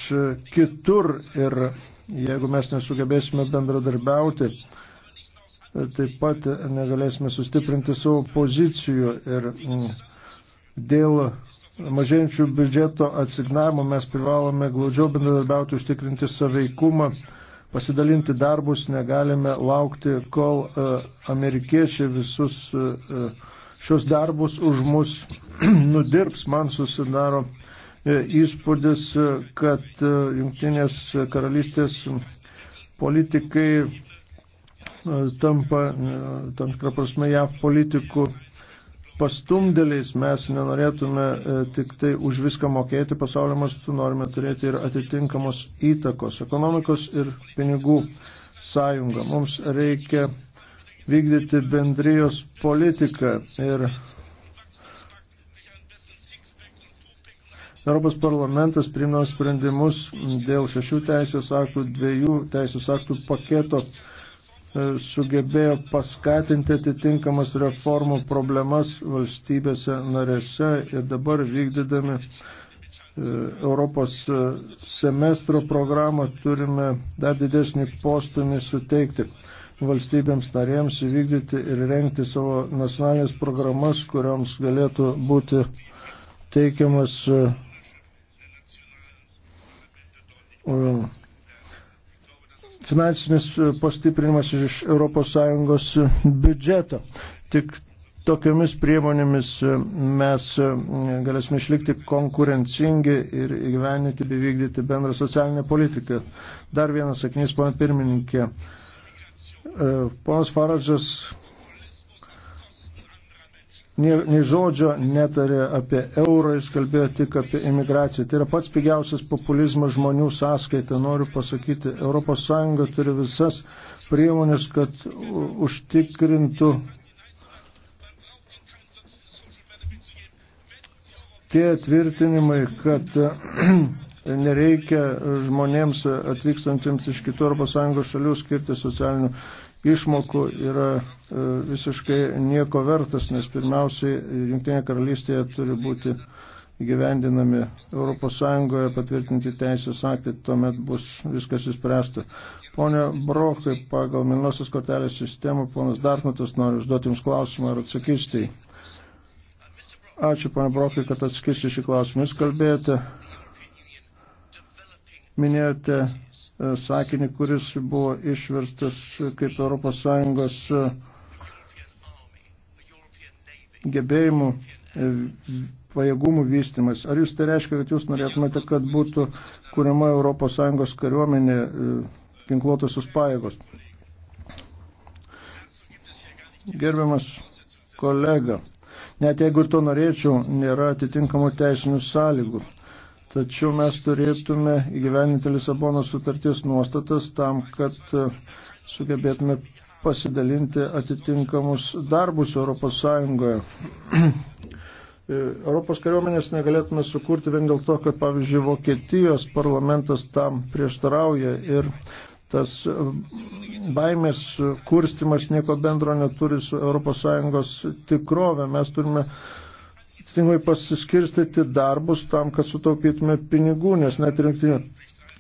kitur ir jeigu mes nesugebėsime bendradarbiauti, taip pat negalėsime sustiprinti savo pozicijų ir dėl mažėjančių biudžeto atsignavimų mes privalome glaudžiau bendradarbiauti, užtikrinti saveikumą, pasidalinti darbus, negalime laukti, kol e, amerikiečiai visus e, e, šios darbus už mus (clears throat) nudirbs. Man susidaro įspūdis, kad Junktinės karalystės politikai tampa tam tikrą prasme JAV politikų pastumdėliais mes nenorėtume e, tik tai už viską mokėti pasaulio mastu, norime turėti ir atitinkamos įtakos ekonomikos ir pinigų sąjungą. Mums reikia vykdyti bendrijos politiką ir Europos parlamentas priimdavo sprendimus dėl šešių teisės aktų, dviejų teisės aktų paketo E, sugebėjo paskatinti atitinkamas reformų problemas valstybėse narėse ir dabar vykdydami e, Europos e, semestro programą turime dar didesnį postumį suteikti valstybėms narėms įvykdyti ir renkti savo nacionalinės programas, kurioms galėtų būti teikiamas finansinis e, pastiprinimas iš ES biudžeto. Tik tokiomis priemonėmis e, mes e, galėsime išlikti konkurencingi ir įgyveninti bei vykdyti bendrą socialinę politiką. Dar vienas sakinys, pana pirmininkė. Ponas Faradžas nei, nei žodžio netarė apie eurą, jis kalbėjo tik apie imigraciją. Tai yra pats pigiausias populizmas žmonių sąskaita. Noriu pasakyti, ES turi visas priemonės, kad užtikrintų tie tvirtinimai, kad (clears throat) nereikia žmonėms atvykstantiems iš kitų ES šalių skirti socialinių išmokų yra e, visiškai nieko vertas, nes pirmiausiai Junktinėje karalystėje turi būti gyvendinami ES patvirtinti teisės aktai, tuomet bus viskas įspręsta. Pone Brokai, pagal Milnosios kortelės sistemą, ponas Darkmatas nori užduoti Jums klausimą ar atsakysite į. Ačiū, pane Brokai, kad atsakysite šį klausimą. Jūs kalbėjote, minėjote sakinį, kuris buvo išverstas kaip ES e, gebėjimų e, pajėgumų vystimas. Ar jūs tai reiškia, kad jūs norėtumėte, kad būtų kuriama ES kariuomenė e, ginkluotosios pajėgos? Gerbiamas kolega, net jeigu ir to norėčiau, nėra atitinkamų teisinių sąlygų. Tačiau mes turėtume įgyveninti Lisabono sutarties nuostatas tam, kad e, sugebėtume pasidalinti atitinkamus darbus Europos Sąjungoje. (clears throat) E, Europos kariuomenės negalėtume sukurti vien dėl to, kad, pavyzdžiui, Vokietijos parlamentas tam prieštarauja ir tas e, baimės kurstimas nieko bendro neturi su ES tikrove. Mes turime tinkamai pasiskirstyti darbus tam, kad sutaupytume pinigų, nes net rinktinė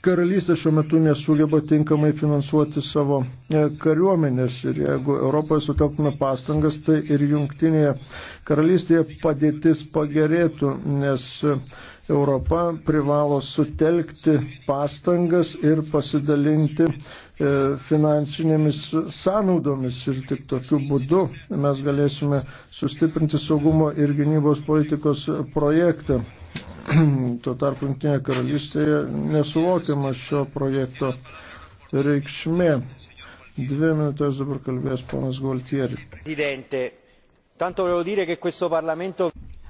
karalystė šiuo metu nesugeba tinkamai finansuoti savo e, kariuomenės ir jeigu Europoje sutelktume pastangas, tai ir jungtinėje karalystėje padėtis pagerėtų, nes e, Europa privalo sutelkti pastangas ir pasidalinti E, finansinėmis sąnaudomis ir tik tokiu būdu mes galėsime sustiprinti saugumo ir gynybos politikos projektą. (clears throat) Tuo tarpu Junktinėje karalystėje nesuvokiama šio projekto reikšmė. Dvi minutės dabar kalbės ponas Gualtieri.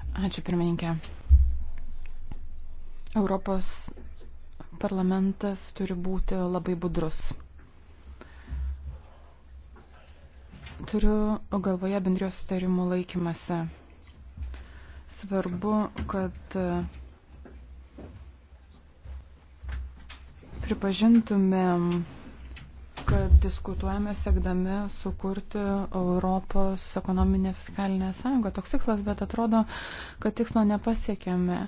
Ačiū pirmininkė. Europos parlamentas turi būti labai budrus. Turiu galvoje bendrijos sutarimų laikymasi. Svarbu, kad e, pripažintumėm, kad diskutuojame siekdami sukurti Europos ekonominę fiskalinę sąjungą. Toks tikslas, bet atrodo, kad tikslo nepasiekėme.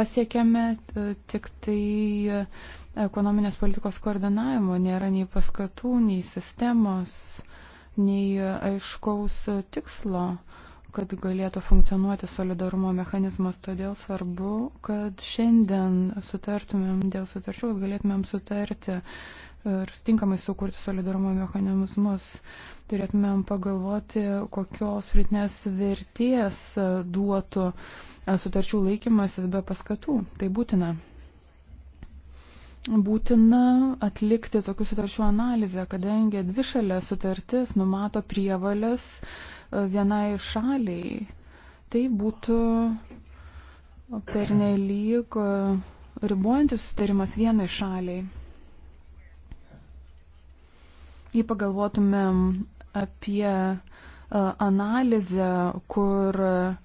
Pasiekėme e, tik tai e, ekonominės politikos koordinavimo. Nėra nei paskatų, nei sistemos. Uh, nei aiškaus tikslo kad galėtų funkcionuoti solidarumo mechanizmas. Todėl svarbu, kad šiandien sutartumėm dėl sutarčių, kad galėtumėm sutarti ir tinkamai sukurti solidarumo mechanizmus. Turėtumėm pagalvoti, kokios pritinės verties duotų sutarčių laikymasis be paskatų. Tai būtina būtina atlikti tokių sutarčių analizę, kadangi dvišalė sutartis numato prievalės e, vienai šaliai. Tai būtų pernelyg e, ribojantis sutarimas vienai šaliai. Jei pagalvotumėm apie e, analizę, kur uh,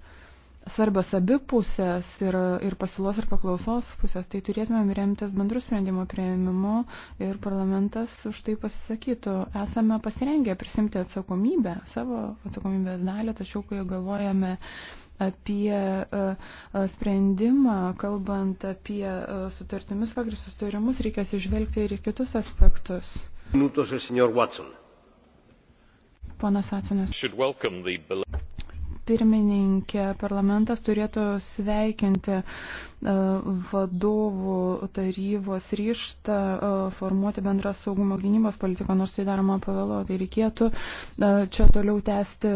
svarbios abi pusės ir, ir pasiūlos ir paklausos pusės, tai turėtumėm remtis bendrų sprendimų prieimimu ir parlamentas už tai pasisakytų. Esame pasirengę prisimti atsakomybę, savo atsakomybės dalį, tačiau kai galvojame apie e, e, sprendimą, kalbant apie e, sutartimis pagristus turimus, reikia išvelgti ir kitus aspektus. Minutos ir senior Watson. Ponas Atsonas pirmininkė, parlamentas turėtų sveikinti e, vadovų tarybos ryštą e, formuoti bendrą saugumo gynybos politiką, nors tai daroma pavėlo, tai reikėtų e, čia toliau tęsti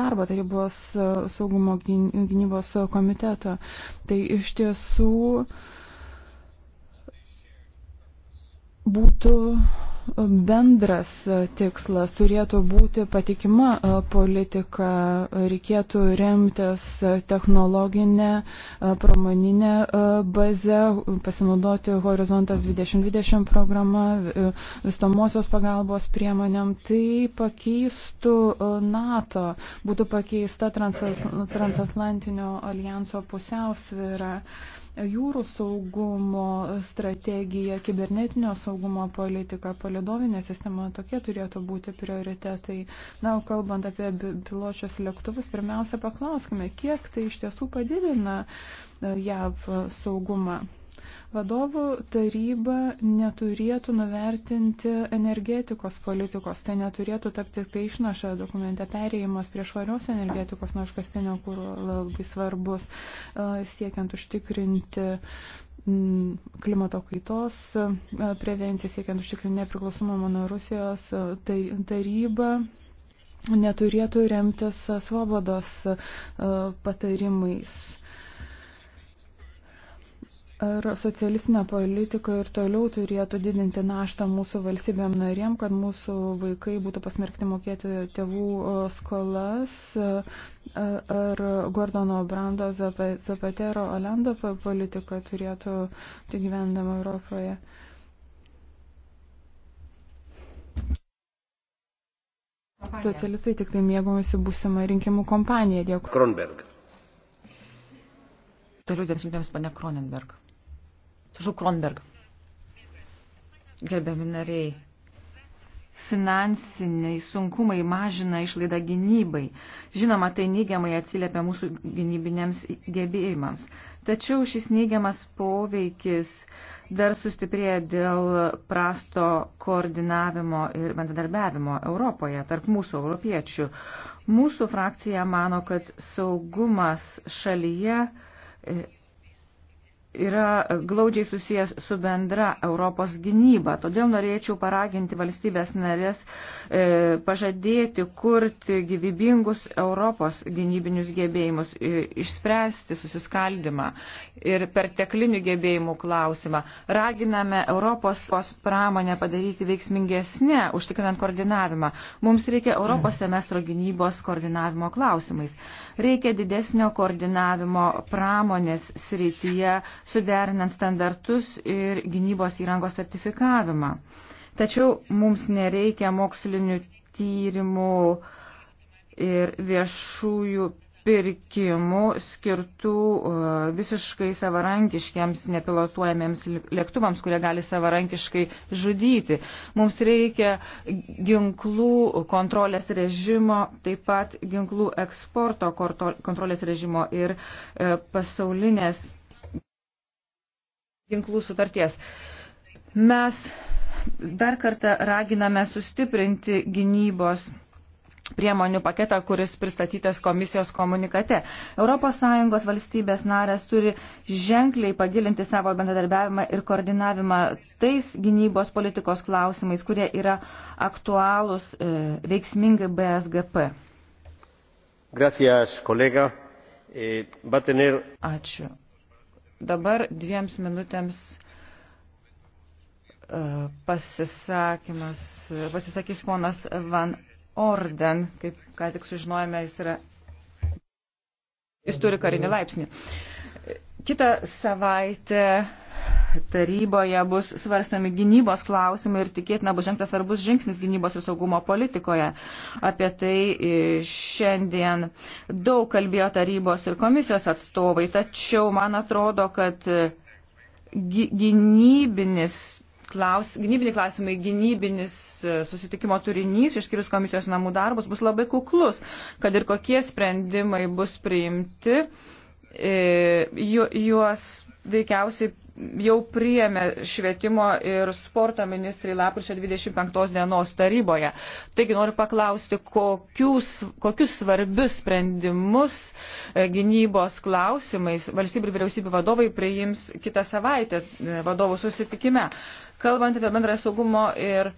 darbą tarybos saugumo gynybos komiteto. Tai iš tiesų būtų bendras tikslas, turėtų būti patikima e, politika, reikėtų remtis technologinę, e, pramoninę e, bazę, pasinaudoti Horizontas 2020 programą, vystomosios pagalbos priemonėm. Tai pakeistų NATO, būtų pakeista transatlantinio alijanso pusiausvyrą jūrų saugumo strategija, kibernetinio saugumo politika, palidovinė sistema, tokie turėtų būti prioritetai. Na, o kalbant apie piločius lėktuvus, pirmiausia paklauskime, kiek tai iš tiesų padidina e, JAV saugumą. Vadovų taryba neturėtų nuvertinti energetikos politikos. Tai neturėtų tapti tai išnaša dokumente perėjimas prie švarios energetikos nuo iškastinio kūro labai svarbus, e, siekiant užtikrinti mm, klimato kaitos e, prevenciją, siekiant užtikrinti nepriklausomumą nuo Rusijos. E, tai taryba neturėtų remtis svobodos patarimais Ar socialistinė politika ir toliau turėtų didinti naštą mūsų valstybėm narėm, kad mūsų vaikai būtų pasmerkti mokėti tėvų skolas? Ar Gordono Brando Zapatero Olando politika turėtų tai gyvendama Europoje? Socialistai tik tai mėgomasi būsimą rinkimų kompaniją. Dėkui. Kronberg. Toliau dėmesintėms pane Kronenberg. Sažu Kronberg. Gerbiami nariai, finansiniai sunkumai mažina išlaidą gynybai. Žinoma, tai neigiamai atsiliepia mūsų gynybinėms gebėjimams. Tačiau šis neigiamas poveikis dar sustiprėja dėl prasto koordinavimo ir bendradarbiavimo Europoje tarp mūsų europiečių. Mūsų frakcija mano, kad saugumas šalyje e, yra glaudžiai susijęs su bendra Europos gynyba. Todėl norėčiau paraginti valstybės narės e, pažadėti kurti gyvybingus Europos gynybinius gebėjimus, e, išspręsti susiskaldimą ir perteklinių gebėjimų klausimą. Raginame Europos pramonę padaryti veiksmingesnę, užtikrinant koordinavimą. Mums reikia Europos semestro gynybos koordinavimo klausimais. Reikia didesnio koordinavimo pramonės srityje suderinant standartus ir gynybos įrangos sertifikavimą. Tačiau mums nereikia mokslinių tyrimų ir viešųjų pirkimų skirtų e, visiškai savarankiškiams nepilotuojamiems lėktuvams, kurie gali savarankiškai žudyti. Mums reikia ginklų kontrolės režimo, taip pat ginklų eksporto kontrolės režimo ir e, pasaulinės ginklų sutarties. Mes dar kartą raginame sustiprinti gynybos priemonių paketą, kuris pristatytas komisijos komunikate. ES valstybės narės turi ženkliai pagilinti savo bendradarbiavimą ir koordinavimą tais gynybos politikos klausimais, kurie yra aktualūs e, veiksmingai BSGP. Gracias, kolega. E, va tener... Ačiū, Dabar dviems minutėms e, pasisakymas, pasisakys ponas Van Orden, kaip ką tik sužinojame, jis yra, jis turi karinį laipsnį. Kita savaitė taryboje bus svarstami gynybos klausimai ir tikėtina bus žengtas svarbus žingsnis gynybos ir saugumo politikoje. Apie tai e, šiandien daug kalbėjo tarybos ir komisijos atstovai, tačiau man atrodo, kad e, gynybinis klaus, gynybiniai klausimai, gynybinis e, susitikimo turinys, išskyrus komisijos namų darbus, bus labai kuklus, kad ir kokie sprendimai bus priimti E, juos veikiausiai jau priėmė švietimo ir sporto ministrai lapkričio 25 dienos taryboje. Taigi noriu paklausti, kokius, kokius svarbius sprendimus e, gynybos klausimais valstybių ir vyriausybių vadovai priims kitą savaitę e, vadovų susitikime. Kalbant apie bendrą saugumo ir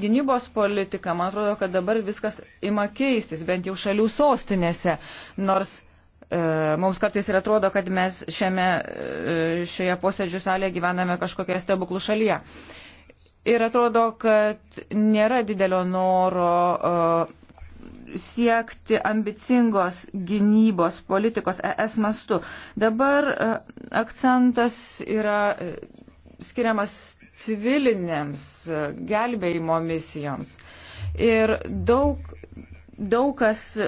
gynybos politiką, man atrodo, kad dabar viskas ima keistis, bent jau šalių sostinėse, nors E, mums kartais ir atrodo, kad mes šiame, e, šioje posėdžių salėje gyvename kažkokioje stebuklų šalyje. Ir atrodo, kad nėra didelio noro e, siekti ambicingos gynybos politikos ES mastu. Dabar akcentas yra skiriamas civilinėms gelbėjimo misijoms. Ir daug daug kas e,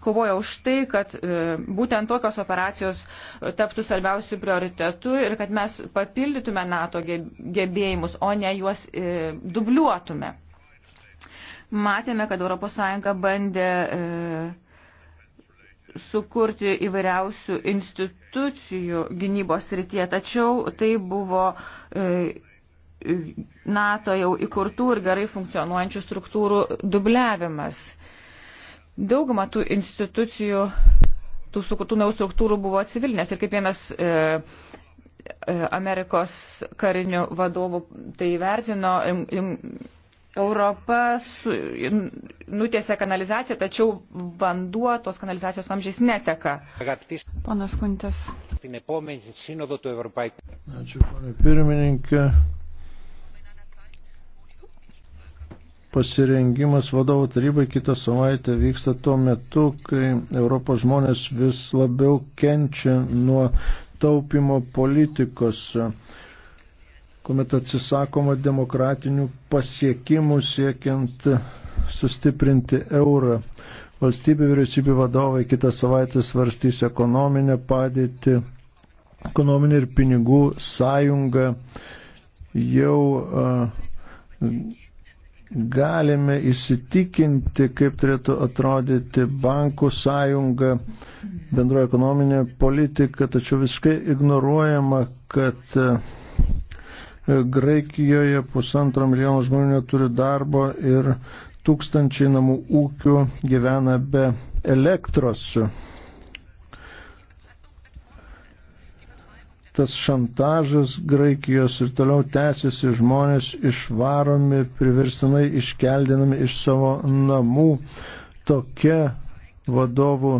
kovoja už tai, kad e, būtent tokios operacijos e, taptų svarbiausių prioritetų ir kad mes papildytume NATO gebėjimus, o ne juos dubliuotume. Matėme, kad ES bandė sukurti įvairiausių institucijų gynybos rytie, tačiau tai buvo NATO jau įkurtų ir gerai funkcionuojančių struktūrų dubliavimas. Dauguma tų institucijų, tų sukurtų naujų struktūrų buvo civilinės ir kaip vienas e, e Amerikos karinių vadovų tai vertino, Europa su, nutėse kanalizaciją, tačiau vanduo tos kanalizacijos amžiais neteka. Ponas Kuntas. Ačiū, ponė pirmininkė. pasirengimas vadovų tarybai kitą savaitę vyksta tuo metu, kai Europos žmonės vis labiau kenčia nuo taupimo politikos, kuomet atsisakoma demokratinių pasiekimų siekiant sustiprinti eurą. Valstybių vyriausybių vadovai kitą savaitę svarstys ekonominę padėtį, ekonominę ir pinigų sąjungą jau uh, galime įsitikinti, kaip turėtų atrodyti bankų sąjunga, bendroja ekonominė politika, tačiau visiškai ignoruojama, kad e, Graikijoje pusantro milijono žmonių neturi darbo ir tūkstančiai namų ūkių gyvena be elektros. tas šantažas Graikijos ir toliau tęsiasi, žmonės išvaromi, priverstinai iškeldinami iš savo namų. Tokia vadovų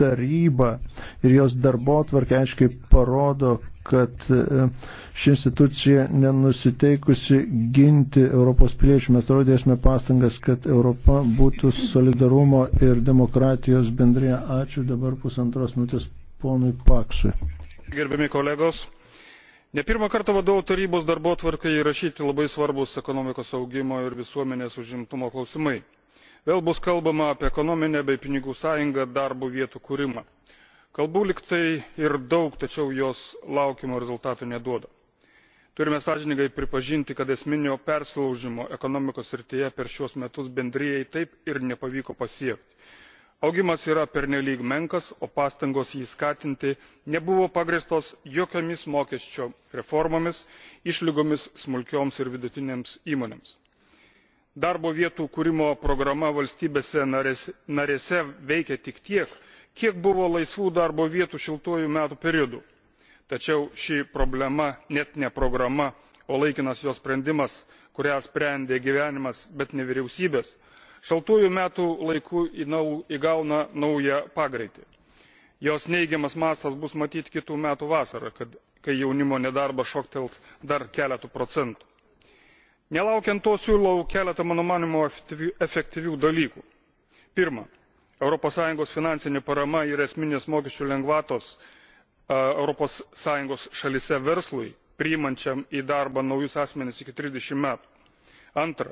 taryba ir jos darbo tvarka aiškiai parodo, kad e, ši institucija nenusiteikusi ginti Europos piliečių. Mes toliau dėsime pastangas, kad Europa būtų solidarumo ir demokratijos bendrėje. Ačiū dabar pusantros minutės ponui Paksui gerbiami kolegos ne pirmą kartą vadovų tarybos darbotvarkėje įrašyti labai svarbūs ekonomikos augimo ir visuomenės užimtumo klausimai. vėl bus kalbama apie ekonominę bei pinigų sąjungą darbo vietų kūrimą. kalbų lyg tai ir daug tačiau jos laukiamo rezultato neduoda. turime sąžiningai pripažinti kad esminio persilaužimo ekonomikos srityje per šiuos metus bendrijai taip ir nepavyko pasiekti augimas yra pernelyg menkas o pastangos jį skatinti nebuvo pagrįstos jokiomis mokesčių reformomis išlygomis smulkioms ir vidutinėms įmonėms. darbo vietų kūrimo programa valstybėse narėse veikė tik tiek kiek buvo laisvų darbo vietų šiltuoju metų periodu tačiau ši problema net ne programa o laikinas jos sprendimas kurią sprendė gyvenimas bet ne vyriausybės šaltuoju metų laiku įgauna naują pagreitį. jos neigiamas mastas bus matyti kitų metų vasarą kai jaunimo nedarbas šoktels dar keletu procentų. nelaukiant to siūlau keletą mano manymu efektyvių dalykų. pirma europos sąjungos finansinė parama ir esminės mokesčių lengvatos europos sąjungos šalyse verslui priimančiam į darbą naujus asmenis iki trisdešimt metų. antra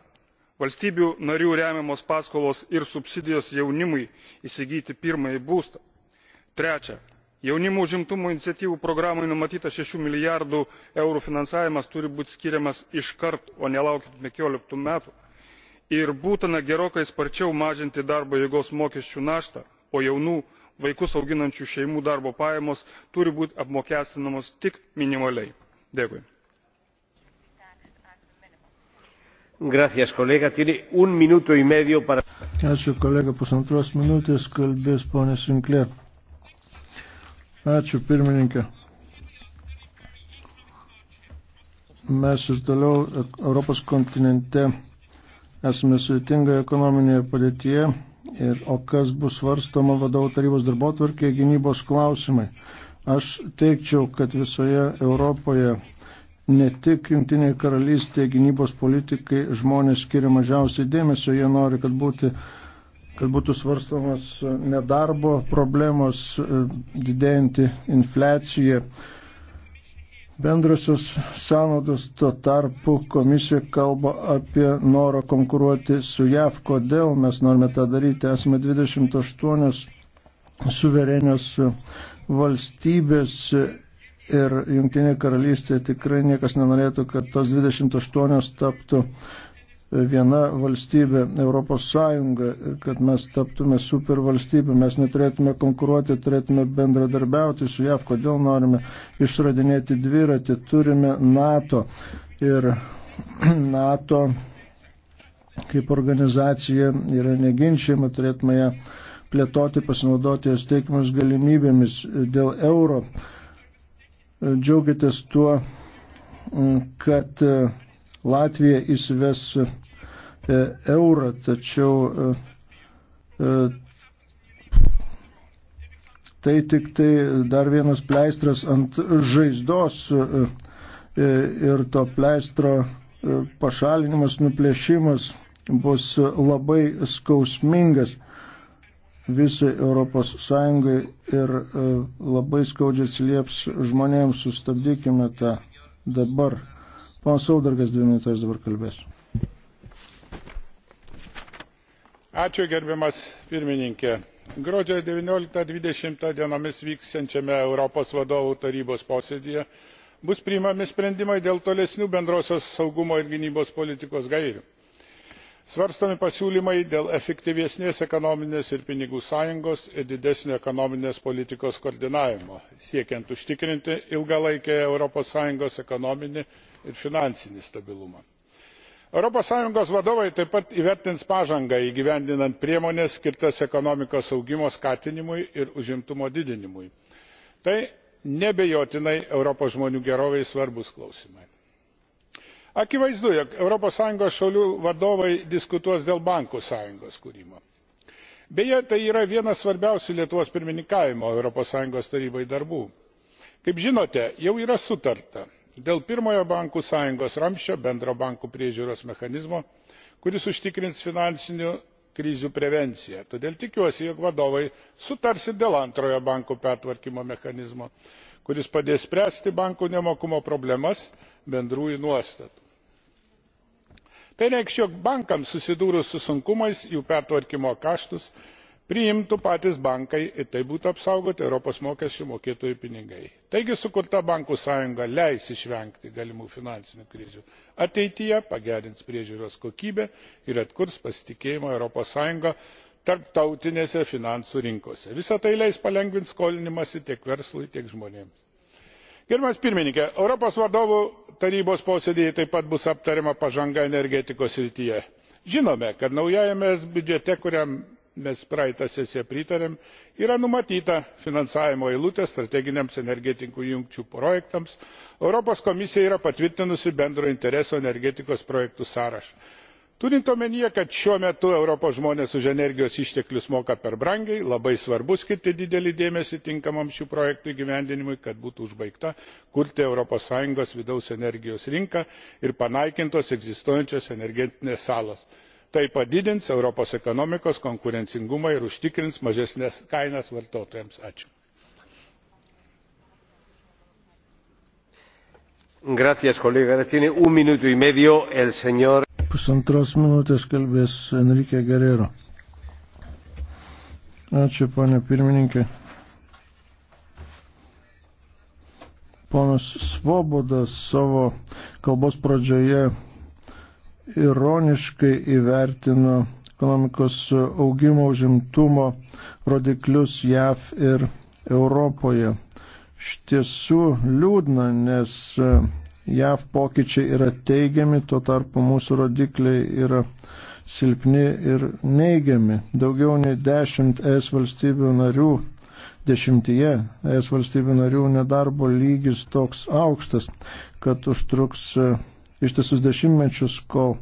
valstybių narių remiamos paskolos ir subsidijos jaunimui įsigyti pirmąjį būstą. trečia jaunimo užimtumo iniciatyvų programai numatytas šešių milijardų eurų finansavimas turi būti skiriamas iškart o ne laukiant penkioliktų metų ir būtina gerokai sparčiau mažinti darbo jėgos mokesčių naštą o jaunų vaikus auginančių šeimų darbo pajamos turi būti apmokestinamos tik minimaliai. dėkui. Gracias, kolega. Tiene un minuto y medio para. Ačiū, kolega, pusantros minutės kalbės ponė Sinclair. Ačiū, pirmininkė. Mes ir toliau Europos kontinente esame sudėtingoje ekonominėje padėtyje. Ir, o kas bus svarstoma vadovų tarybos darbo tvarkėje gynybos klausimai? Aš teikčiau, kad visoje Europoje ne tik Junktinėje karalystėje gynybos politikai žmonės skiria mažiausiai dėmesio, jie nori, kad, būti, kad būtų svarstamas e, nedarbo problemos, e, didėjanti infliacija. Bendrosios sąnaudos tuo tarpu komisija kalba apie norą konkuruoti su JAV. Kodėl mes norime tą daryti? Esame 28 suverenios e, valstybės ir Junktinė karalystė tikrai niekas nenorėtų, kad tos 28 taptų viena valstybė, Europos Sąjunga, kad mes taptume supervalstybė, mes neturėtume konkuruoti, turėtume bendradarbiauti su JAV, kodėl norime išradinėti dviratį, turime NATO ir (clears throat) NATO kaip organizacija yra neginčiama, turėtume ją plėtoti, pasinaudoti jos teikiamas galimybėmis dėl euro džiaugiatės tuo, mm, kad e, Latvija įsives e, eurą, tačiau e, tai tik tai dar vienas pleistras ant žaizdos ir to pleistro pašalinimas, nuplėšimas bus labai skausmingas visai Europos Sąjungai ir e, labai skaudžiai atsilieps žmonėms, sustabdykime tą dabar. Pana Saudargas dvi minutės dabar kalbės. Ačiū gerbiamas pirmininkė. Gruodžio 19-20 dienomis vyksiančiame Europos vadovų tarybos posėdėje bus priimami sprendimai dėl tolesnių bendrosios saugumo ir gynybos politikos gairių svarstomi pasiūlymai dėl efektyvesnės ekonominės ir pinigų sąjungos ir didesnio ekonominės politikos koordinavimo siekiant užtikrinti ilgalaikį europos sąjungos ekonominį ir finansinį stabilumą. europos sąjungos vadovai taip pat įvertins pažangą įgyvendinant priemones skirtas ekonomikos augimo skatinimui ir užimtumo didinimui. tai neabejotinai europos žmonių gerovei svarbūs klausimai akivaizdu jog europos sąjungos šalių vadovai diskutuos dėl bankų sąjungos kūrimo. beje tai yra vienas svarbiausių lietuvos pirmininkavimo europos sąjungos tarybai darbų. kaip žinote jau yra sutarta dėl pirmojo bankų sąjungos ramsčio bendro bankų priežiūros mechanizmo kuris užtikrins finansinių krizių prevenciją todėl tikiuosi jog vadovai sutars ir dėl antrojo bankų pertvarkymo mechanizmo kuris padės spręsti bankų nemokumo problemas bendrųjų nuostatų. tai reikš jog bankams susidūrus su sunkumais jų pertvarkymo kaštus priimtų patys bankai ir taip būtų apsaugoti europos mokesčių mokėtojų pinigai. taigi sukurta bankų sąjunga leis išvengti galimų finansinių krizių ateityje pagerins priežiūros kokybę ir atkurs pasitikėjimą europos sąjunga tarptautinėse finansų rinkose. visa tai leis palengvinti skolinimąsi tiek verslui tiek žmonėms. europos vadovų tarybos posėdyje taip pat bus aptariama pažanga energetikos srityje. žinome kad naujajame es biudžete kuriam mes praeitą sesiją pritarėme yra numatyta finansavimo eilutė strateginiams energetikos jungčių projektams europos komisija yra patvirtinusi bendro intereso energetikos projektų sąrašą turint omenyje kad šiuo metu europos žmonės už energijos išteklius moka per brangiai labai svarbu skirti didelį dėmesį tinkamam šių projektų įgyvendinimui kad būtų užbaigta kurti europos sąjungos vidaus energijos rinka ir panaikintos egzistuojančios energetinės salos. tai padidins europos ekonomikos konkurencingumą ir užtikrins mažesnes kainas vartotojams. Pusantros minutės kalbės Enrique Guerrero. Ačiū, ponė pirmininkė. Ponas Svobodas savo kalbos pradžioje ironiškai įvertino ekonomikos augimo užimtumo rodiklius JAV ir Europoje. Iš tiesų liūdna, nes JAV pokyčiai yra teigiami, tuo tarpu mūsų rodikliai yra silpni ir neigiami. Daugiau nei 10 ES valstybių narių, dešimtyje ES valstybių narių nedarbo lygis toks aukštas, kad užtruks e, ištisus dešimtmečius, kol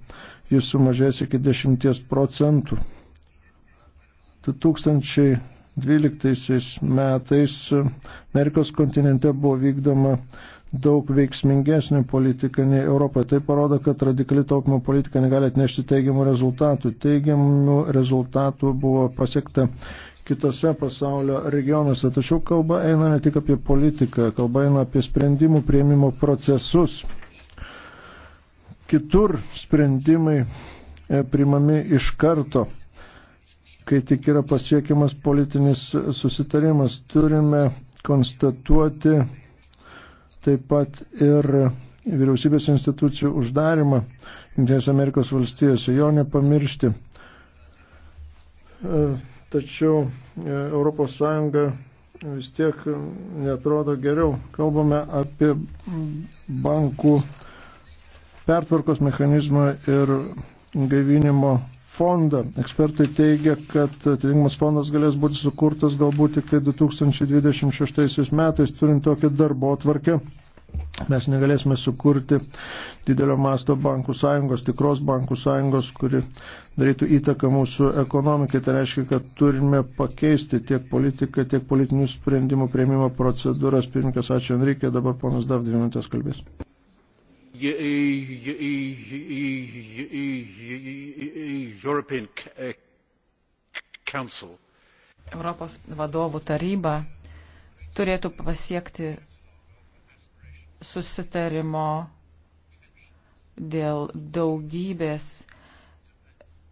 jis sumažės iki 10 procentų. 2012 metais e, Amerikos kontinente buvo vykdoma daug veiksmingesnė politika nei Europoje. Tai parodo, kad radikali taupimo politika negali atnešti teigiamų rezultatų. Teigiamų rezultatų buvo pasiekta kitose pasaulio regionuose. Tačiau kalba eina ne tik apie politiką, kalba eina apie sprendimų prieimimo procesus. Kitur sprendimai e, primami iš karto, kai tik yra pasiekiamas politinis susitarimas. Turime konstatuoti taip pat ir vyriausybės institucijų uždarimą Junktinės Amerikos valstijose, jo nepamiršti. E, tačiau ES vis tiek netrodo geriau. Kalbame apie bankų pertvarkos mechanizmą ir gaivinimo fondą. Ekspertai teigia, kad atitinkamas fondas galės būti sukurtas galbūt tik 2026 tai metais, turint tokią darbo tvarkę. Mes negalėsime sukurti didelio masto bankų sąjungos, tikros bankų sąjungos, kuri darytų įtaką mūsų ekonomikai. Tai reiškia, kad turime pakeisti tiek politiką, tiek politinių sprendimų prieimimo procedūras. Pirmininkas, ačiū Enrikė, dabar ponas Dav dvi minutės kalbės. European Council. Europos vadovų taryba turėtų pasiekti susitarimo dėl daugybės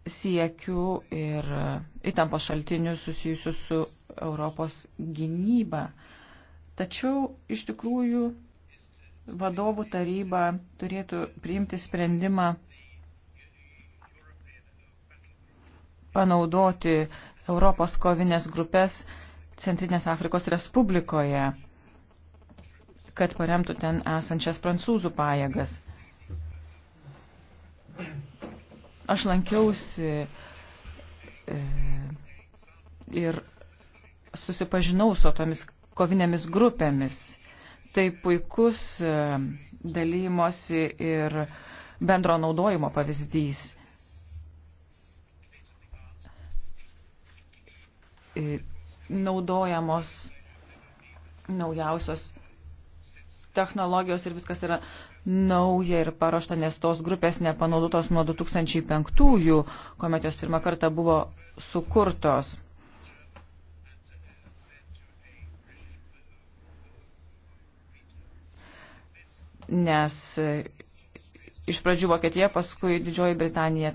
siekių ir įtampos šaltinių susijusių su Europos gynyba. Tačiau iš tikrųjų vadovų taryba turėtų priimti sprendimą panaudoti Europos kovinės grupės Centrinės Afrikos Respublikoje, kad paremtų ten esančias prancūzų pajėgas. Aš lankiausi e, ir susipažinau su tomis kovinėmis grupėmis Tai puikus e, dalymosi ir bendro naudojimo pavyzdys. E, naudojamos naujausios technologijos ir viskas yra nauja ir paruošta, nes tos grupės nepanaudotos nuo 2005-ųjų, kuomet jos pirmą kartą buvo sukurtos. nes e, iš pradžių Vokietija, paskui Didžioji Britanija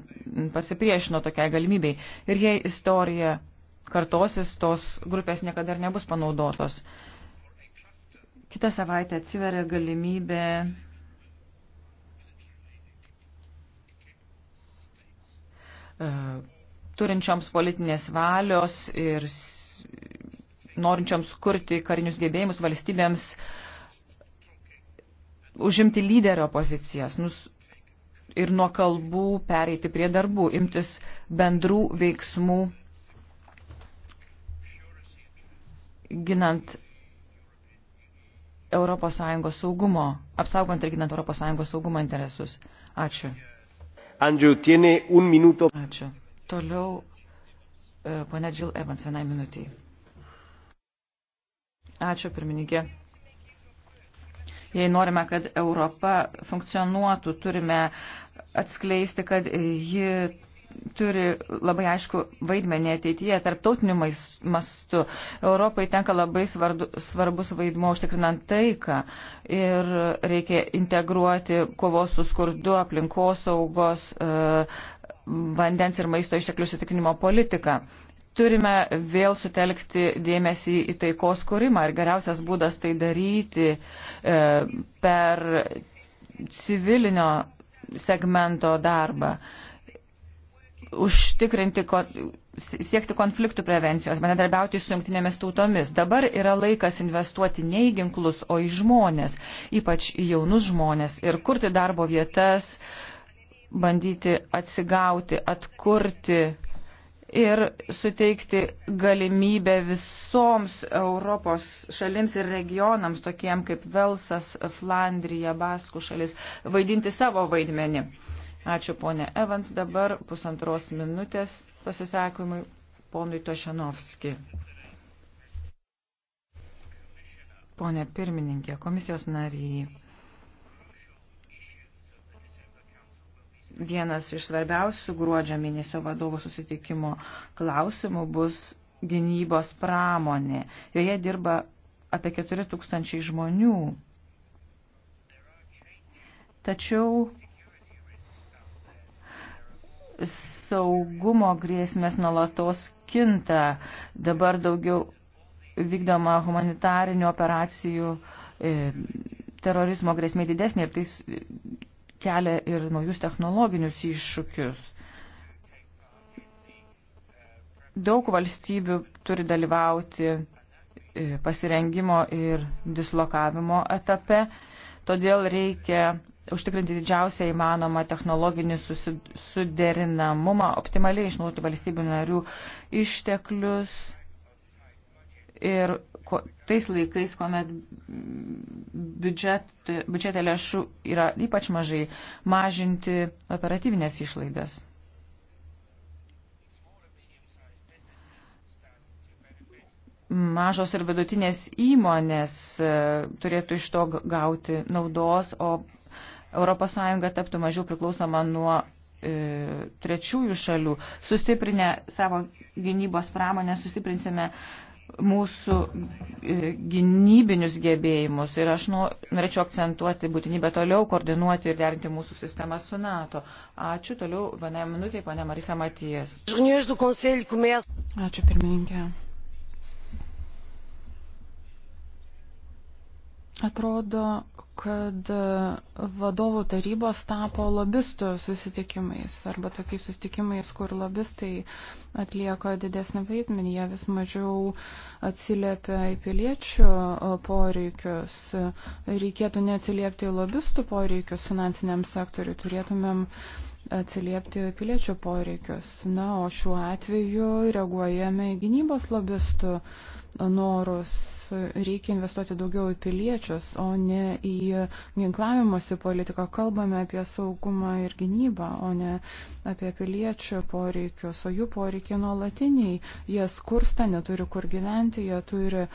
pasipriešino tokiai galimybei. Ir jei istorija kartosis, tos grupės niekada ir nebus panaudotos. Kitą savaitę atsiveria galimybė e, turinčioms politinės valios ir norinčioms kurti karinius gebėjimus valstybėms uh, užimti lyderio pozicijas nus, ir nuo kalbų pereiti prie darbų, imtis bendrų veiksmų, ginant ES saugumo, apsaugant ir ginant ES saugumo interesus. Ačiū. Andrew, tiene un minuto. Ačiū. Toliau e, ponia Jill Evans vienai minutiai. Ačiū, pirmininkė. Jei norime, kad Europa funkcionuotų, turime atskleisti, kad ji turi labai aišku vaidmenį ateityje tarptautiniu mastu. Europai tenka labai svardu, svarbus vaidmuo užtikrinant taiką ir reikia integruoti kovos su skurdu, aplinkosaugos, e, vandens ir maisto išteklių sutikinimo politiką turime vėl sutelkti dėmesį į taikos kūrimą ir geriausias būdas tai daryti e, per civilinio segmento darbą, užtikrinti, siekti konfliktų prevencijos, bendradarbiauti su jungtinėmis tautomis. Dabar yra laikas investuoti ne į ginklus, o į žmonės, ypač į jaunus žmonės ir kurti darbo vietas, bandyti atsigauti, atkurti ir suteikti galimybę visoms Europos šalims ir regionams, tokiem kaip Velsas, Flandrija, Baskų šalis, vaidinti savo vaidmenį. Ačiū ponė Evans, dabar pusantros minutės pasisakymui ponui Tošenovski. Pone pirmininkė, komisijos nariai. vienas iš svarbiausių gruodžio mėnesio vadovų susitikimo klausimų bus gynybos pramonė. Joje dirba apie 4 tūkstančiai žmonių. Tačiau saugumo grėsmės nuolatos kinta. Dabar daugiau vykdoma humanitarinių operacijų, e, terorizmo grėsmė didesnė ir tai kelia ir naujus technologinius iššūkius. Daug valstybių turi dalyvauti e, pasirengimo ir dislokavimo etape, todėl reikia užtikrinti didžiausią įmanomą technologinį suderinamumą, optimaliai išnaudoti valstybių narių išteklius ir ko, tais laikais, kuomet biudžet, biudžete lėšų yra ypač mažai, mažinti operatyvinės išlaidas. Mažos ir vidutinės įmonės e, turėtų iš to gauti naudos, o ES taptų mažiau priklausoma nuo e, trečiųjų šalių. Sustiprinę savo gynybos pramonę, sustiprinsime e, mūsų e, gynybinius gebėjimus ir aš nu, norėčiau akcentuoti būtinybę toliau koordinuoti ir derinti mūsų sistemą su NATO. Ačiū toliau, vienai minutiai, pane Marisa Matijas. Ačiū pirmininkė. Atrodo, kad vadovų tarybos tapo lobistų susitikimais arba tokiais susitikimais, kur lobistai atlieka didesnį vaidmenį, jie vis mažiau atsiliepia į piliečių poreikius. Reikėtų neatsiliepti į lobistų poreikius finansiniam sektoriu, turėtumėm atsiliepti piliečių poreikius. Na, o šiuo atveju reaguojame į gynybos lobistų poreikius norus. Reikia investuoti daugiau į piliečius, o ne į ginklavimosi politiką. Kalbame apie saugumą ir gynybą, o ne apie piliečių poreikius. O jų poreikiai nuolatiniai. Jie skursta, neturi kur gyventi, jie turi uh,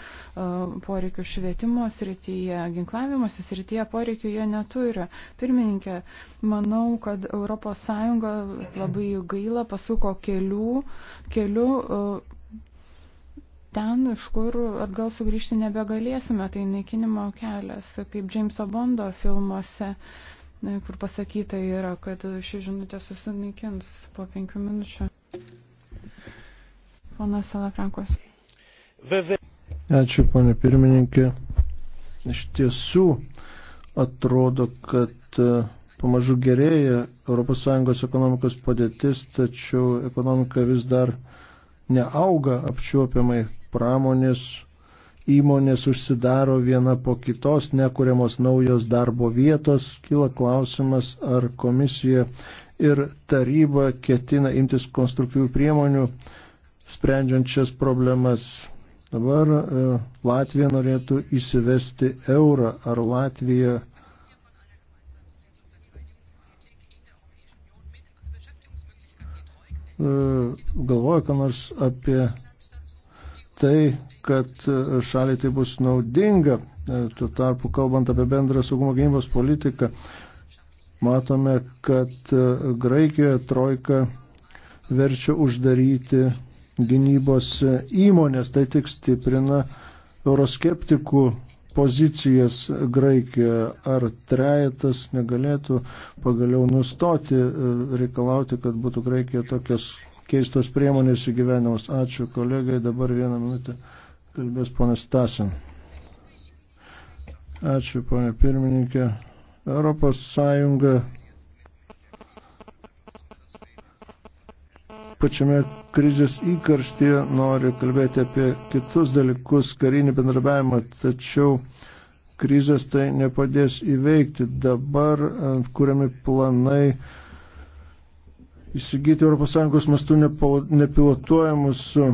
poreikių švietimo srityje, ginklavimosi srityje poreikių jie neturi. Pirmininkė, manau, kad ES labai gaila pasuko kelių, kelių uh, ten, iš kur atgal sugrįžti nebegalėsime, tai naikinimo kelias, kaip Jameso Bondo filmuose, kur pasakyta yra, kad ši žinutė susinaikins po penkių minučių. Ponas Salafrankos. Ačiū, ponė pirmininkė. Iš tiesų atrodo, kad e, pamažu gerėja ES ekonomikos padėtis, tačiau ekonomika vis dar neauga apčiuopiamai pramonės įmonės užsidaro viena po kitos, nekuriamos naujos darbo vietos, kyla klausimas, ar komisija ir taryba ketina imtis konstruktyvių priemonių, sprendžiančias problemas. Dabar e, Latvija norėtų įsivesti eurą. Ar Latvija e, galvoja, ką nors apie tai, kad e, šaliai tai bus naudinga. E, tuo tarpu, kalbant apie bendrą saugumo gynybos politiką, matome, kad e, Graikijoje trojka verčia uždaryti gynybos įmonės, tai tik stiprina euroskeptikų pozicijas Graikijoje. Ar trejetas negalėtų pagaliau nustoti reikalauti, kad būtų Graikijoje tokios keistos priemonės įgyvenimas. Ačiū kolegai, dabar vieną minutę kalbės ponas Stasin. Ačiū, ponė pirmininkė. Europos Sąjunga pačiame krizės įkarštyje nori kalbėti apie kitus dalykus, karinį bendrabiavimą, tačiau krizės tai nepadės įveikti. Dabar e, kuriami planai įsigyti ES mastų nepilotuojamus e,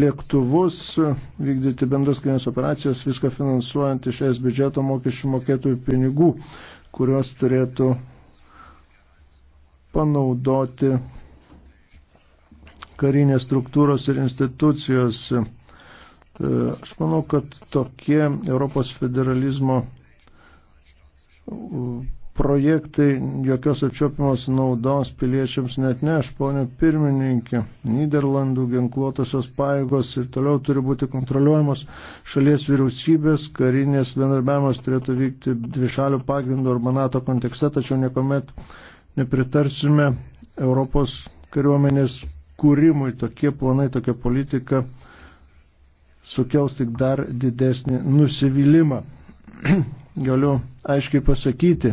lėktuvus, e, vykdyti bendras kainės operacijas, viską finansuojant iš es biudžeto mokesčių mokėtojų pinigų, kurios turėtų panaudoti karinės struktūros ir institucijos. E, aš manau, kad tokie Europos federalizmo projektai jokios apčiopiamos naudos piliečiams net neš, ponė pirmininkė. Niderlandų ginkluotosios paėgos ir toliau turi būti kontroliuojamos šalies vyriausybės, karinės bendarbiavimas turėtų vykti dvišalių pagrindų arba NATO kontekste, tačiau niekuomet nepritarsime Europos kariuomenės kūrimui. Tokie planai, tokia politika sukels tik dar didesnį nusivylimą. (clears throat) Galiu aiškiai pasakyti,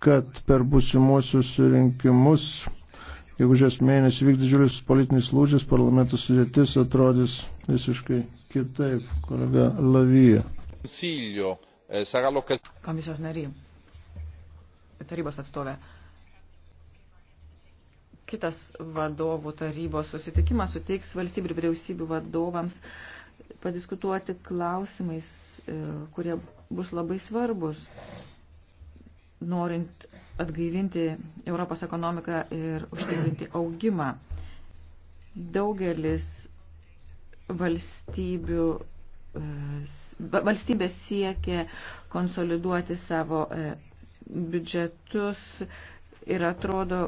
kad per būsimuosius rinkimus, jeigu žies mėnesį vyks didžiulis politinis lūžis, parlamento sudėtis atrodys visiškai kitaip, kolega Lavija. Eh, Komisijos nariai, tarybos atstovė. Kitas vadovų tarybos susitikimas suteiks valstybių ir vyriausybių vadovams padiskutuoti klausimais, eh, kurie bus labai svarbus norint atgaivinti Europos ekonomiką ir užtikrinti augimą. Daugelis valstybių, e, valstybės siekia konsoliduoti savo e, biudžetus ir atrodo,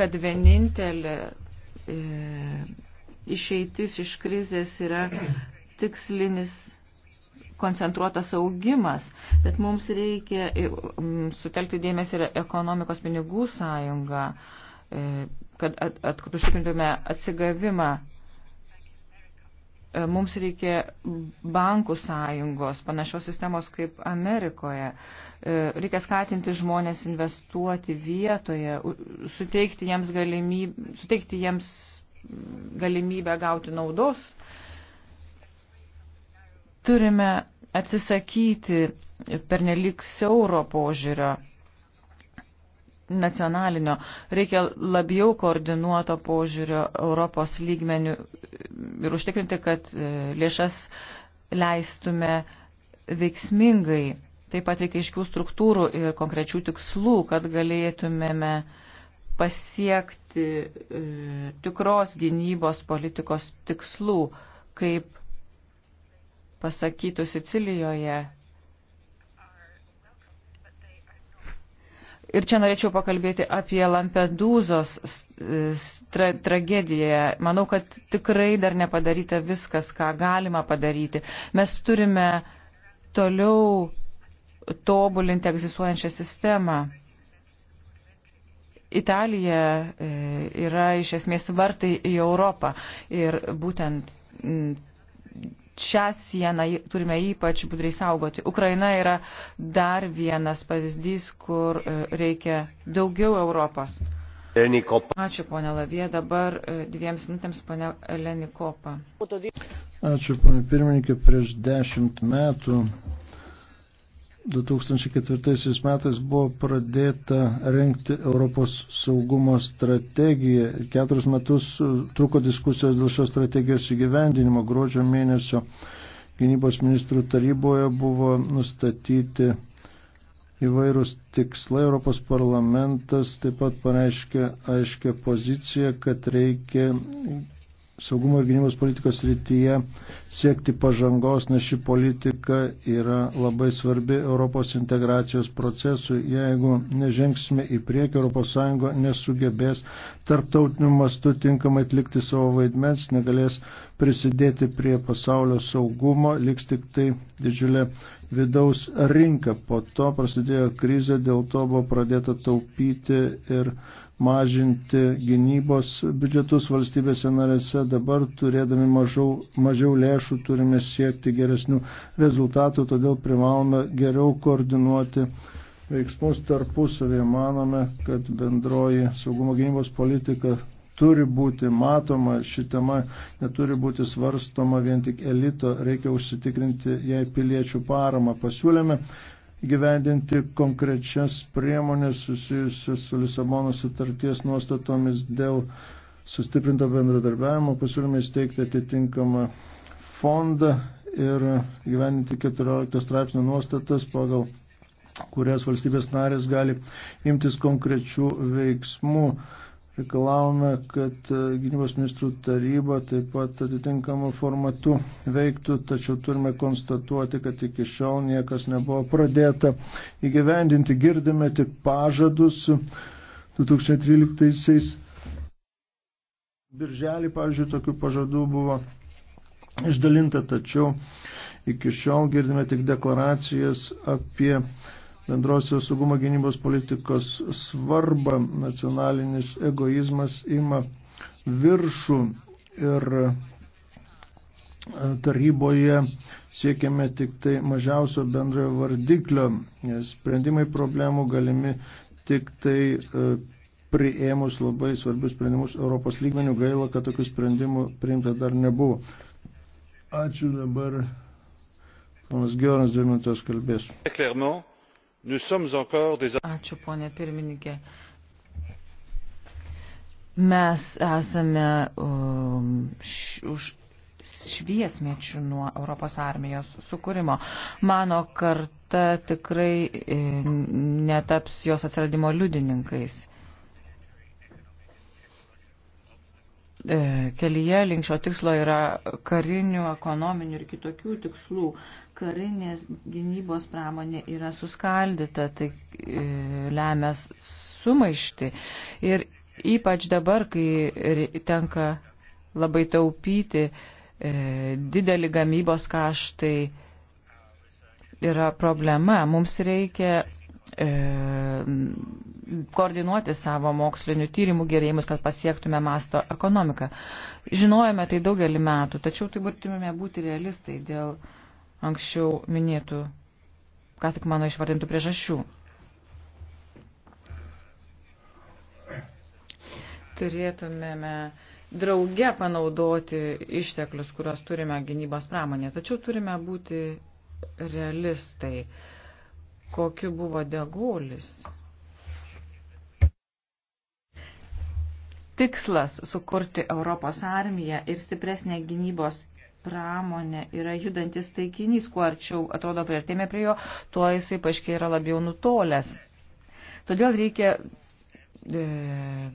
kad vienintelė e, išeitis iš krizės yra tikslinis koncentruotas augimas, bet mums reikia e, sutelkti dėmesį ir ekonomikos pinigų sąjungą, e, kad užtikrintume atsigavimą. E, mums reikia bankų sąjungos, panašios sistemos kaip Amerikoje. Reikia skatinti žmonės investuoti vietoje, suteikti jiems galimybę, suteikti jiems galimybę gauti naudos uh, Turime atsisakyti pernelyg siauro požiūrio nacionalinio. Reikia labiau koordinuoto požiūrio Europos lygmenių ir užtikrinti, kad e, lėšas leistume veiksmingai. Taip pat reikia iškių struktūrų ir konkrečių tikslų, kad galėtumėme pasiekti e, tikros gynybos politikos tikslų, kaip pasakytų Sicilijoje. Ir čia norėčiau pakalbėti apie Lampedūzos tra tragediją. Manau, kad tikrai dar nepadaryta viskas, ką galima padaryti. Mes turime toliau tobulinti egzistuojančią sistemą. Italija e, yra iš esmės vartai į Europą ir būtent šią sieną turime ypač budriai saugoti. Ukraina yra dar vienas pavyzdys, kur e, reikia daugiau Europos. Ačiū, ponė Lavie. Dabar e, dviems minutėms, ponė Eleni Kopa. Ačiū, ponė pirmininkė. Prieš dešimt metų 2004 metais buvo pradėta renkti Europos saugumo strategiją. Keturis metus e, truko diskusijos dėl šios strategijos įgyvendinimo. Gruodžio mėnesio gynybos ministrų taryboje buvo nustatyti įvairūs tikslai. Europos parlamentas taip pat pareiškė aiškę poziciją, kad reikia saugumo ir gynybos politikos rytyje siekti pažangos, nes ši politika yra labai svarbi Europos integracijos procesui. Jeigu nežengsime į priekį, ES nesugebės tarptautiniu mastu tinkamai atlikti savo vaidmens, negalės prisidėti prie pasaulio saugumo, liks tik tai didžiulė vidaus rinka. Po to prasidėjo krizė, dėl to buvo pradėta taupyti ir mažinti gynybos biudžetus valstybėse narėse, dabar turėdami mažiau, mažiau lėšų turime siekti geresnių rezultatų, todėl privalome geriau koordinuoti veiksmus tarpusavėje. Manome, kad bendroji saugumo gynybos politika turi būti matoma, ši tema neturi būti svarstoma vien tik elito, reikia užsitikrinti jai piliečių paramą. Pasiūlėme gyvendinti konkrečias priemonės susijusias su Lisabono sutarties nuostatomis dėl sustiprinto bendradarbiavimo, pasiūlymai steigti atitinkamą fondą ir gyvendinti 14 straipsnio nuostatas, pagal kurias valstybės narės gali imtis konkrečių veiksmų reikalavome, kad e, gynybos ministrų taryba taip pat atitinkamų formatų veiktų, tačiau turime konstatuoti, kad iki šiol niekas nebuvo pradėta įgyvendinti. Girdime tik pažadus 2013-aisiais. Birželį, pavyzdžiui, tokių pažadų buvo išdalinta, tačiau iki šiol girdime tik deklaracijas apie bendrosios saugumo gynybos politikos svarbą. Nacionalinis egoizmas ima viršų ir e, taryboje siekiame tik tai mažiausio bendrojo vardiklio. Sprendimai problemų galimi tik tai e, priėmus labai svarbius sprendimus Europos lygmenių. Gaila, kad tokių sprendimų priimta dar nebuvo. Ačiū dabar. Ponas Georgas Dvimintas kalbės. Clairement, Ačiū, ponė pirmininkė. Mes esame um, š, už šviesmečių nuo Europos armijos sukūrimo. Mano karta tikrai e, netaps jos atsiradimo liudininkais. E, kelyje link šio tikslo yra karinių, ekonominių ir kitokių tikslų. Karinės gynybos pramonė yra suskaldyta, tai e, lemia sumaišti. Ir ypač dabar, kai tenka labai taupyti, e, dideli gamybos kaštai yra problema. Mums reikia koordinuoti savo mokslinių tyrimų gerėjimus, kad pasiektume masto ekonomiką. Žinojame tai daugelį metų, tačiau tai būtumėme būti realistai dėl anksčiau minėtų, ką tik mano išvardintų priežasčių. Turėtumėme drauge panaudoti išteklius, kuriuos turime gynybos pramonė, tačiau turime būti realistai kokiu buvo degulis. tikslas sukurti Europos armiją ir stipresnę gynybos pramonė yra judantis taikinys, kuo arčiau atrodo priartėme prie jo, tuo jisai paaiškiai yra labiau nutolęs. Todėl reikia E,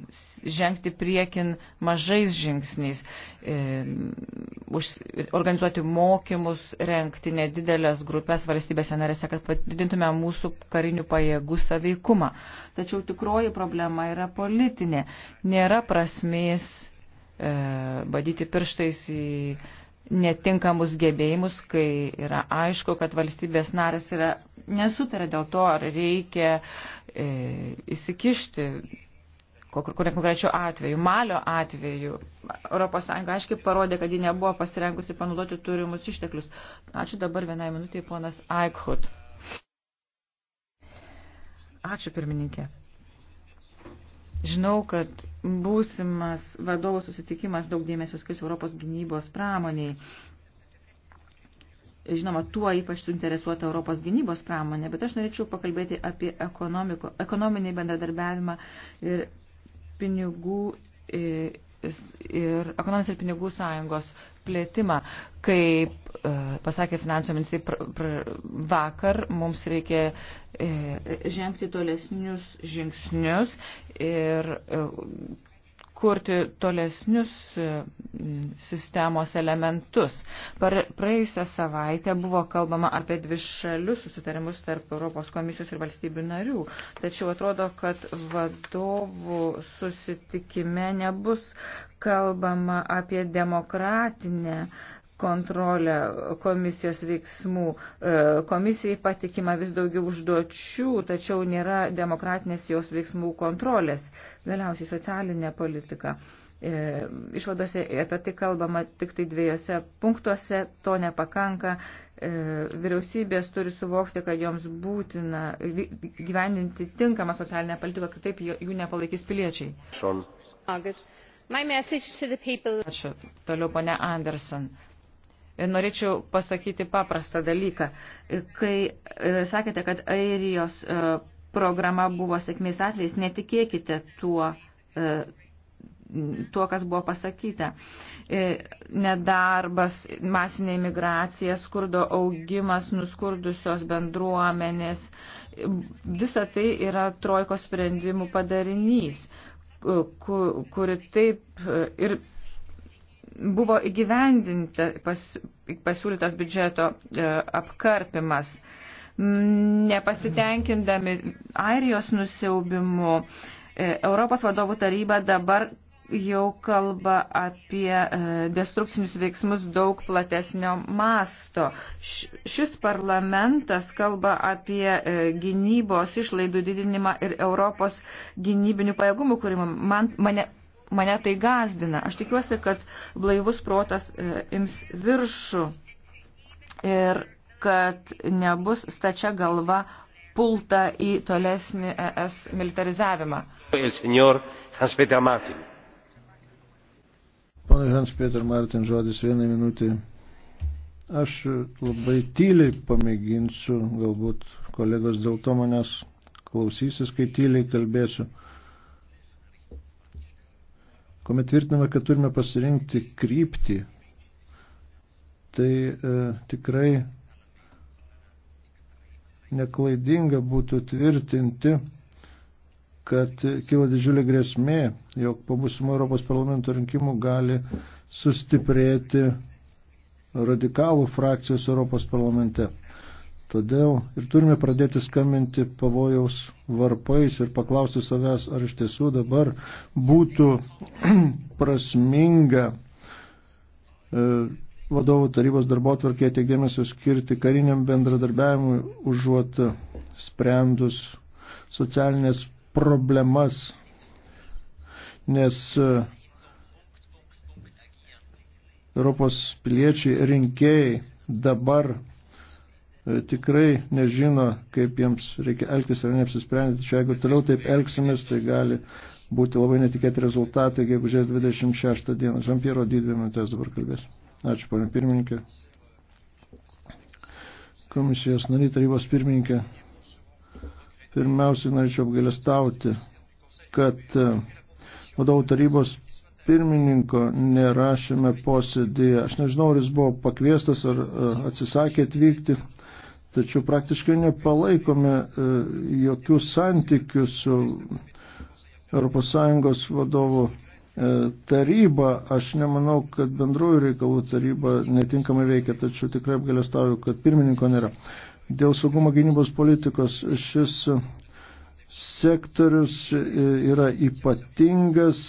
žengti priekin mažais žingsniais, e, organizuoti mokymus, renkti nedidelės grupės valstybėse narėse, kad padidintume mūsų karinių pajėgų saveikumą. Tačiau tikroji problema yra politinė. Nėra prasmės e, badyti pirštais į netinkamus gebėjimus, kai yra aišku, kad valstybės narės yra nesutarė dėl to, ar reikia e, įsikišti kuria konkrečiu atveju, malio atveju. ES aiškiai parodė, kad ji nebuvo pasirengusi panaudoti turimus išteklius. Ačiū dabar vienai minutiai, ponas Aikhut. Ačiū pirmininkė. Žinau, kad būsimas vadovų susitikimas daug dėmesio skirs Europos gynybos pramoniai. Žinoma, tuo ypač suinteresuota Europos gynybos pramonė, bet aš norėčiau pakalbėti apie ekonominį bendradarbiavimą ir pinigų e, ir ekonominės ir pinigų sąjungos plėtimą. Kaip e, pasakė finansų ministrai vakar, mums reikia e, žengti tolesnius žingsnius ir e, kurti tolesnius e, sistemos elementus. Praėjusią savaitę buvo kalbama apie dvišalius susitarimus tarp Europos komisijos ir valstybių narių, tačiau atrodo, kad vadovų susitikime nebus kalbama apie demokratinę uh, kontrolę komisijos veiksmų. E, komisijai patikima vis daugiau užduočių, tačiau nėra demokratinės jos veiksmų kontrolės. Galiausiai socialinė politika. E, išvadose apie tai kalbama tik tai dviejose punktuose, to nepakanka. E, vyriausybės turi suvokti, kad joms būtina gyvendinti tinkamą socialinę politiką, kitaip jų nepalaikys piliečiai. Ačiū. Toliau, ponia Anderson Norėčiau pasakyti paprastą dalyką. Kai e, sakėte, kad Airijos e, programa buvo sėkmės atvejais, netikėkite tuo, e, tuo, kas buvo pasakyta. Nedarbas, masinė imigracija, skurdo augimas, nuskurdusios bendruomenės, visa tai yra trojkos sprendimų padarinys, kuri taip ir buvo įgyvendinta pas, pasiūlytas biudžeto e, apkarpimas. Nepasitenkindami Airijos nusiaubimu, e, Europos vadovų taryba dabar jau kalba apie e, destrukcinius veiksmus daug platesnio masto. Šis parlamentas kalba apie e, gynybos išlaidų didinimą ir Europos gynybinių pajėgumų kūrimą. Man, mane mane tai gazdina. Aš tikiuosi, kad blaivus protas e, ims viršų ir kad nebus stačia galva pulta į tolesnį ES militarizavimą. Pana Hans-Peter Martin, žodis vieną minutį. Aš labai tyliai pamėginsiu, galbūt kolegos dėl to manęs klausysis, kai tyliai kalbėsiu kuomet tvirtiname, kad turime pasirinkti kryptį, tai e, tikrai neklaidinga būtų tvirtinti, kad kyla didžiulė grėsmė, jog po būsimo Europos parlamento rinkimų gali sustiprėti radikalų frakcijos Europos parlamente. Todėl ir turime pradėti skambinti pavojaus varpais ir paklausti savęs, ar iš tiesų dabar būtų (clears throat) prasminga e, vadovų tarybos darbo atvarkėje tiek dėmesio skirti kariniam bendradarbiavimui užuot sprendus socialinės problemas, nes e, Europos piliečiai rinkėjai dabar E, tikrai nežino, kaip jiems reikia elgtis ar neapsisprendyti. Čia jeigu toliau taip elgsimės, tai gali būti labai netikėti rezultatai, jeigu žies 26 dieną. Žampiero didvė minutės dabar kalbės. Ačiū, ponė pirmininkė. Komisijos nariai tarybos pirmininkė. Pirmiausiai norėčiau apgailestauti, kad e, vadovų tarybos pirmininko nėra šiame posėdėje. Aš nežinau, ar jis buvo pakviestas ar e, atsisakė atvykti tačiau praktiškai nepalaikome e, jokių santykių su ES vadovų e, taryba. Aš nemanau, kad bendrųjų reikalų taryba netinkamai veikia, tačiau tikrai apgalėstauju, kad pirmininko nėra. Dėl saugumo gynybos politikos šis sektorius yra ypatingas,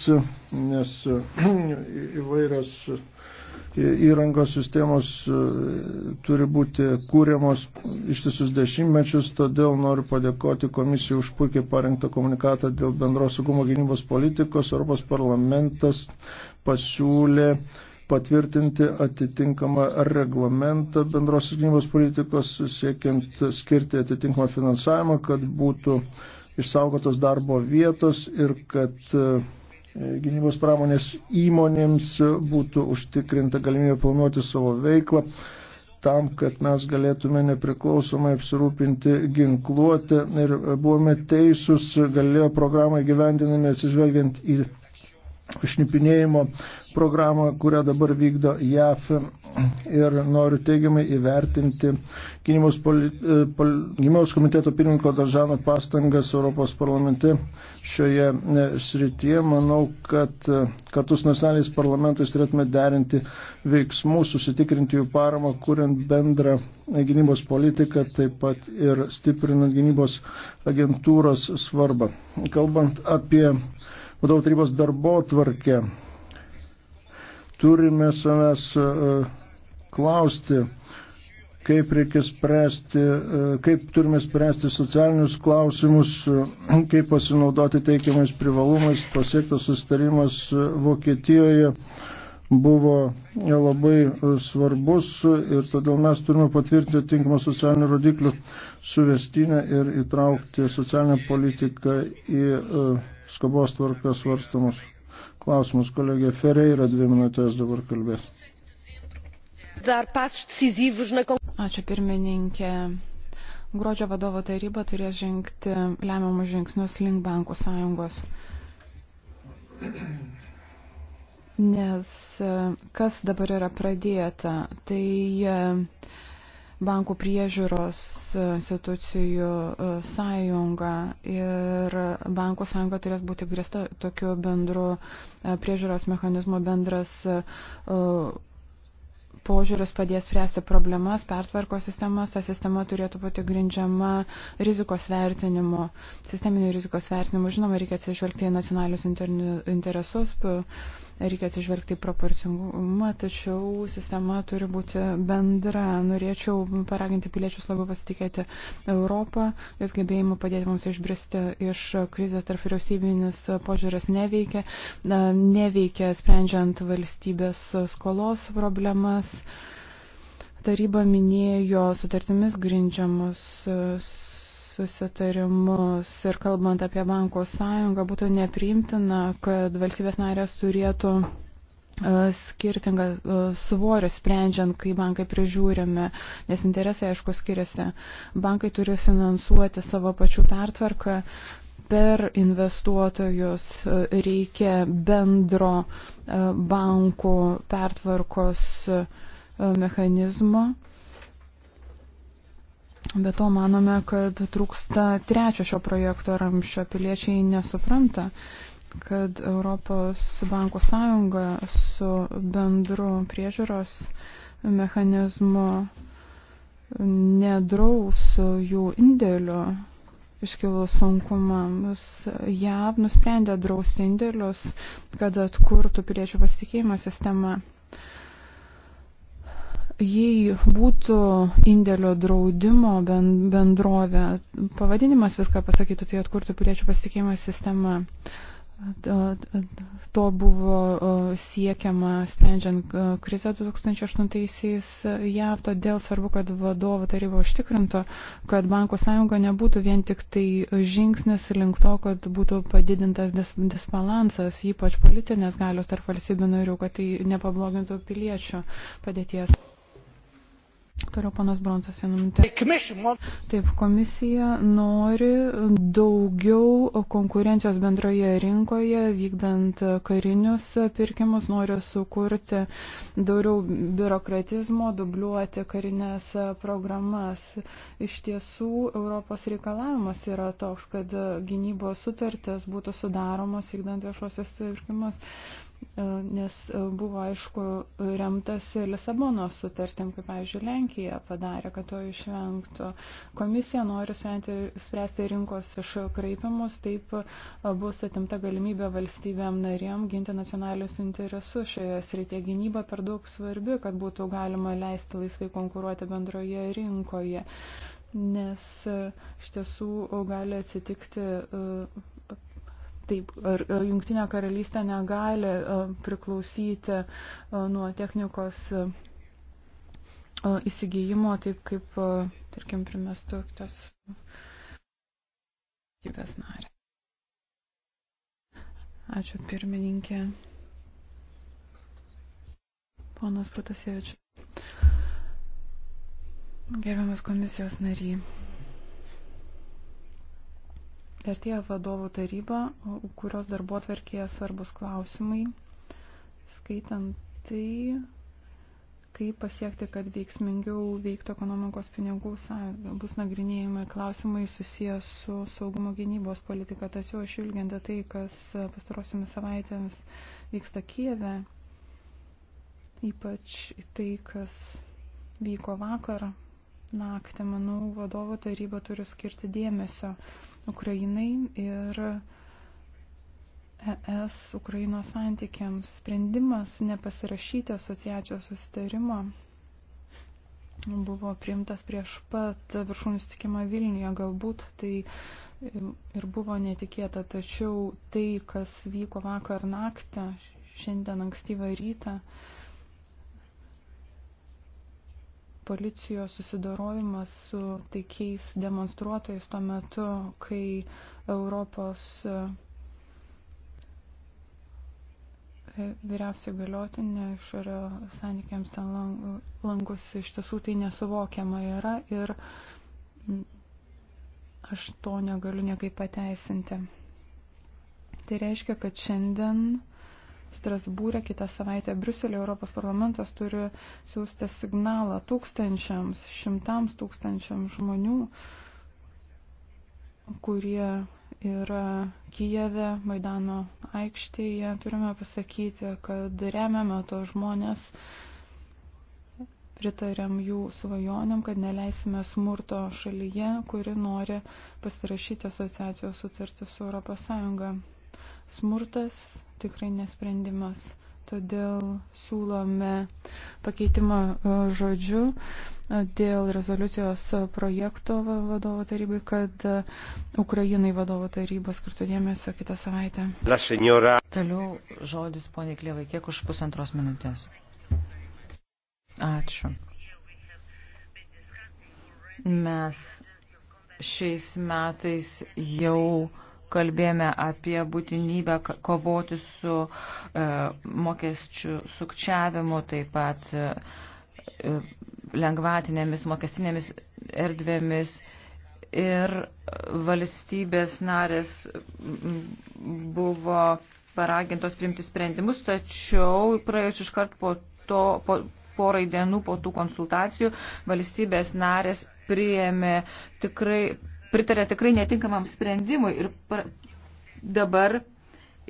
nes (clears throat) įvairios E, įrangos sistemos e, turi būti kūriamos ištisus dešimtmečius, todėl noriu padėkoti komisijai už puikiai parengtą komunikatą dėl bendros saugumo gynybos politikos. Europos parlamentas pasiūlė patvirtinti atitinkamą reglamentą bendros gynybos politikos, siekiant skirti atitinkamą finansavimą, kad būtų išsaugotos darbo vietos ir kad e, E, gynybos pramonės įmonėms būtų užtikrinta galimybė planuoti savo veiklą tam, kad mes galėtume nepriklausomai apsirūpinti ginkluotę ir buvome teisūs, galėjo programą gyvendinami atsižvelgiant į šnipinėjimo programą, kurią dabar vykdo JAF ir noriu teigiamai įvertinti gynybos, poli, e, pol, gynybos komiteto pirmininko Daržano pastangas Europos parlamente šioje e, srityje. Manau, kad e, kartu su nacionaliais parlamentais turėtume derinti veiksmus, susitikrinti jų paramą, kuriant bendrą gynybos politiką, taip pat ir stiprinant gynybos agentūros svarbą. Kalbant apie vadovų tarybos darbo tvarkę, turime savęs e, klausti, kaip reikia spręsti, e, kaip turime spręsti socialinius klausimus, e, kaip pasinaudoti teikiamais privalumais. Pasiektas sustarimas Vokietijoje buvo labai svarbus ir todėl mes turime patvirtinti tinkamą socialinių rodiklių suvestinę ir įtraukti socialinę politiką į skubos tvarką svarstamus klausimus. Kolegė Ferreira dvi minutės dabar kalbės. Ačiū pirmininkė. Gruodžio vadovo taryba turės žengti lemiamus žingsnius link bankų sąjungos. Nes e, kas dabar yra pradėta, tai e, bankų priežiūros institucijų e, sąjunga ir bankų sąjunga turės būti grįsta tokiu bendru e, priežiūros mechanizmu bendras e, požiūris padės spręsti problemas, pertvarko sistemas, ta sistema turėtų būti grindžiama rizikos vertinimu, sisteminiu rizikos vertinimu. Žinoma, reikia atsižvelgti į nacionalius interesus, Reikia atsižvelgti į proporcingumą, tačiau sistema turi būti bendra. Norėčiau paraginti piliečius labiau pasitikėti Europą, jos gebėjimu padėti mums išbristi iš krizės tarp vyriausybinis požiūris neveikia, neveikia sprendžiant valstybės skolos problemas taryba minėjo sutartimis grindžiamus susitarimus ir kalbant apie bankų sąjungą, būtų nepriimtina, kad valstybės narės turėtų e, skirtingą e, svorį sprendžiant, kai bankai prižiūrime, nes interesai aišku skiriasi. Bankai turi finansuoti savo pačių pertvarką, per investuotojus e, reikia bendro bankų pertvarkos mechanizmo Be to manome, kad trūksta trečio šio projekto ramščio. Piliečiai nesupranta, kad Europos bankų sąjunga su bendru priežiūros mechanizmu nedraus jų indėlių iškilus sunkumams. JAV nusprendė drausti indėlius, kad atkurtų piliečių pasitikėjimo sistemą jei būtų indėlio draudimo bendrovė, pavadinimas viską pasakytų, tai atkurtų piliečių pasitikėjimo sistemą. Uh, To buvo siekiama sprendžiant krizę 2008-aisiais e, JAV, todėl svarbu, kad vadovo taryba užtikrinto, kad bankų sąjunga nebūtų vien tik tai žingsnis link to, kad būtų padidintas dis disbalansas, ypač politinės galios tarp valstybių narių, kad tai nepablogintų piliečių padėties. Toliau panas Bronsas vieną minutę. Taip, komisija nori daugiau konkurencijos bendroje rinkoje, vykdant karinius pirkimus, nori sukurti daugiau biurokratizmo, dubliuoti karinės programas. Iš tiesų, Europos reikalavimas yra toks, kad gynybos sutartės būtų sudaromos vykdant viešosios pirkimus. E, nes e, buvo aišku remtas Lisabonos sutartim, kaip pavyzdžiui Lenkija padarė, kad to išvengtų. Komisija nori spręsti, spręsti rinkos iškraipimus, taip e, bus atimta galimybė valstybėm narėm ginti nacionalius interesus šioje srityje. Gynyba per daug svarbi, kad būtų galima leisti laisvai konkuruoti bendroje rinkoje, nes iš tiesų gali atsitikti. Uh, Taip, ar e, Junktinė karalystė negali e, priklausyti e, nuo technikos įsigijimo, taip kaip, tarkim, primestų tas gyvės narė. Ačiū pirmininkė. Ponas Protasievičius. Gerbiamas komisijos nariai. Artėja vadovų taryba, kurios darbo atverkėje svarbus klausimai, skaitant tai, kaip pasiekti, kad veiksmingiau veiktų ekonomikos pinigų sąjunga. Bus nagrinėjami klausimai susijęs su saugumo gynybos politika. Tačiau aš ilginti tai, kas pastarosiomis savaitėmis vyksta Kijeve, ypač tai, kas vyko vakar, naktį. Manau, vadovo taryba turi skirti dėmesio Ukrainai ir ES Ukrainos santykiams. Sprendimas nepasirašyti asociacijos susitarimo buvo priimtas prieš pat viršūnų stikimą Vilniuje. Galbūt tai ir buvo netikėta, tačiau tai, kas vyko vakar naktį, šiandien ankstyvą rytą, uh, policijos susidorojimas su taikiais demonstruotojais tuo metu, kai Europos e, vyriausiai galiotinė išorė santykiams ten langus iš tiesų tai nesuvokiama yra ir aš to negaliu niekaip pateisinti. Tai reiškia, kad šiandien Strasbūrė, kitą savaitę Briuselė Europos parlamentas turi siūsti signalą tūkstančiams, šimtams tūkstančiams žmonių, kurie yra Kijeve, Maidano aikštėje. Turime pasakyti, kad remiame tos žmonės, pritarėm jų svajonėm, kad neleisime smurto šalyje, kuri nori pasirašyti asociacijos sutartį su ES. Smurtas tikrai nesprendimas. Todėl siūlome pakeitimą e, žodžiu e, dėl rezoliucijos projekto vadovo tarybai, kad e, Ukrainai vadovo taryba skirtų dėmesio kitą savaitę. Senjora... Toliau žodis, poniai Klėvai, kiek už pusantros minutės. Ačiū. Mes šiais metais jau kalbėjome apie būtinybę kovoti su e, mokesčių sukčiavimu, taip pat e, lengvatinėmis mokestinėmis erdvėmis ir valstybės narės buvo paragintos priimti sprendimus, tačiau praėjus iškart po to, po, porai dienų po tų konsultacijų valstybės narės priėmė tikrai pritarė tikrai netinkamam sprendimui ir dabar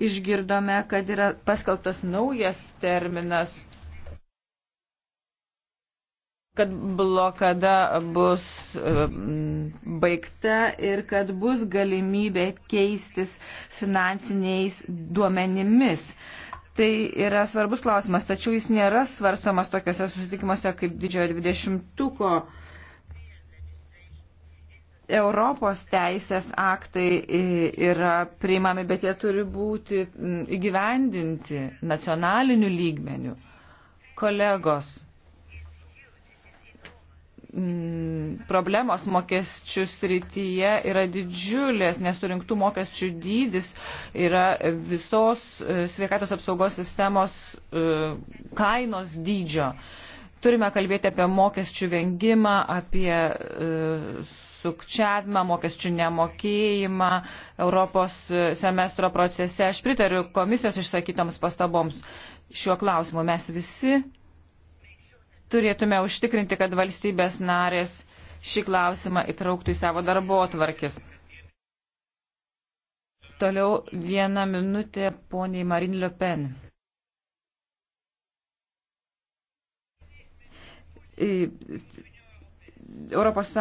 išgirdome, kad yra paskaltas naujas terminas, kad blokada bus baigta ir kad bus galimybė keistis finansiniais duomenimis. Tai yra svarbus klausimas, tačiau jis nėra svarstomas tokiuose susitikimuose kaip didžiojo dvidešimtuko 20 Europos teisės aktai yra priimami, bet jie turi būti įgyvendinti nacionaliniu lygmeniu. Kolegos, problemos mokesčių srityje yra didžiulės, nes surinktų mokesčių dydis yra visos e, sveikatos apsaugos sistemos e, kainos dydžio. Turime kalbėti apie mokesčių vengimą, apie e, sukčiavimą, mokesčių nemokėjimą Europos semestro procese. Aš pritariu komisijos išsakytoms pastaboms šiuo klausimu. Mes visi turėtume užtikrinti, kad valstybės narės šį klausimą įtrauktų į savo darbo atvarkis. Toliau viena minutė poniai Marine Le Pen. ES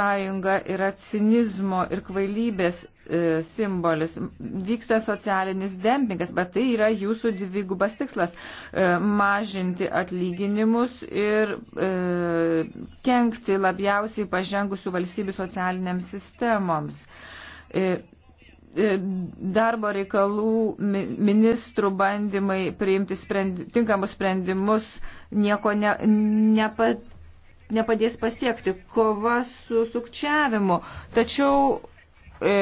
yra cinizmo ir kvailybės e, simbolis. Vyksta socialinis dempingas, bet tai yra jūsų dvigubas tikslas - e, mažinti atlyginimus ir e, kenkti labiausiai pažengusių valstybių socialiniams sistemoms. Darbo reikalų ministrų bandymai priimti sprendi, tinkamus sprendimus nieko ne, nepat nepadės pasiekti. Kova su sukčiavimu. Tačiau e,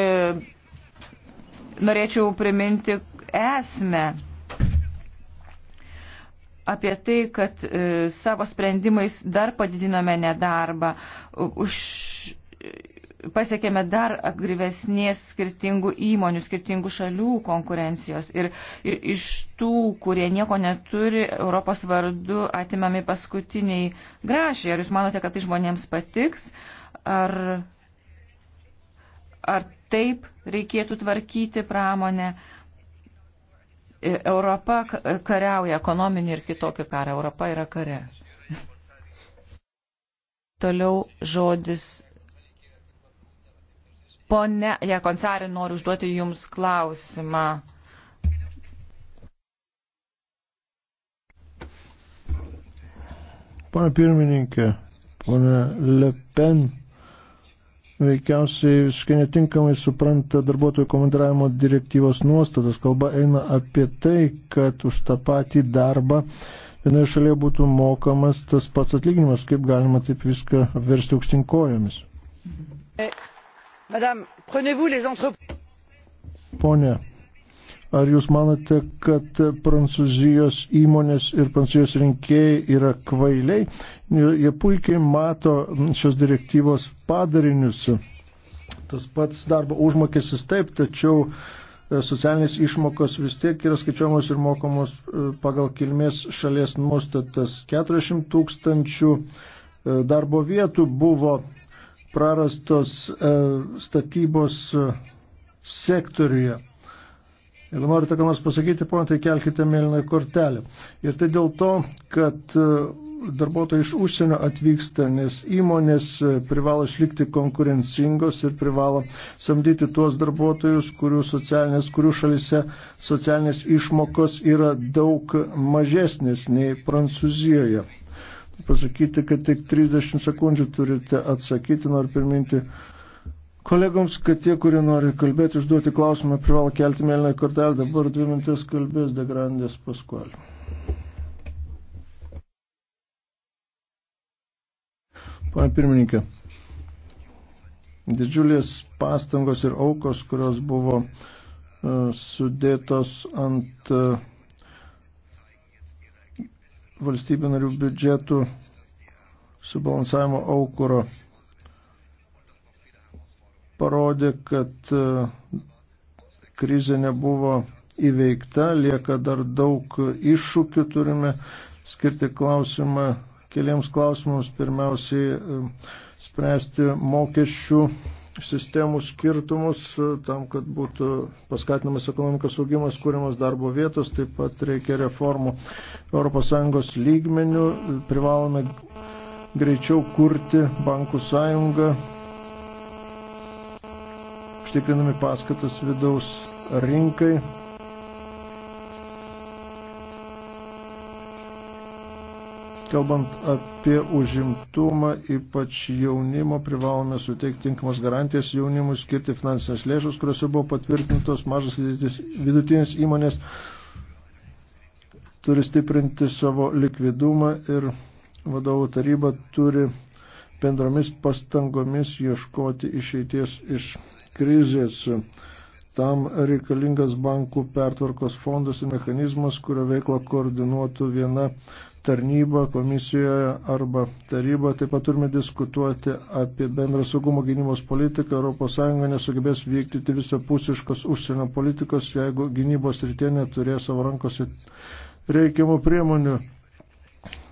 norėčiau priminti esmę apie tai, kad e, savo sprendimais dar padidinome nedarbą. Už, e, pasiekėme dar atgrivesnės skirtingų įmonių, skirtingų šalių konkurencijos ir iš tų, kurie nieko neturi, Europos vardu atimami paskutiniai grašiai. Ar jūs manote, kad tai žmonėms patiks? Ar, ar taip reikėtų tvarkyti pramonę? E, Europa kariauja ekonominį ir kitokį karą. Europa yra kare. (laughs) Toliau žodis Pone Jekonsarė, noriu užduoti Jums klausimą. Pane pirmininkė, pone Le Pen veikiausiai visiškai netinkamai supranta darbuotojų komandiravimo direktyvos nuostatas. Kalba eina apie tai, kad už tą patį darbą vienoje šalyje būtų mokamas tas pats atlyginimas, kaip galima taip viską versti aukštinkojomis. E. Madame, prenez vous les entreprises. Pone, ar jūs manote, kad prancūzijos įmonės ir prancūzijos rinkėjai yra kvailiai? Jie puikiai mato šios direktyvos padarinius. Tas pats darbo užmokestis taip, tačiau e, socialinės išmokos vis tiek yra skaičiuojamos ir mokamos e, pagal kilmės šalies nuostatas. 40 tūkstančių e, darbo vietų buvo prarastos e, statybos e, sektoriuje. Jeigu norite ką nors pasakyti, ponai, tai kelkite mėlyną kortelę. Ir tai dėl to, kad e, darbuotojai iš užsienio atvyksta, nes įmonės privalo išlikti konkurencingos ir privalo samdyti tuos darbuotojus, kurių, kurių šalise socialinės išmokos yra daug mažesnės nei Prancūzijoje pasakyti, kad tik 30 sekundžių turite atsakyti. Noriu priminti kolegoms, kad tie, kurie nori kalbėti, užduoti klausimą, privalo kelti mėlyną kortelę. Dabar dvi mintis kalbės Degrandės Paskualė. Pane pirmininkė, didžiulės pastangos ir aukos, kurios buvo e, sudėtos ant uh, valstybių narių biudžetų subalansavimo aukuro parodė, kad e, krizė nebuvo įveikta, lieka dar daug iššūkių, turime skirti klausimą, keliems klausimams pirmiausiai e, spręsti mokesčių sistemų skirtumus e, tam, kad būtų paskatinamas ekonomikos augimas, kūriamas darbo vietos, taip pat reikia reformų ES lygmenių, privalome greičiau kurti bankų sąjungą, užtikrinami paskatas vidaus rinkai. Kalbant apie užimtumą, ypač jaunimo, privalome suteikti tinkamas garantijas jaunimui, skirti finansinės lėšus, kuriuose buvo patvirtintos mažas vidutinės įmonės, turi stiprinti savo likvidumą ir vadovų taryba turi bendromis pastangomis ieškoti išeities iš krizės. Tam reikalingas bankų pertvarkos fondas ir mechanizmas, kurio veiklą koordinuotų viena tarnyba komisijoje arba taryba. Taip pat turime diskutuoti apie bendrą saugumo gynybos politiką. ES nesugebės vykdyti visapusiškos užsienio politikos, jeigu gynybos rytė neturės savo rankose reikiamų priemonių.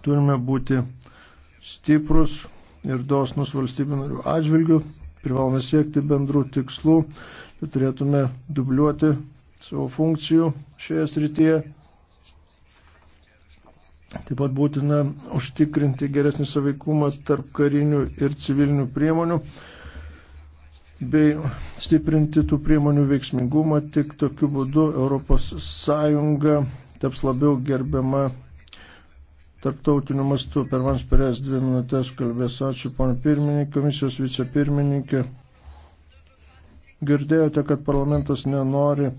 Turime būti stiprus ir dosnus valstybių narių atžvilgių. Privalome siekti bendrų tikslų, turėtume dubliuoti savo funkcijų šioje srityje. Taip pat būtina užtikrinti geresnį saveikumą tarp karinių ir civilinių priemonių bei stiprinti tų priemonių veiksmingumą. Tik tokiu būdu ES taps labiau gerbiama tarptautiniu mastu. Per man spėrės dvi minutės kalbės. Ačiū, pana pirmininkė, komisijos vicepirmininkė. Girdėjote, kad parlamentas nenori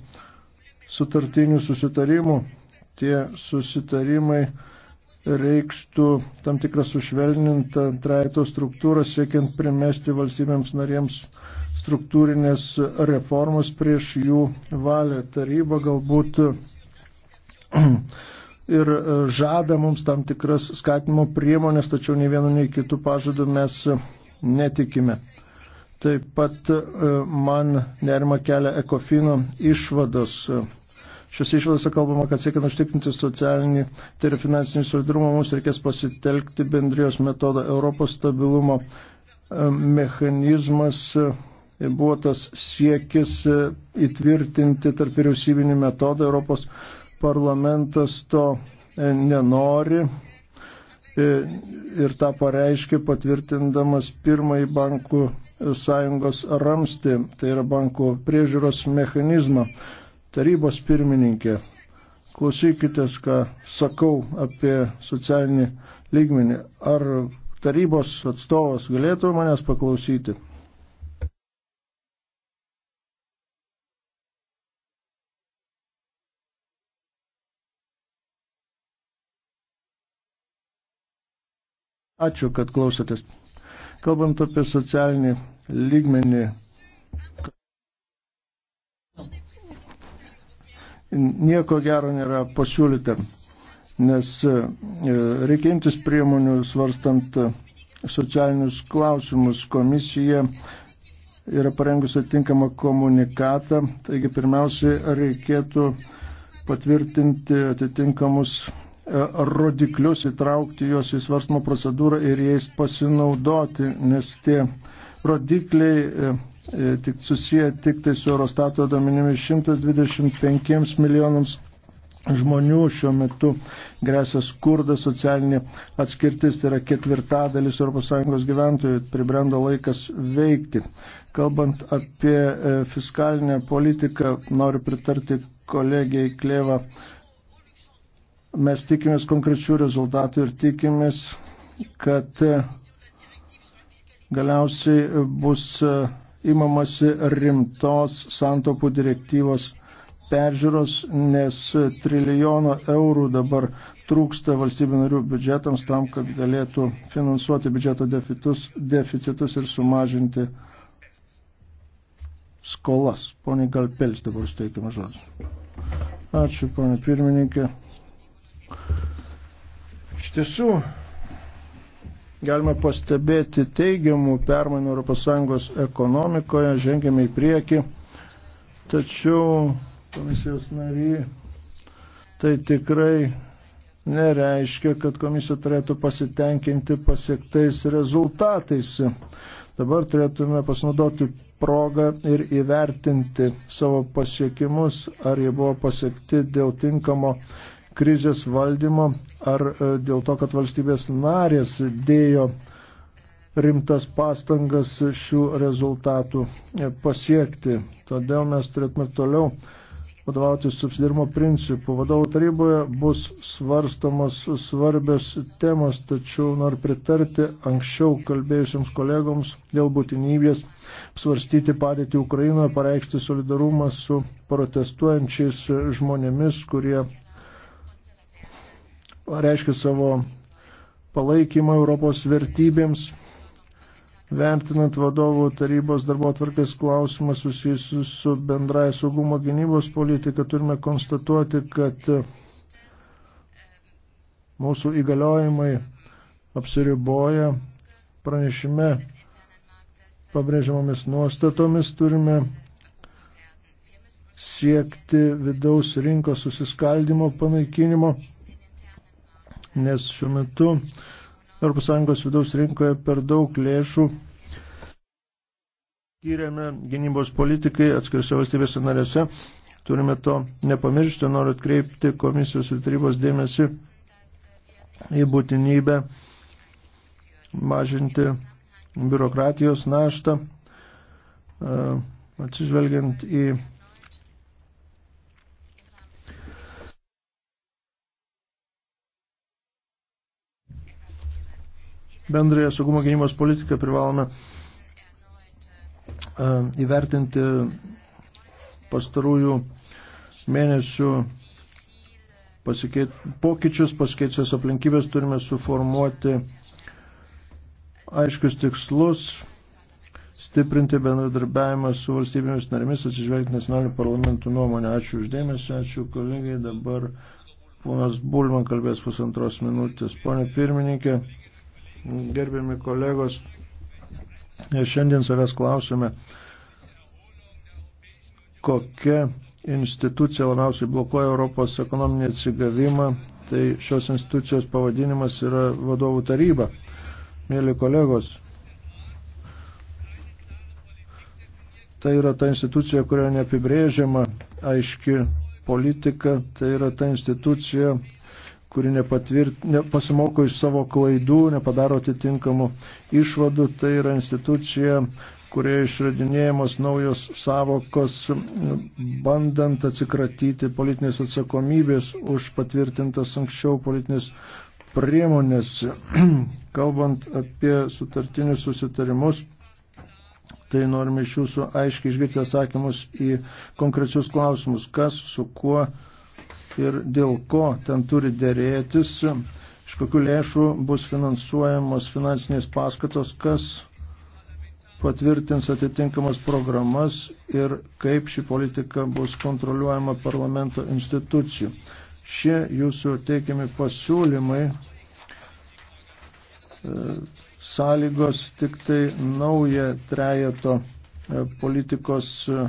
sutartinių susitarimų. Tie susitarimai reikštų tam tikrą sušvelnintą traito struktūrą, siekiant primesti valstybėms narėms struktūrinės reformos prieš jų valią. Taryba galbūt (clears throat) ir žada mums tam tikras skatinimo priemonės, tačiau nei vienu, nei kitų pažadų mes netikime. Taip pat e, man nerima kelia ekofino išvados Šios išvadose kalbama, kad siekiant užtikrinti socialinį tai ir finansinį solidarumą, mums reikės pasitelkti bendrijos metodą. Europos stabilumo e, mechanizmas e, buvo tas siekis e, įtvirtinti tarp vyriausybinį metodą. Europos parlamentas to nenori ir tą pareiškė patvirtindamas pirmąjį bankų sąjungos ramstį, tai yra bankų priežiūros mechanizmą tarybos pirmininkė, klausykitės, ką sakau apie socialinį lygmenį. Ar tarybos atstovas galėtų manęs paklausyti? Ačiū, kad klausotės. Kalbant apie socialinį lygmenį, nieko gero nėra pasiūlyta, nes e, reikia imtis priemonių svarstant socialinius klausimus. Komisija yra parengusi tinkamą komunikatą, taigi pirmiausiai reikėtų patvirtinti atitinkamus e, rodiklius, įtraukti juos į svarstymo procedūrą ir jais pasinaudoti, nes tie rodikliai e, E, tik susiję tik tai su Eurostato duomenimis 125 milijonams žmonių šiuo metu grėsia skurdas, socialinė atskirtis, tai yra ketvirtadalis ES gyventojų, pribrendo laikas veikti. Kalbant apie e, fiskalinę politiką, noriu pritarti kolegijai Klėva, mes tikimės konkrečių rezultatų ir tikimės, kad e, galiausiai bus imamasi rimtos santopų direktyvos peržiūros, nes trilijono eurų dabar trūksta valstybių narių biudžetams tam, kad galėtų finansuoti biudžeto defitus, deficitus ir sumažinti skolas. Pone Galpels dabar steikime žodžiu. Ačiū, pone pirmininkė. Iš tiesų, galima pastebėti teigiamų permainų ES ekonomikoje, žengėme į priekį, tačiau komisijos nary tai tikrai nereiškia, kad komisija turėtų pasitenkinti pasiektais rezultatais. Dabar turėtume pasinaudoti progą ir įvertinti savo pasiekimus, ar jie buvo pasiekti dėl tinkamo krizės valdymo, ar e, dėl to, kad valstybės narės dėjo rimtas pastangas šių rezultatų e, pasiekti. Todėl mes turėtume toliau vadovautis subsidirimo principu. Vadovų taryboje bus svarstamos svarbios temos, tačiau noriu pritarti anksčiau kalbėjusiems kolegoms dėl būtinybės svarstyti padėtį Ukrainoje, pareikšti solidarumą su protestuojančiais žmonėmis, kurie reiškia savo palaikymą Europos vertybėms. Vertinant vadovų tarybos darbo atvarkės klausimą susijusius su bendraja saugumo gynybos politika, turime konstatuoti, kad mūsų įgaliojimai apsiriboja pranešime pabrėžiamomis nuostatomis, turime siekti vidaus rinkos susiskaldimo panaikinimo nes šiuo metu ES vidaus rinkoje per daug lėšų skiriame gynybos politikai atskirose valstybėse narėse. Turime to nepamiršti, noriu atkreipti komisijos ir tarybos dėmesį į būtinybę mažinti biurokratijos naštą, e, atsižvelgiant į bendrąją saugumo gynybos politiką privalome e, įvertinti pastarųjų mėnesių pasikeit, pokyčius, pasikeitusias aplinkybės turime suformuoti aiškius tikslus, stiprinti bendradarbiavimą su valstybėmis narėmis, atsižvelgti nacionalinių parlamentų nuomonę. Ačiū uždėmesi, ačiū kolegai. Dabar ponas Bulman kalbės pusantros minutės. Pone pirmininkė gerbiami kolegos, šiandien savęs klausime, kokia institucija labiausiai blokuoja Europos ekonominį atsigavimą, tai šios institucijos pavadinimas yra vadovų taryba. Mėly kolegos, tai yra ta institucija, kurioje neapibrėžiama aiški politika, tai yra ta institucija, kuri nepatvirt, ne, pasimoko iš savo klaidų, nepadaro atitinkamų išvadų. Tai yra institucija, kurioje išradinėjamos naujos savokos, bandant atsikratyti politinės atsakomybės už patvirtintas anksčiau politinės priemonės. (clears throat) Kalbant apie sutartinius susitarimus, tai norime iš jūsų aiškiai išgirti atsakymus į konkrečius klausimus, kas su kuo ir dėl ko ten turi dėrėtis, iš kokių lėšų bus finansuojamos finansinės paskatos, kas patvirtins atitinkamas programas ir kaip ši politika bus kontroliuojama parlamento institucijų. Šie jūsų teikiami pasiūlymai e, sąlygos tik tai naują trejato e, politikos e,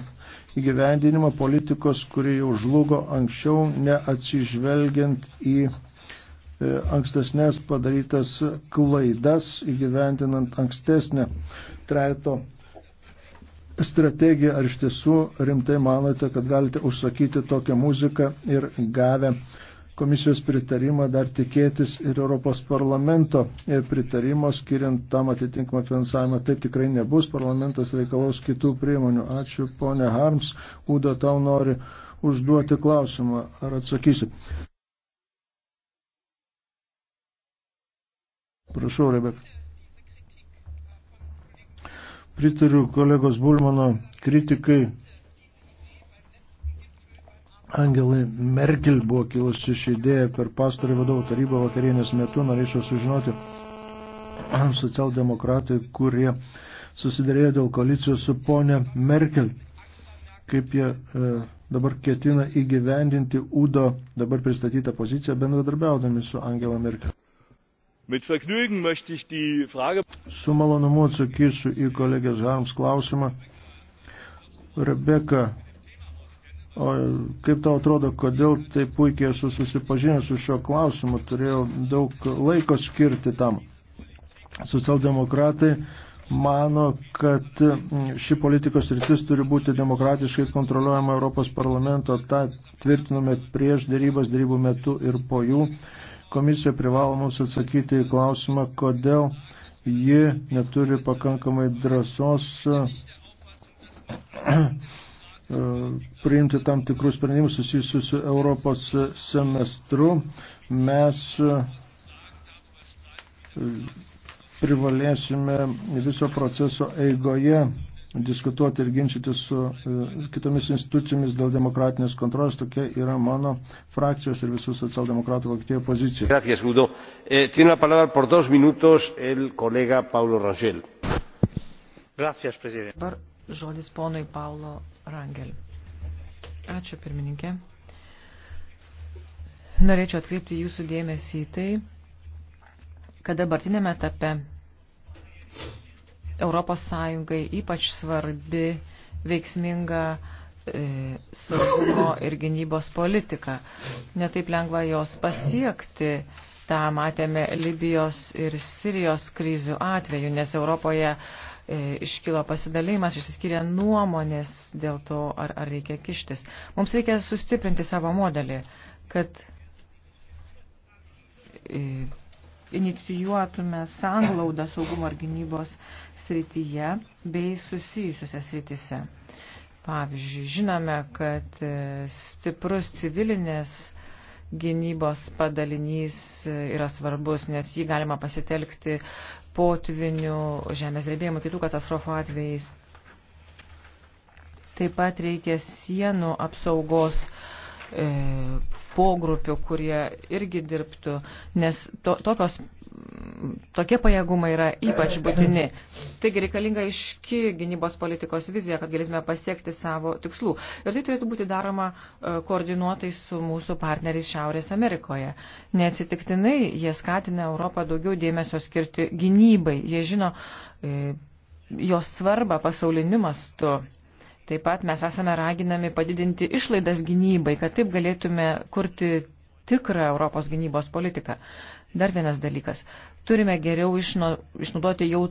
įgyvendinimą politikos, kuri jau žlugo anksčiau, neatsižvelgiant į e, ankstesnės padarytas klaidas, įgyvendinant ankstesnę treito strategiją. Ar iš tiesų rimtai manote, kad galite užsakyti tokią muziką ir gavę komisijos pritarimą dar tikėtis ir Europos parlamento e, pritarimo, skiriant tam atitinkamą finansavimą. Taip tikrai nebus, parlamentas reikalaus kitų priemonių. Ačiū, ponė Harms. Udo, tau nori užduoti klausimą. Ar atsakysi? Prašau, Rebeka. Pritariu kolegos Bulmano kritikai Angelai Merkel buvo kilusi iš idėja per pastarį vadovų tarybą vakarienės metu. Norėčiau sužinoti (clears throat) socialdemokratai, kurie susidarėjo dėl koalicijos su ponė Merkel. Kaip jie e, dabar ketina įgyvendinti UDO dabar pristatytą poziciją bendradarbiaudami su Angela Merkel. Su malonumu atsakysiu į kolegės Harms klausimą. Rebeka O kaip tau atrodo, kodėl taip puikiai esu susipažinęs su šio klausimu, turėjau daug laiko skirti tam. Socialdemokratai mano, kad ši politikos rytis turi būti demokratiškai kontroliuojama Europos parlamento, tą tvirtinome prieš dėrybas, dėrybų metu ir po jų. Komisija privalo mums atsakyti į klausimą, kodėl ji neturi pakankamai drąsos priimti tam tikrus sprendimus susijusius su Europos semestru, mes e, privalėsime viso proceso eigoje diskutuoti ir ginčyti su e, kitomis institucijomis dėl demokratinės kontrolės. Tokia yra mano frakcijos ir visų socialdemokratų Vokietijoje pozicija. Gracias, Udo. Eh, tiene la palabra por dos minutos el colega Paulo Rangel. Gracias, presidente. Dabar žodis ponui Paulo Rangel. Ačiū, pirmininkė. Norėčiau atkreipti jūsų dėmesį į tai, kad dabartinėme etape Europos Sąjungai ypač svarbi veiksminga e, saugumo ir gynybos politiką. Netaip lengva jos pasiekti. Ta matėme Libijos ir Sirijos krizių atveju, nes Europoje E, iškilo pasidalėjimas, išsiskyrė nuomonės dėl to, ar, ar reikia kištis. Mums reikia sustiprinti savo modelį, kad e, inicijuotume sanglaudą saugumo ir gynybos srityje bei susijusiuose srityse. Pavyzdžiui, žinome, kad e, stiprus civilinės gynybos padalinys yra svarbus, nes jį galima pasitelkti potvinių, žemės drebėjimų, kitų katastrofų atvejais. Taip pat reikia sienų apsaugos e, pogrupių, kurie irgi dirbtų, nes to, tokios, tokie pajėgumai yra ypač būtini. Taigi reikalinga iški gynybos politikos vizija, kad galėtume pasiekti savo tikslų. Ir tai turėtų būti daroma e, koordinuotai su mūsų partneriais Šiaurės Amerikoje. Neatsitiktinai jie skatina Europą daugiau dėmesio skirti gynybai. Jie žino e, jos svarbą pasauliniu mastu. Taip pat mes esame raginami padidinti išlaidas gynybai, kad taip galėtume kurti tikrą Europos gynybos politiką. Dar vienas dalykas. Turime geriau išnaudoti jau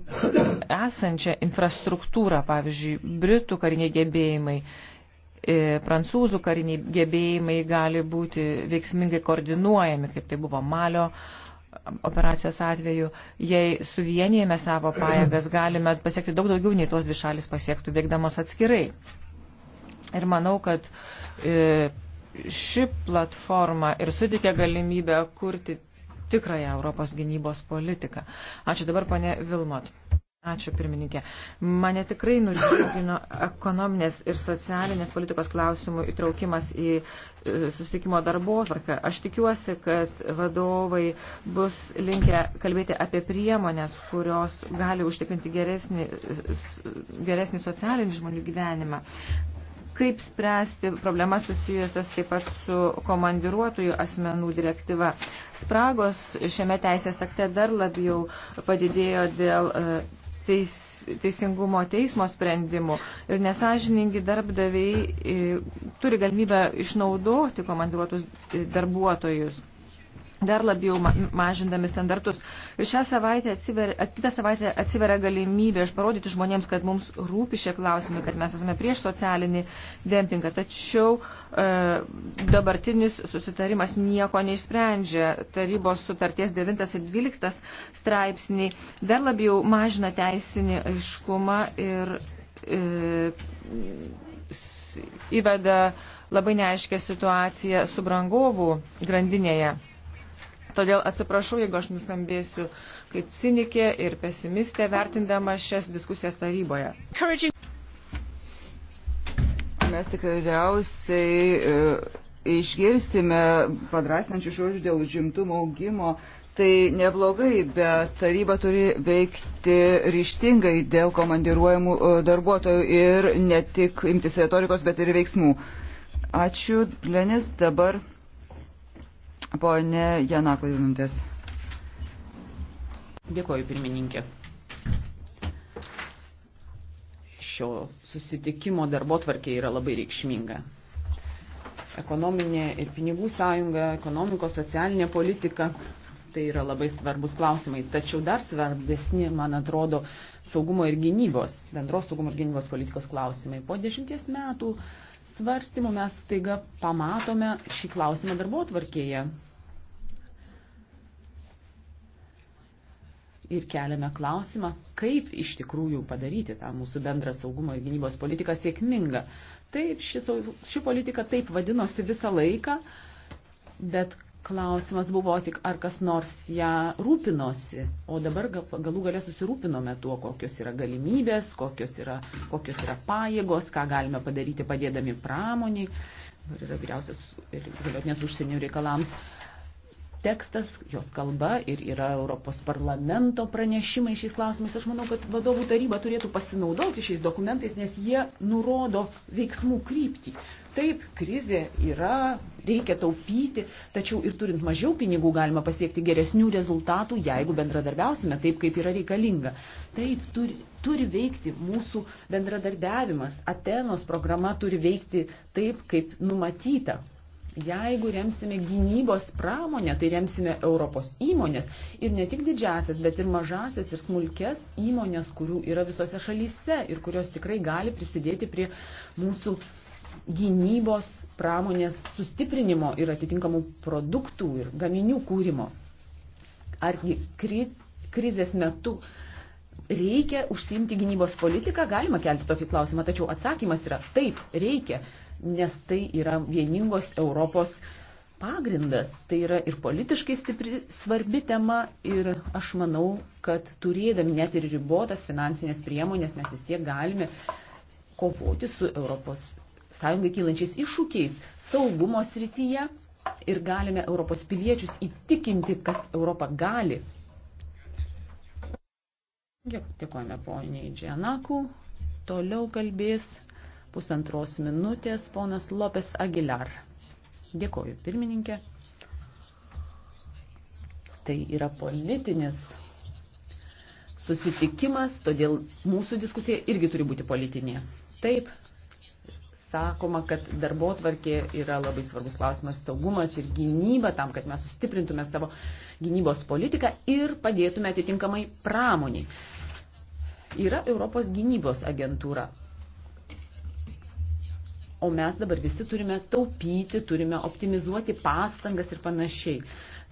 esančią infrastruktūrą, pavyzdžiui, Britų kariniai gebėjimai, e, prancūzų kariniai gebėjimai gali būti veiksmingai koordinuojami, kaip tai buvo Malio operacijos atveju, jei suvienijame savo pajėgas, galime pasiekti daug daugiau, nei tos dvi šalis pasiektų veikdamos atskirai. Ir manau, kad e, ši platforma ir sutikė galimybę kurti tikrąją Europos gynybos politiką. Ačiū dabar, pane Vilmot. Ačiū pirmininkė. Mane tikrai nudžiugino ekonominės ir socialinės politikos klausimų įtraukimas į e, susitikimo darbo švarką. Aš tikiuosi, kad vadovai bus linkę kalbėti apie priemonės, kurios gali užtikrinti geresnį, geresnį socialinį žmonių gyvenimą. Kaip spręsti problemas susijusias taip pat su komandiruotojų asmenų direktyva. Spragos šiame teisės akte dar labiau padidėjo dėl e, teis, teisingumo teismo sprendimų. Ir nesažiningi darbdaviai e, turi galimybę išnaudoti komandiruotus darbuotojus dar labiau mažindami standartus. Ir šią savaitę atsiveria, kitą savaitę atsiveria galimybė aš parodyti žmonėms, kad mums rūpi šie klausimai, kad mes esame prieš socialinį dempingą. Tačiau e, dabartinis susitarimas nieko neišsprendžia. Tarybos sutarties 9 ir 12 straipsniai dar labiau mažina teisinį aiškumą ir e, įveda labai neaiškę situaciją subrangovų grandinėje. Todėl atsiprašau, jeigu aš nuskambėsiu kaip cinikė ir pesimistė vertindama šias diskusijas taryboje. Mes tikriausiai e, išgirsime padrasnančių žodžių dėl žimtumo augimo. Tai neblogai, bet taryba turi veikti ryštingai dėl komandiruojamų e, darbuotojų ir ne tik imtis retorikos, bet ir veiksmų. Ačiū, Lenis, dabar Pone Janako, dvi minutės. Dėkoju, pirmininkė. Šio susitikimo darbo tvarkė yra labai reikšminga. Ekonominė ir pinigų sąjunga, ekonomikos socialinė politika tai yra labai svarbus klausimai. Tačiau dar svarbesni, man atrodo, saugumo ir gynybos, bendros saugumo ir gynybos politikos klausimai. Po dešimties metų svarstymų mes taiga pamatome šį klausimą darbo tvarkėje. ir keliame klausimą, kaip iš tikrųjų padaryti tą mūsų bendrą saugumo ir gynybos politiką sėkmingą. Taip, ši, ši politika taip vadinosi visą laiką, bet klausimas buvo tik, ar kas nors ją rūpinosi, o dabar galų galę susirūpinome tuo, kokios yra galimybės, kokios yra, kokios yra pajėgos, ką galime padaryti padėdami pramoniai, ir yra vyriausias ir galiotinės užsienio reikalams tekstas, jos kalba ir yra Europos parlamento pranešimai šiais klausimais. Aš manau, kad vadovų taryba turėtų pasinaudoti šiais dokumentais, nes jie nurodo veiksmų kryptį. Taip, krizė yra, reikia taupyti, tačiau ir turint mažiau pinigų galima pasiekti geresnių rezultatų, jeigu bendradarbiausime taip, kaip yra reikalinga. Taip, turi, turi veikti mūsų bendradarbiavimas. Atenos programa turi veikti taip, kaip numatyta. Jeigu remsime gynybos pramonę, tai remsime Europos įmonės ir ne tik didžiasias, bet ir mažasias ir smulkes įmonės, kurių yra visose šalyse ir kurios tikrai gali prisidėti prie mūsų gynybos pramonės sustiprinimo ir atitinkamų produktų ir gaminių kūrimo. Argi kri, krizės metu reikia užsiimti gynybos politiką, galima kelti tokį klausimą, tačiau atsakymas yra taip, reikia nes tai yra vieningos Europos pagrindas. Tai yra ir politiškai stipri, svarbi tema ir aš manau, kad turėdami net ir ribotas finansinės priemonės mes vis tiek galime kovoti su Europos sąjungai kylančiais iššūkiais saugumo srityje ir galime Europos piliečius įtikinti, kad Europa gali. Dėkojame poniai Džianaku. Toliau kalbės pusantros minutės ponas Lopes Aguilar. Dėkoju, pirmininkė. Tai yra politinis susitikimas, todėl mūsų diskusija irgi turi būti politinė. Taip, sakoma, kad darbo tvarkė yra labai svarbus klausimas saugumas ir gynyba tam, kad mes sustiprintume savo gynybos politiką ir padėtume atitinkamai pramoniai. Yra Europos gynybos agentūra, o mes dabar visi turime taupyti, turime optimizuoti pastangas ir panašiai.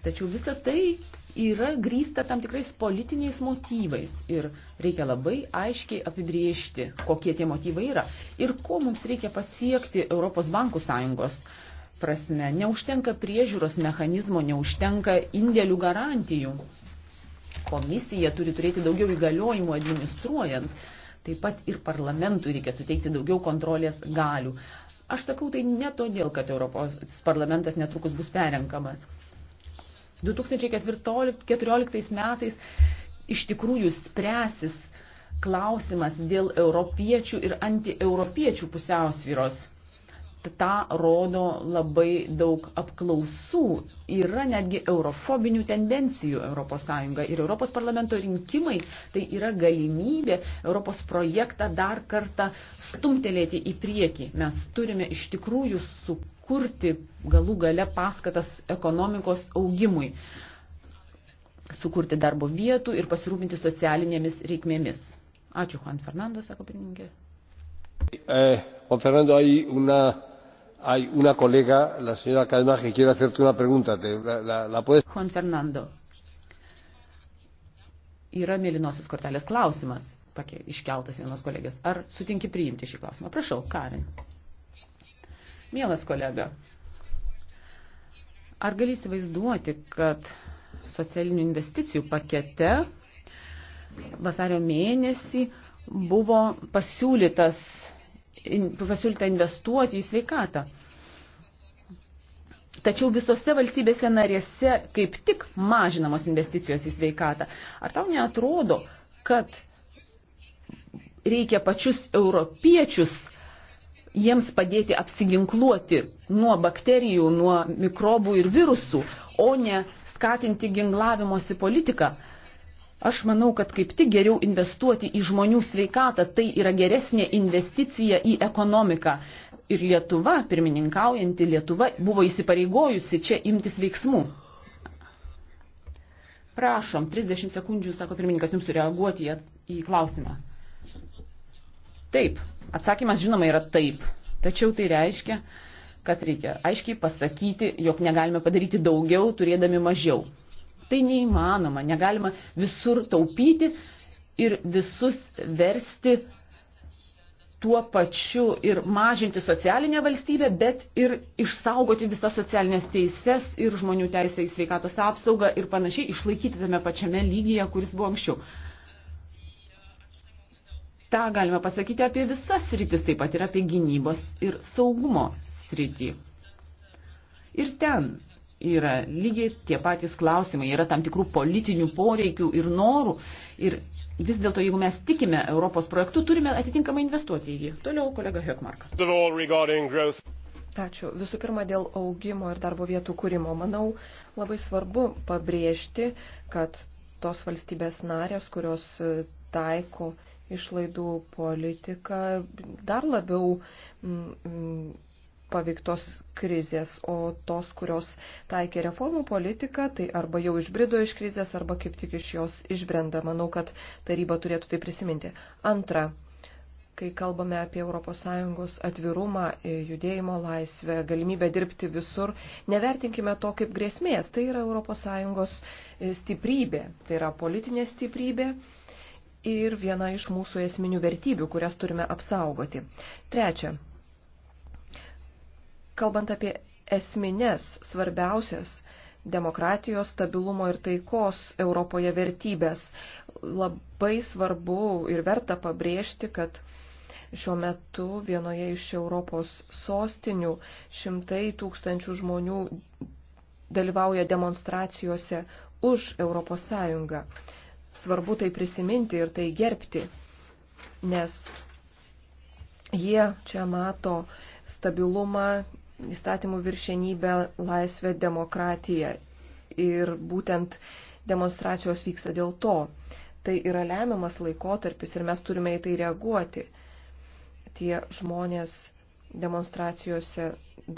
Tačiau visa tai yra grįsta tam tikrais politiniais motyvais ir reikia labai aiškiai apibriežti, kokie tie motyvai yra ir ko mums reikia pasiekti Europos bankų sąjungos prasme. Neužtenka priežiūros mechanizmo, neužtenka indėlių garantijų. Komisija turi turėti daugiau įgaliojimų administruojant Taip pat ir parlamentui reikia suteikti daugiau kontrolės galių. Aš sakau tai ne todėl, kad Europos parlamentas netrukus bus perenkamas. 2014 metais iš tikrųjų spręsis klausimas dėl europiečių ir antieuropiečių pusiausvyros tą rodo labai daug apklausų. Yra netgi eurofobinių tendencijų ES ir Europos parlamento rinkimai tai yra galimybė Europos projektą dar kartą stumtelėti į priekį. Mes turime iš tikrųjų sukurti galų gale paskatas ekonomikos augimui, sukurti darbo vietų ir pasirūpinti socialinėmis reikmėmis. Ačiū, Juan Fernando, sako pirmininkė. Eh, Juan Fernando, hay una hay una colega, la señora Calma, que quiere hacerte una pregunta. Te, la, la puedes... Juan Fernando. Yra mėlynosios kortelės klausimas, pakė, iškeltas vienos kolegės. Ar sutinki priimti šį klausimą? Prašau, Karin. Mielas kolega, ar gali įsivaizduoti, kad socialinių investicijų pakete vasario mėnesį buvo pasiūlytas pasiūlyta investuoti į sveikatą. Tačiau visose valstybėse narėse kaip tik mažinamos investicijos į sveikatą. Ar tau neatrodo, kad reikia pačius europiečius jiems padėti apsiginkluoti nuo bakterijų, nuo mikrobų ir virusų, o ne skatinti ginglavimosi politiką? Aš manau, kad kaip tik geriau investuoti į žmonių sveikatą, tai yra geresnė investicija į ekonomiką. Ir Lietuva, pirmininkaujanti Lietuva, buvo įsipareigojusi čia imtis veiksmų. Prašom, 30 sekundžių, sako pirmininkas, jums sureaguoti į klausimą. Taip, atsakymas žinoma yra taip. Tačiau tai reiškia, kad reikia aiškiai pasakyti, jog negalime padaryti daugiau, turėdami mažiau. Tai neįmanoma, negalima visur taupyti ir visus versti tuo pačiu ir mažinti socialinę valstybę, bet ir išsaugoti visas socialinės teises ir žmonių teisę į sveikatos apsaugą ir panašiai išlaikyti tame pačiame lygyje, kuris buvo anksčiau. Ta galime pasakyti apie visas sritis, taip pat ir apie gynybos ir saugumo sritį. Ir ten yra lygiai tie patys klausimai, yra tam tikrų politinių poreikių ir norų. Ir vis dėlto, jeigu mes tikime Europos projektu, turime atitinkamai investuoti į jį. Toliau kolega Hekmark. Ačiū. Visų pirma, dėl augimo ir darbo vietų kūrimo. Manau, labai svarbu pabrėžti, kad tos valstybės narės, kurios e, taiko išlaidų politiką, dar labiau. Mm, mm, paveiktos krizės, o tos, kurios taikė reformų politiką, tai arba jau išbrido iš krizės, arba kaip tik iš jos išbrenda. Manau, kad taryba turėtų tai prisiminti. Antra, kai kalbame apie ES atvirumą, e, judėjimo laisvę, galimybę dirbti visur, nevertinkime to kaip grėsmės. Tai yra ES e, stiprybė, tai yra politinė stiprybė ir viena iš mūsų esminių vertybių, kurias turime apsaugoti. Trečia, Kalbant apie esminės, svarbiausias demokratijos, stabilumo ir taikos Europoje vertybės, labai svarbu ir verta pabrėžti, kad Šiuo metu vienoje iš Europos sostinių šimtai tūkstančių žmonių dalyvauja demonstracijose už Europos Sąjungą. Svarbu tai prisiminti ir tai gerbti, nes jie čia mato stabilumą, įstatymų viršenybę, laisvę, demokratiją. Ir būtent demonstracijos vyksta dėl to. Tai yra lemiamas laikotarpis ir mes turime į tai reaguoti. Tie žmonės demonstracijose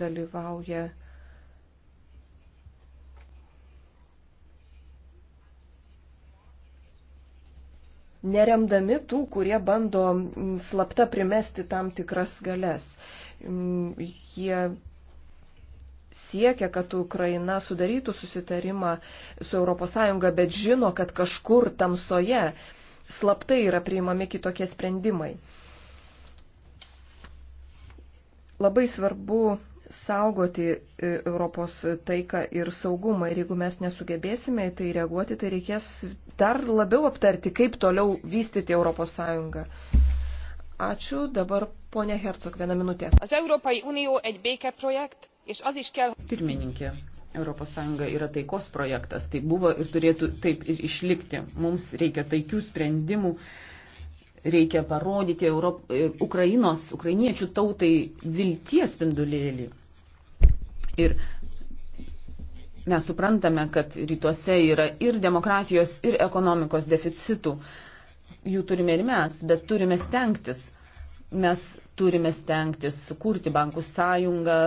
dalyvauja neremdami tų, kurie bando mm, slapta primesti tam tikras galės. Mm, jie siekia, kad Ukraina sudarytų susitarimą su ES, bet žino, kad kažkur tamsoje slaptai yra priimami kitokie sprendimai. Labai svarbu saugoti e, Europos taiką ir saugumą. Ir jeigu mes nesugebėsime į tai reaguoti, tai reikės dar labiau aptarti, kaip toliau vystyti Europos Sąjungą. Ačiū. Dabar ponia Hercog, vieną minutę. Pirmininkė, ES yra taikos projektas. Tai buvo ir turėtų taip ir išlikti. Mums reikia taikių sprendimų. Uh, Reikia parodyti Europ... E, Ukrainos, ukrainiečių tautai vilties spindulėlį. Ir mes suprantame, kad rytuose yra ir demokratijos, ir ekonomikos deficitų. Jų turime ir mes, bet turime stengtis. Mes turime stengtis kurti bankų sąjungą,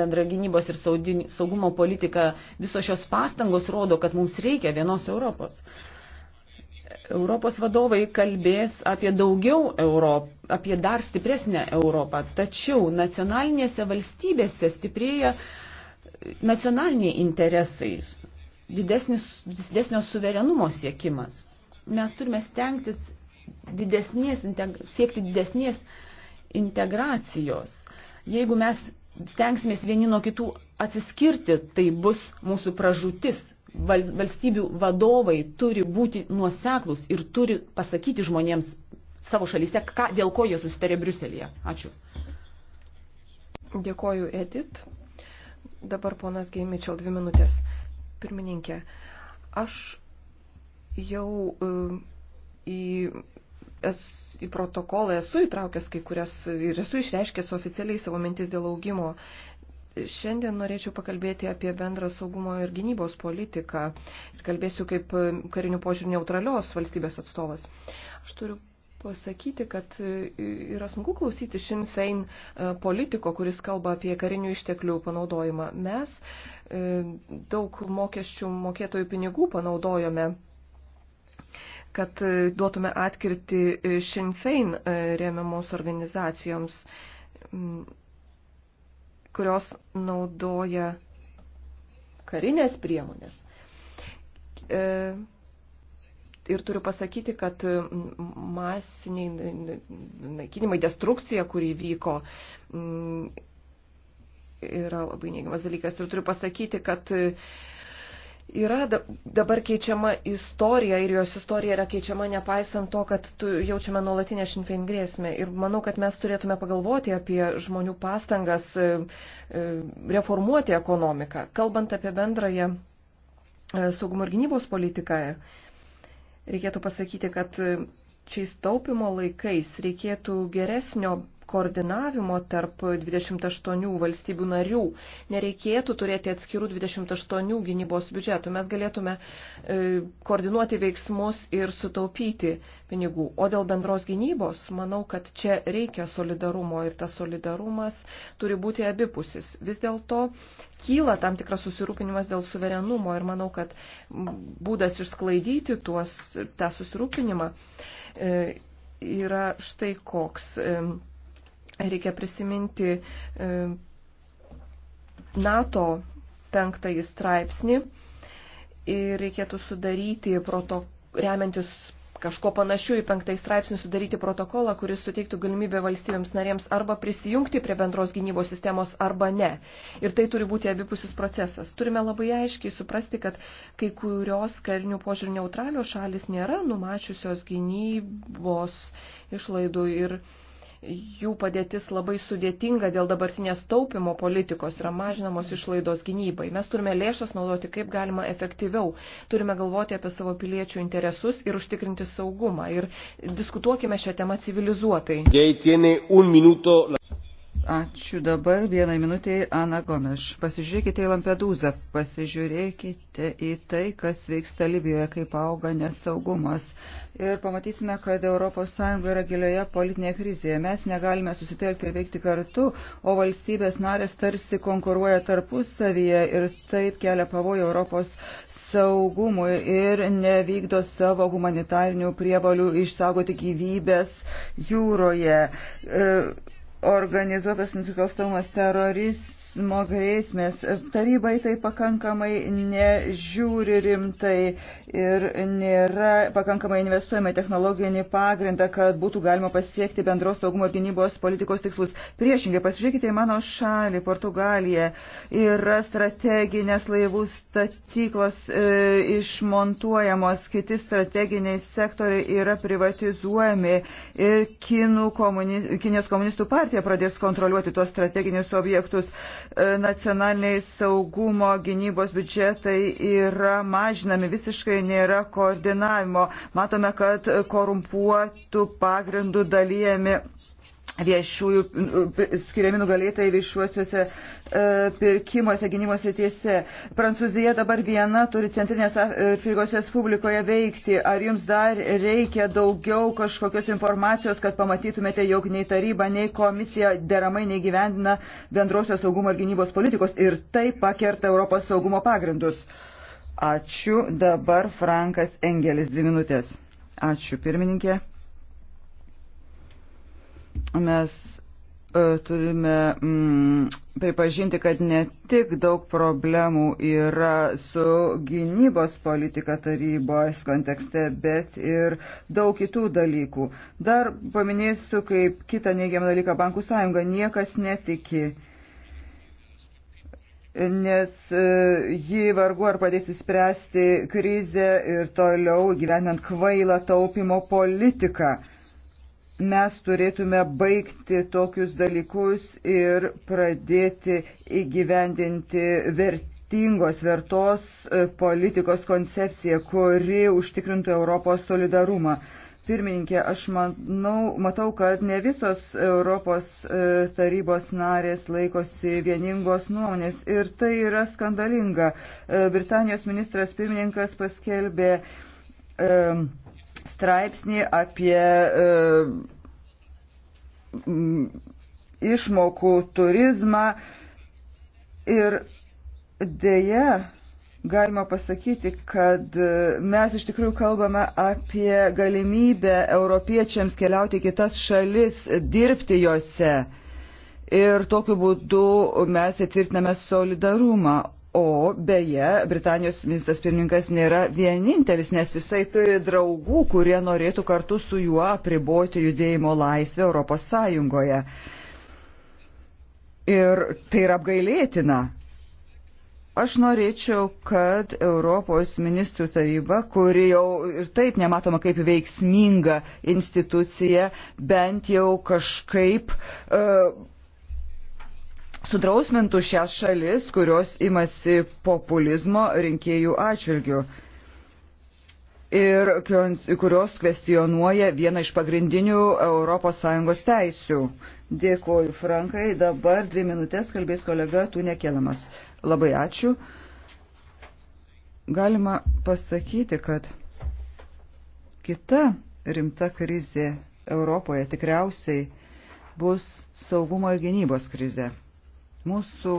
bendra gynybos ir saugumo politiką. Visos šios pastangos rodo, kad mums reikia vienos Europos. Europos vadovai kalbės apie daugiau Europą, apie dar stipresnę Europą, tačiau nacionalinėse valstybėse stiprėja nacionaliniai interesai, didesnis, didesnio suverenumo siekimas. Mes turime stengtis didesnės, siekti didesnės integracijos. Jeigu mes stengsimės vieni nuo kitų atsiskirti, tai bus mūsų pražutis valstybių vadovai turi būti nuoseklus ir turi pasakyti žmonėms savo šalyse, ką, dėl ko jie susitarė Briuselėje. Ačiū. Dėkoju, Edit. Dabar ponas Geimičial, dvi minutės. Pirmininkė, aš jau e, į, es, į protokolą esu įtraukęs kai kurias ir esu išreiškęs oficialiai savo mintis dėl augimo Šiandien norėčiau pakalbėti apie bendrą saugumo ir gynybos politiką ir kalbėsiu kaip karinių požiūrį neutralios valstybės atstovas. Aš turiu pasakyti, kad e, yra sunku klausyti Sinn Fein e, politiko, kuris kalba apie karinių išteklių panaudojimą. Mes e, daug mokesčių mokėtojų pinigų panaudojome kad duotume atkirti Sinn Fein remiamos organizacijoms kurios naudoja karinės priemonės. E, ir turiu pasakyti, kad masiniai naikinimai, destrukcija, kuri vyko, mm, yra labai neigiamas dalykas. Ir turiu pasakyti, kad yra dabar keičiama istorija ir jos istorija yra keičiama nepaisant to, kad jaučiame nuolatinę šiandien grėsmę. Ir manau, kad mes turėtume pagalvoti apie žmonių pastangas e, e, reformuoti ekonomiką. Kalbant apie bendrąją e, saugumo ir gynybos politiką, reikėtų pasakyti, kad šiais taupimo laikais reikėtų geresnio koordinavimo tarp 28 valstybių narių. Nereikėtų turėti atskirų 28 gynybos biudžetų. Mes galėtume e, koordinuoti veiksmus ir sutaupyti pinigų. O dėl bendros gynybos, manau, kad čia reikia solidarumo ir tas solidarumas turi būti abipusis. Vis dėlto kyla tam tikras susirūpinimas dėl suverenumo ir manau, kad būdas išsklaidyti tuos, tą susirūpinimą e, yra štai koks. E, reikia prisiminti e, NATO penktąjį straipsnį ir reikėtų sudaryti, proto, remiantis kažko panašių į penktąjį straipsnį, sudaryti protokolą, kuris suteiktų galimybę valstybėms narėms arba prisijungti prie bendros gynybos sistemos arba ne. Ir tai turi būti abipusis procesas. Turime labai aiškiai suprasti, kad kai kurios karinių požiūrį neutralios šalis nėra numačiusios gynybos išlaidų ir jų padėtis labai sudėtinga dėl dabartinės taupimo politikos, yra mažinamos išlaidos gynybai. Mes turime lėšas naudoti kaip galima efektyviau, turime galvoti apie savo piliečių interesus ir užtikrinti saugumą. Ir diskutuokime šią temą civilizuotai. Ačiū dabar vienai minutėjai Ana Gomeš. Pasižiūrėkite į Lampedūzą, pasižiūrėkite į tai, kas vyksta Libijoje, kaip auga nesaugumas. Ir pamatysime, kad ES yra gilioje politinėje krizėje. Mes negalime susitelkti ir veikti kartu, o valstybės narės tarsi konkuruoja tarpusavyje ir taip kelia pavojų Europos saugumui ir nevykdo savo humanitarinių prievalių išsaugoti gyvybės jūroje. E, organizuotas nusikalstamas teroris, terorizmo grėsmės. Tarybai tai pakankamai nežiūri rimtai ir nėra pakankamai investuojama į technologinį pagrindą, kad būtų galima pasiekti bendros saugumo gynybos politikos tikslus. Priešingai, pasižiūrėkite į mano šalį, Portugaliją. Yra strateginės laivų statyklos e, išmontuojamos, kiti strateginiai sektoriai yra privatizuojami ir Kinų komuni, Kinijos komunistų partija pradės kontroliuoti tuos strateginius objektus nacionaliniai saugumo gynybos biudžetai yra mažinami, visiškai nėra koordinavimo. Matome, kad korumpuotų pagrindų dalyjami viešųjų, e, skiriami nugalėtojai viešuosiuose e, pirkimuose, gynimuose tiese. Prancūzija dabar viena turi Centrinės Afrikos e, Respublikoje veikti. Ar jums dar reikia daugiau kažkokios informacijos, kad pamatytumėte, jog nei taryba, nei komisija deramai negyvendina bendrosios saugumo ir gynybos politikos ir tai pakerta Europos saugumo pagrindus? Ačiū. Dabar Frankas Engelis, dvi minutės. Ačiū, pirmininkė. Mes e, turime mm, pripažinti, kad ne tik daug problemų yra su gynybos politika tarybos kontekste, bet ir daug kitų dalykų. Dar paminėsiu kaip kitą neigiamą dalyką bankų sąjungą. Niekas netiki, nes e, ji vargu ar padės įspręsti krizę ir toliau gyvenant kvailą taupimo politiką mes turėtume baigti tokius dalykus ir pradėti įgyvendinti vertingos vertos e, politikos koncepciją, kuri užtikrintų Europos solidarumą. Pirmininkė, aš manau, matau, kad ne visos Europos e, tarybos narės laikosi vieningos nuomonės ir tai yra skandalinga. E, Britanijos ministras pirmininkas paskelbė um, straipsnį apie e, išmokų turizmą ir dėja galima pasakyti, kad e, mes iš tikrųjų kalbame apie galimybę europiečiams keliauti į kitas šalis, dirbti jose. Ir tokiu būdu mes įtvirtiname solidarumą. O beje, Britanijos ministras pirmininkas nėra vienintelis, nes jisai turi draugų, kurie norėtų kartu su juo apriboti judėjimo laisvę Europos Sąjungoje. Ir tai yra apgailėtina. Aš norėčiau, kad Europos ministrų taryba, kuri jau ir taip nematoma kaip veiksminga institucija, bent jau kažkaip uh, sudrausmintų šias šalis, kurios imasi populizmo rinkėjų atžvilgių ir kurios kvestionuoja vieną iš pagrindinių ES teisių. Dėkoju, Frankai. Dabar dvi minutės kalbės kolega Tunekėlamas. Labai ačiū. Galima pasakyti, kad kita rimta krizė Europoje tikriausiai bus saugumo ir gynybos krizė. Mūsų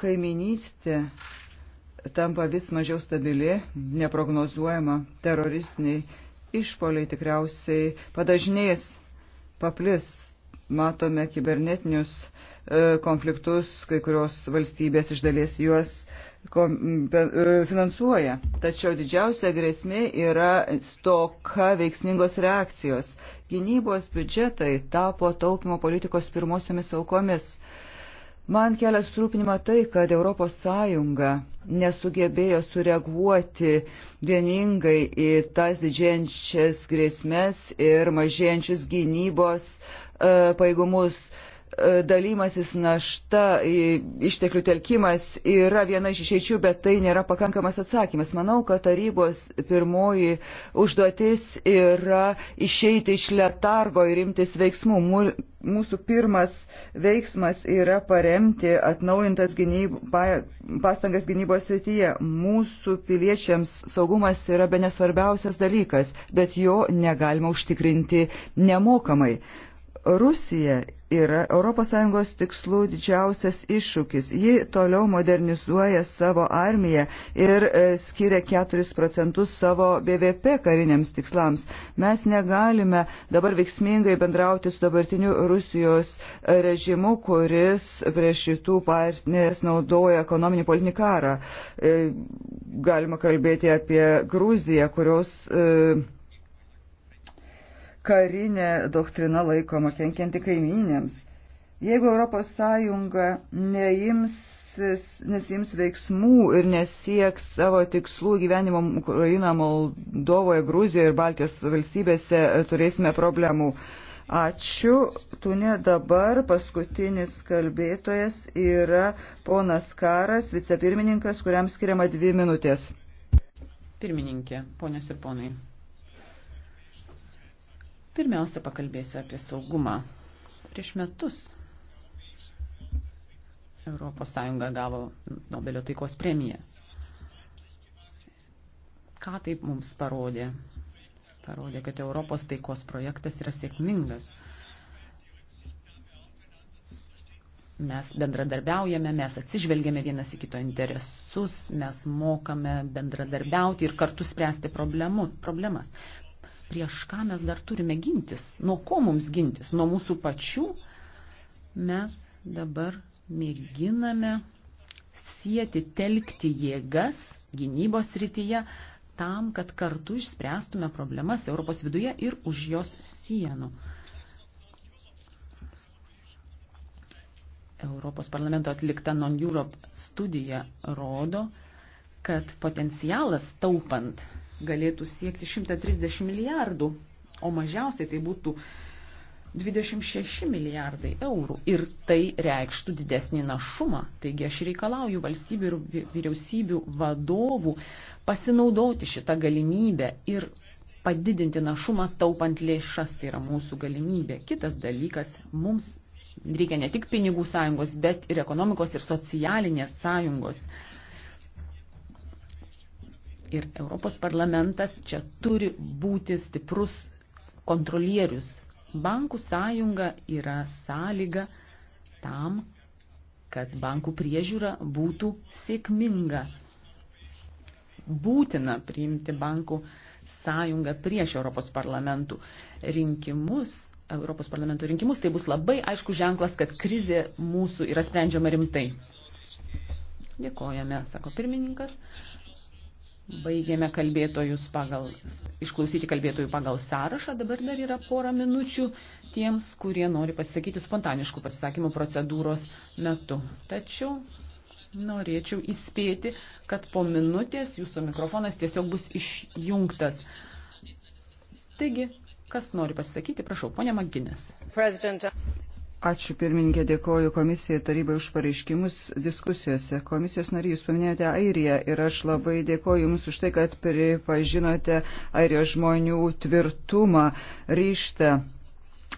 kaiminystė tampa vis mažiau stabili, neprognozuojama, teroristiniai išpoliai tikriausiai padažnės, paplis. Matome kibernetinius e, konfliktus, kai kurios valstybės iš dalies juos e, finansuoja. Tačiau didžiausia grėsmė yra stoka veiksmingos reakcijos. Gynybos biudžetai tapo taupimo politikos pirmosiomis aukomis. Man kelia surūpinimą tai, kad ES nesugebėjo sureaguoti vieningai į tas didžiančias grėsmės ir mažėjančius gynybos e, paėgumus. E, dalymasis našta, išteklių telkimas yra viena iš išeičių, bet tai nėra pakankamas atsakymas. Manau, kad tarybos pirmoji užduotis yra išeiti iš letargo ir imtis veiksmų. Mūsų pirmas veiksmas yra paremti atnaujintas gynyb, pastangas gynybos srityje. Mūsų piliečiams saugumas yra be nesvarbiausias dalykas, bet jo negalima užtikrinti nemokamai. Rusija yra ES tikslų didžiausias iššūkis. Ji toliau modernizuoja savo armiją ir e, skiria 4 procentus savo BVP kariniams tikslams. Mes negalime dabar veiksmingai bendrauti su dabartiniu Rusijos e, režimu, kuris prieš šitų partnerės naudoja ekonominį politinį karą. E, galima kalbėti apie Gruziją, kurios karinė doktrina laikoma kenkianti kaimynėms. Jeigu ES neimsis, nesims veiksmų ir nesieks savo tikslų gyvenimo Ukraina, Moldovoje, Gruzijoje ir Baltijos valstybėse, turėsime problemų. Ačiū. Tune dabar paskutinis kalbėtojas yra ponas Karas, vicepirmininkas, kuriam skiriama dvi minutės. Pirmininkė, ponios ir ponai. Pirmiausia, pakalbėsiu apie saugumą. Prieš metus ES gavo Nobelio taikos premiją. Ką taip mums parodė? Parodė, kad Europos taikos projektas yra sėkmingas. mes bendradarbiaujame, mes atsižvelgiame vienas į kito interesus, mes mokame bendradarbiauti ir kartu spręsti problemu, problemas prieš ką mes dar turime gintis, nuo ko mums gintis, nuo mūsų pačių, mes dabar mėginame sieti, telkti jėgas gynybos rytyje tam, kad kartu išspręstume problemas Europos viduje ir už jos sienų. Europos parlamento atlikta Non-Europe studija rodo, kad potencialas taupant galėtų siekti 130 milijardų, o mažiausiai tai būtų 26 milijardai eurų ir tai reikštų didesnį našumą. Taigi aš reikalauju valstybių ir vyriausybių vadovų pasinaudoti šitą galimybę ir padidinti našumą taupant lėšas, tai yra mūsų galimybė. Kitas dalykas, mums reikia ne tik pinigų sąjungos, bet ir ekonomikos ir socialinės sąjungos. Ir Europos parlamentas čia turi būti stiprus kontrolierius. Bankų sąjunga yra sąlyga tam, kad bankų priežiūra būtų sėkminga. Būtina priimti bankų sąjungą prieš Europos parlamentų rinkimus. Europos parlamento rinkimus tai bus labai aišku ženklas, kad krizė mūsų yra sprendžiama rimtai. Dėkojame, sako pirmininkas. Baigėme kalbėtojus pagal, išklausyti kalbėtojų pagal sąrašą. Dabar dar yra pora minučių tiems, kurie nori pasisakyti spontaniškų pasisakymų procedūros metu. Tačiau norėčiau įspėti, kad po minutės jūsų mikrofonas tiesiog bus išjungtas. Taigi, kas nori pasisakyti, prašau, ponia Maginės. President... Ačiū pirmininkė, dėkoju komisijai tarybai už pareiškimus diskusijose. Komisijos nariai, jūs paminėjote Airiją ir aš labai dėkoju jums už tai, kad pripažinote Airijos žmonių tvirtumą, ryštą.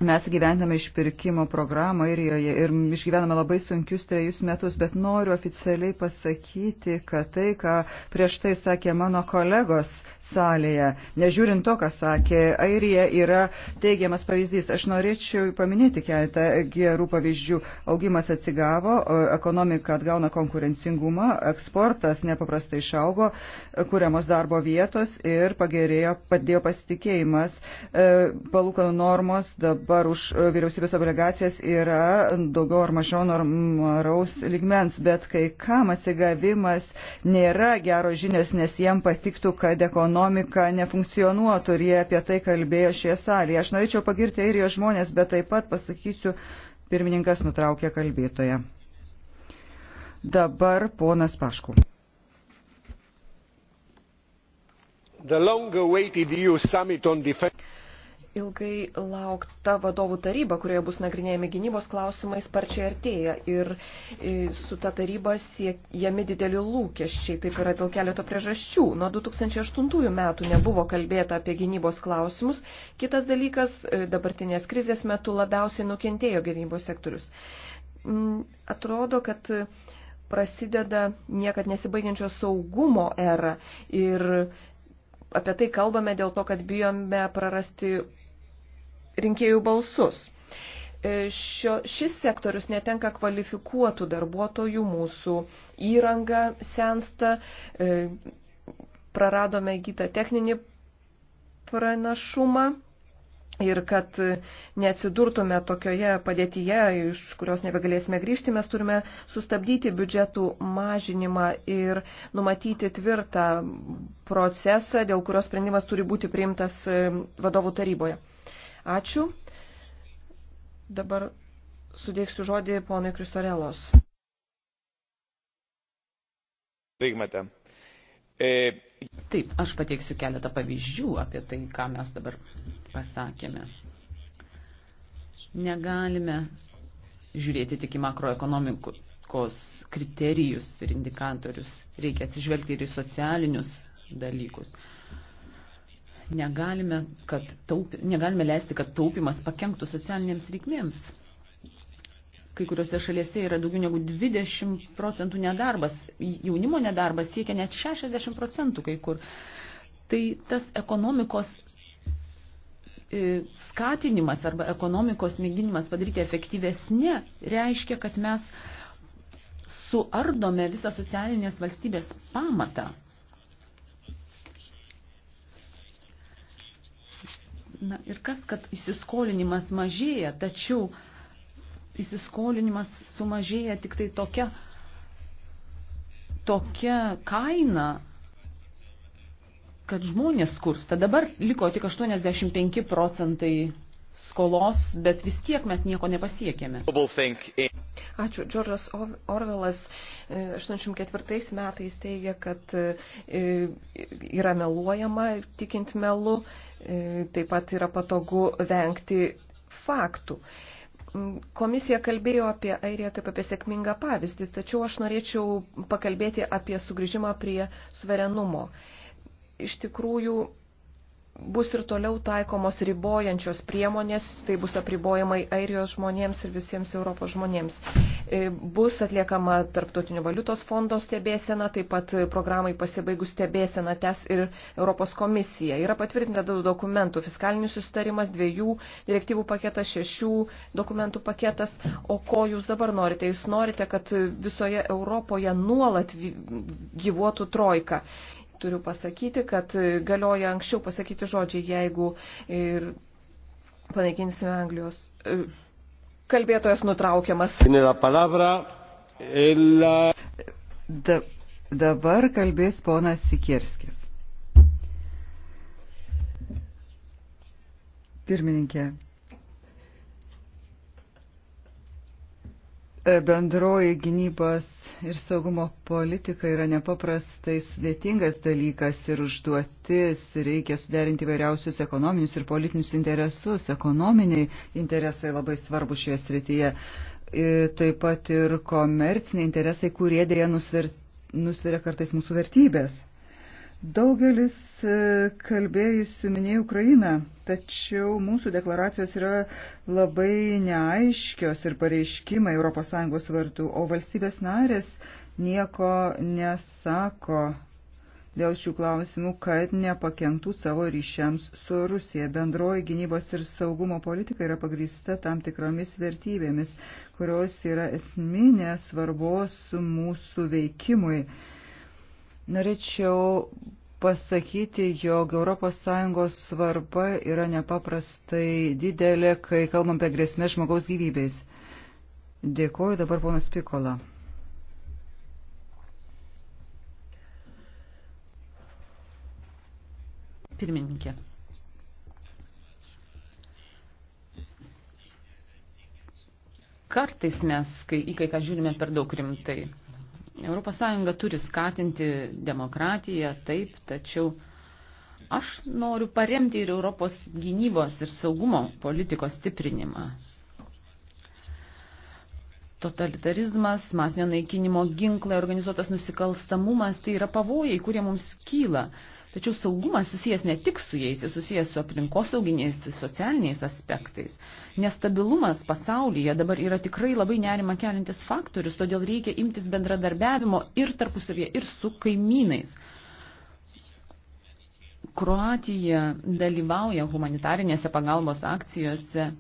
Mes gyvename išpirkimo programą Airijoje ir išgyvename labai sunkius trejus metus, bet noriu oficialiai pasakyti, kad tai, ką prieš tai sakė mano kolegos, salėje. Nežiūrint to, ką sakė, Airija yra teigiamas pavyzdys. Aš norėčiau paminėti keletą gerų pavyzdžių. Augimas atsigavo, ekonomika atgauna konkurencingumą, eksportas nepaprastai išaugo, kuriamos darbo vietos ir pagerėjo, padėjo pasitikėjimas. E, palūkanų normos dabar už vyriausybės obligacijas yra daugiau ar mažiau normaraus ligmens, bet kai kam atsigavimas nėra geros žinios, nes jiem patiktų, kad ekonomika ekonomika nefunkcionuotų ir jie apie tai kalbėjo šioje salėje. Aš norėčiau pagirti airijos žmonės, bet taip pat pasakysiu, pirmininkas nutraukė kalbėtoją. Dabar ponas Paškų. The long-awaited EU summit on defense ilgai laukta vadovų taryba, kurioje bus nagrinėjami gynybos klausimai, sparčiai artėja ir e, su ta taryba siekjami dideli lūkesčiai. Taip yra dėl keleto priežasčių. Nuo 2008 metų nebuvo kalbėta apie gynybos klausimus. Kitas dalykas, e, dabartinės krizės metu labiausiai nukentėjo gynybos sektorius. Mm, atrodo, kad prasideda niekad nesibaigiančio saugumo era ir apie tai kalbame dėl to, kad bijome prarasti rinkėjų balsus. E, šio, šis sektorius netenka kvalifikuotų darbuotojų, mūsų įranga sensta, e, praradome gytą techninį pranašumą ir kad neatsidurtume tokioje padėtyje, iš kurios nebegalėsime grįžti, mes turime sustabdyti biudžetų mažinimą ir numatyti tvirtą procesą, dėl kurios sprendimas turi būti priimtas e, vadovų taryboje. Ačiū. Dabar sudėksiu žodį ponui Kristorelos. Reikmate. E... Taip, aš pateiksiu keletą pavyzdžių apie tai, ką mes dabar pasakėme. Negalime žiūrėti tik į makroekonomikos kriterijus ir indikatorius. Reikia atsižvelgti ir į socialinius dalykus. Negalime, kad taupi, negalime leisti, kad taupimas pakenktų socialinėms reikmėms. Kai kuriuose šalyse yra daugiau negu 20 procentų nedarbas, jaunimo nedarbas siekia net 60 procentų kai kur. Tai tas ekonomikos e, skatinimas arba ekonomikos mėginimas padaryti efektyvesnė reiškia, kad mes suardome visą socialinės valstybės pamatą. Na ir kas, kad įsiskolinimas mažėja, tačiau įsiskolinimas sumažėja tik tai tokia, tokia kaina, kad žmonės skursta. Dabar liko tik 85 procentai skolos, bet vis tiek mes nieko nepasiekėme. Ačiū. Džordžas Orvelas 84 e, metais teigia, kad e, yra meluojama, tikint melu, e, taip pat yra patogu vengti faktų. Komisija kalbėjo apie Airiją kaip apie sėkmingą pavyzdį, tačiau aš norėčiau pakalbėti apie sugrįžimą prie suverenumo. Iš tikrųjų, bus ir toliau taikomos ribojančios priemonės, tai bus apribojimai Airijos žmonėms ir visiems Europos žmonėms. E, bus atliekama Tarptautinių valiutos fondo stebėsena, taip pat programai pasibaigus stebėsena tęs ir Europos komisija. Yra patvirtinta daug dokumentų - fiskalinis sustarimas, dviejų direktyvų paketas, šešių dokumentų paketas. O ko jūs dabar norite? Jūs norite, kad visoje Europoje nuolat gyvuotų trojka turiu pasakyti, kad galioja anksčiau pasakyti žodžiai, jeigu ir panaikinsime Anglijos. E, kalbėtojas nutraukiamas. Da, dabar kalbės ponas Sikirskis. Pirmininkė, E, bendroji gynybos ir saugumo politika yra nepaprastai sudėtingas dalykas ir užduotis. Reikia suderinti vairiausius ekonominius ir politinius interesus. Ekonominiai interesai labai svarbu šioje srityje. E, taip pat ir komerciniai interesai, kurie dėja nusveria kartais mūsų vertybės. Daugelis e, kalbėjusių minėjo Ukrainą, tačiau mūsų deklaracijos yra labai neaiškios ir pareiškimai ES vartų, o valstybės narės nieko nesako dėl šių klausimų, kad nepakentų savo ryšiams su Rusija. Bendroji gynybos ir saugumo politika yra pagrįsta tam tikromis vertybėmis, kurios yra esminės svarbos mūsų veikimui. Norėčiau pasakyti, jog ES svarba yra nepaprastai didelė, kai kalbam apie grėsmės žmogaus gyvybės. Dėkuoju dabar ponas Pikola. Pirmininkė. Kartais mes, kai į kai ką žiūrime per daug rimtai, ES turi skatinti demokratiją, taip, tačiau aš noriu paremti ir Europos gynybos ir saugumo politikos stiprinimą. Totalitarizmas, masinio naikinimo ginklai, organizuotas nusikalstamumas, tai yra pavojai, kurie mums kyla. Tačiau saugumas susijęs ne tik su jais, jis susijęs su aplinkosauginiais, socialiniais aspektais. Nestabilumas pasaulyje dabar yra tikrai labai nerima keliantis faktorius, todėl reikia imtis bendradarbiavimo ir tarpusavėje, ir su kaimynais. Kroatija dalyvauja humanitarinėse pagalbos akcijose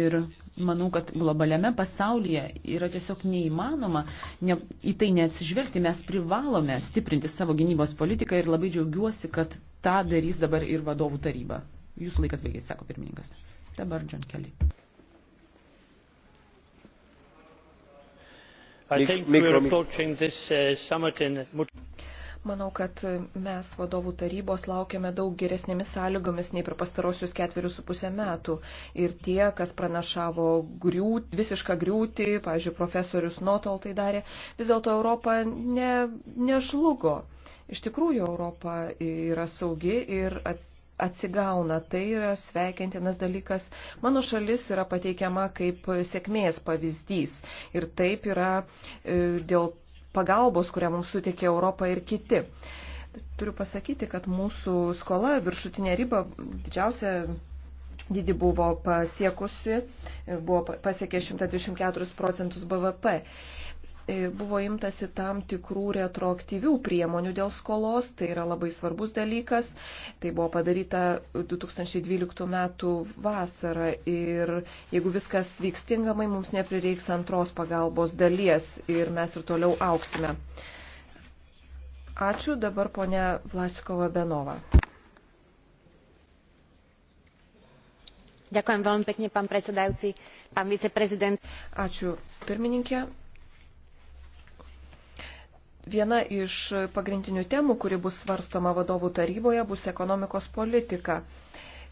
ir manau, kad globaliame pasaulyje yra tiesiog neįmanoma ne, į tai neatsižvelgti. Mes privalome stiprinti savo gynybos politiką ir labai džiaugiuosi, kad tą darys dabar ir vadovų taryba. Jūsų laikas baigėsi, sako pirmininkas. Dabar John Kelly. I think we're approaching this uh, summit in much Manau, kad mes vadovų tarybos laukiame daug geresnėmis sąlygomis nei per pastarosius ketverius su pusę metų. Ir tie, kas pranašavo griūt, visišką griūtį, pavyzdžiui, profesorius Notol tai darė, vis dėlto Europa ne, nežlugo. Iš tikrųjų, Europa yra saugi ir atsitikti atsigauna. Tai yra sveikintinas dalykas. Mano šalis yra pateikiama kaip sėkmės pavyzdys. Ir taip yra e, dėl pagalbos, kurią mums suteikė Europa ir kiti. Turiu pasakyti, kad mūsų skola viršutinė riba didžiausia dydį buvo pasiekusi, buvo pasiekė 124 procentus BVP. E, buvo imtasi tam tikrų retroaktyvių priemonių dėl skolos, tai yra labai svarbus dalykas. Tai buvo padaryta 2012 metų vasarą ir jeigu viskas vyks tinkamai, mums neprireiks antros pagalbos dalies ir mes ir toliau auksime. Ačiū dabar ponia Vlasikova Benova. Ďakujem veľmi pekne, pán predsedajúci, pán viceprezident. Ačiū pirmininkė, Viena iš pagrindinių temų, kuri bus svarstoma vadovų taryboje, bus ekonomikos politika.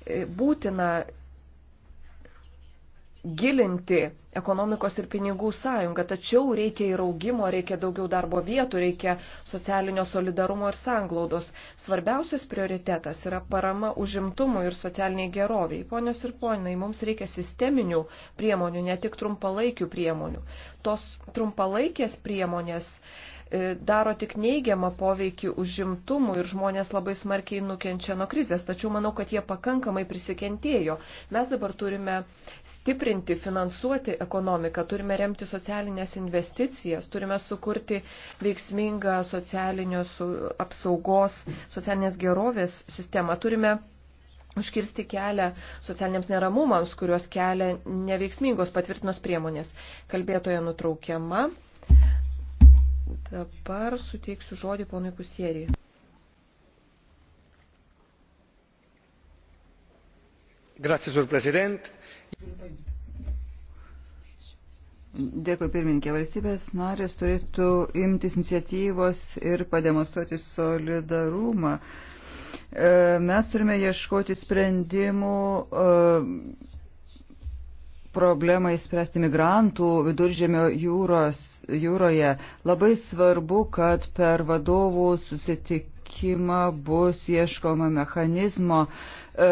E, būtina gilinti ekonomikos ir pinigų sąjungą, tačiau reikia ir augimo, reikia daugiau darbo vietų, reikia socialinio solidarumo ir sanglaudos. Svarbiausias prioritetas yra parama užimtumui ir socialiniai geroviai. Ponios ir ponai, mums reikia sisteminių priemonių, ne tik trumpalaikių priemonių. Tos trumpalaikės priemonės. E, E, daro tik neigiamą poveikį užimtumui ir žmonės labai smarkiai nukenčia nuo krizės, tačiau manau, kad jie pakankamai prisikentėjo. Mes dabar turime stiprinti, finansuoti ekonomiką, turime remti socialinės investicijas, turime sukurti veiksmingą socialinės apsaugos, socialinės gerovės sistemą, turime užkirsti kelią socialiniams neramumams, kuriuos kelia neveiksmingos patvirtinos priemonės. Kalbėtoja nutraukiama. Dabar suteiksiu žodį ponui Pusierijai. Grazie, sur prezident. Dėkui pirmininkė. Valstybės narės turėtų imtis iniciatyvos ir pademonstruoti solidarumą. E, mes turime ieškoti sprendimų e, problemai spręsti migrantų viduržėmio jūros, jūroje, labai svarbu, kad per vadovų susitikimą bus ieškoma mechanizmo, e,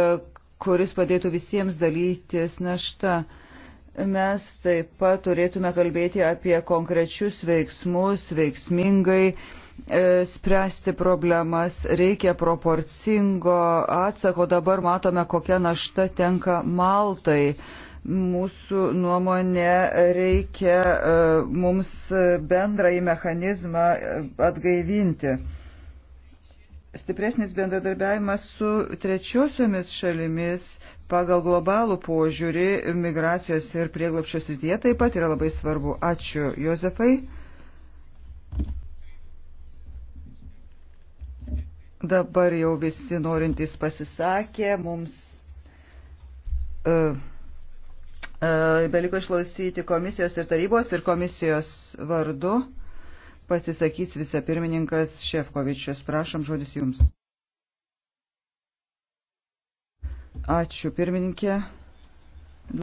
kuris padėtų visiems dalytis naštą. Mes taip pat turėtume kalbėti apie konkrečius veiksmus, veiksmingai e, spręsti problemas, reikia proporcingo atsako. Dabar matome, kokia našta tenka Maltai Mūsų nuomonė reikia e, mums bendrąjį mechanizmą e, atgaivinti. Stipresnis bendradarbiavimas su trečiosiomis šalimis pagal globalų požiūrį migracijos ir prieglopščio srityje taip pat yra labai svarbu. Ačiū, Jozefai. Dabar jau visi norintys pasisakė, mums uh, E, beliko išklausyti komisijos ir tarybos ir komisijos vardu pasisakys vicepirmininkas Šefkovičius. Prašom, žodis jums. Ačiū pirmininkė.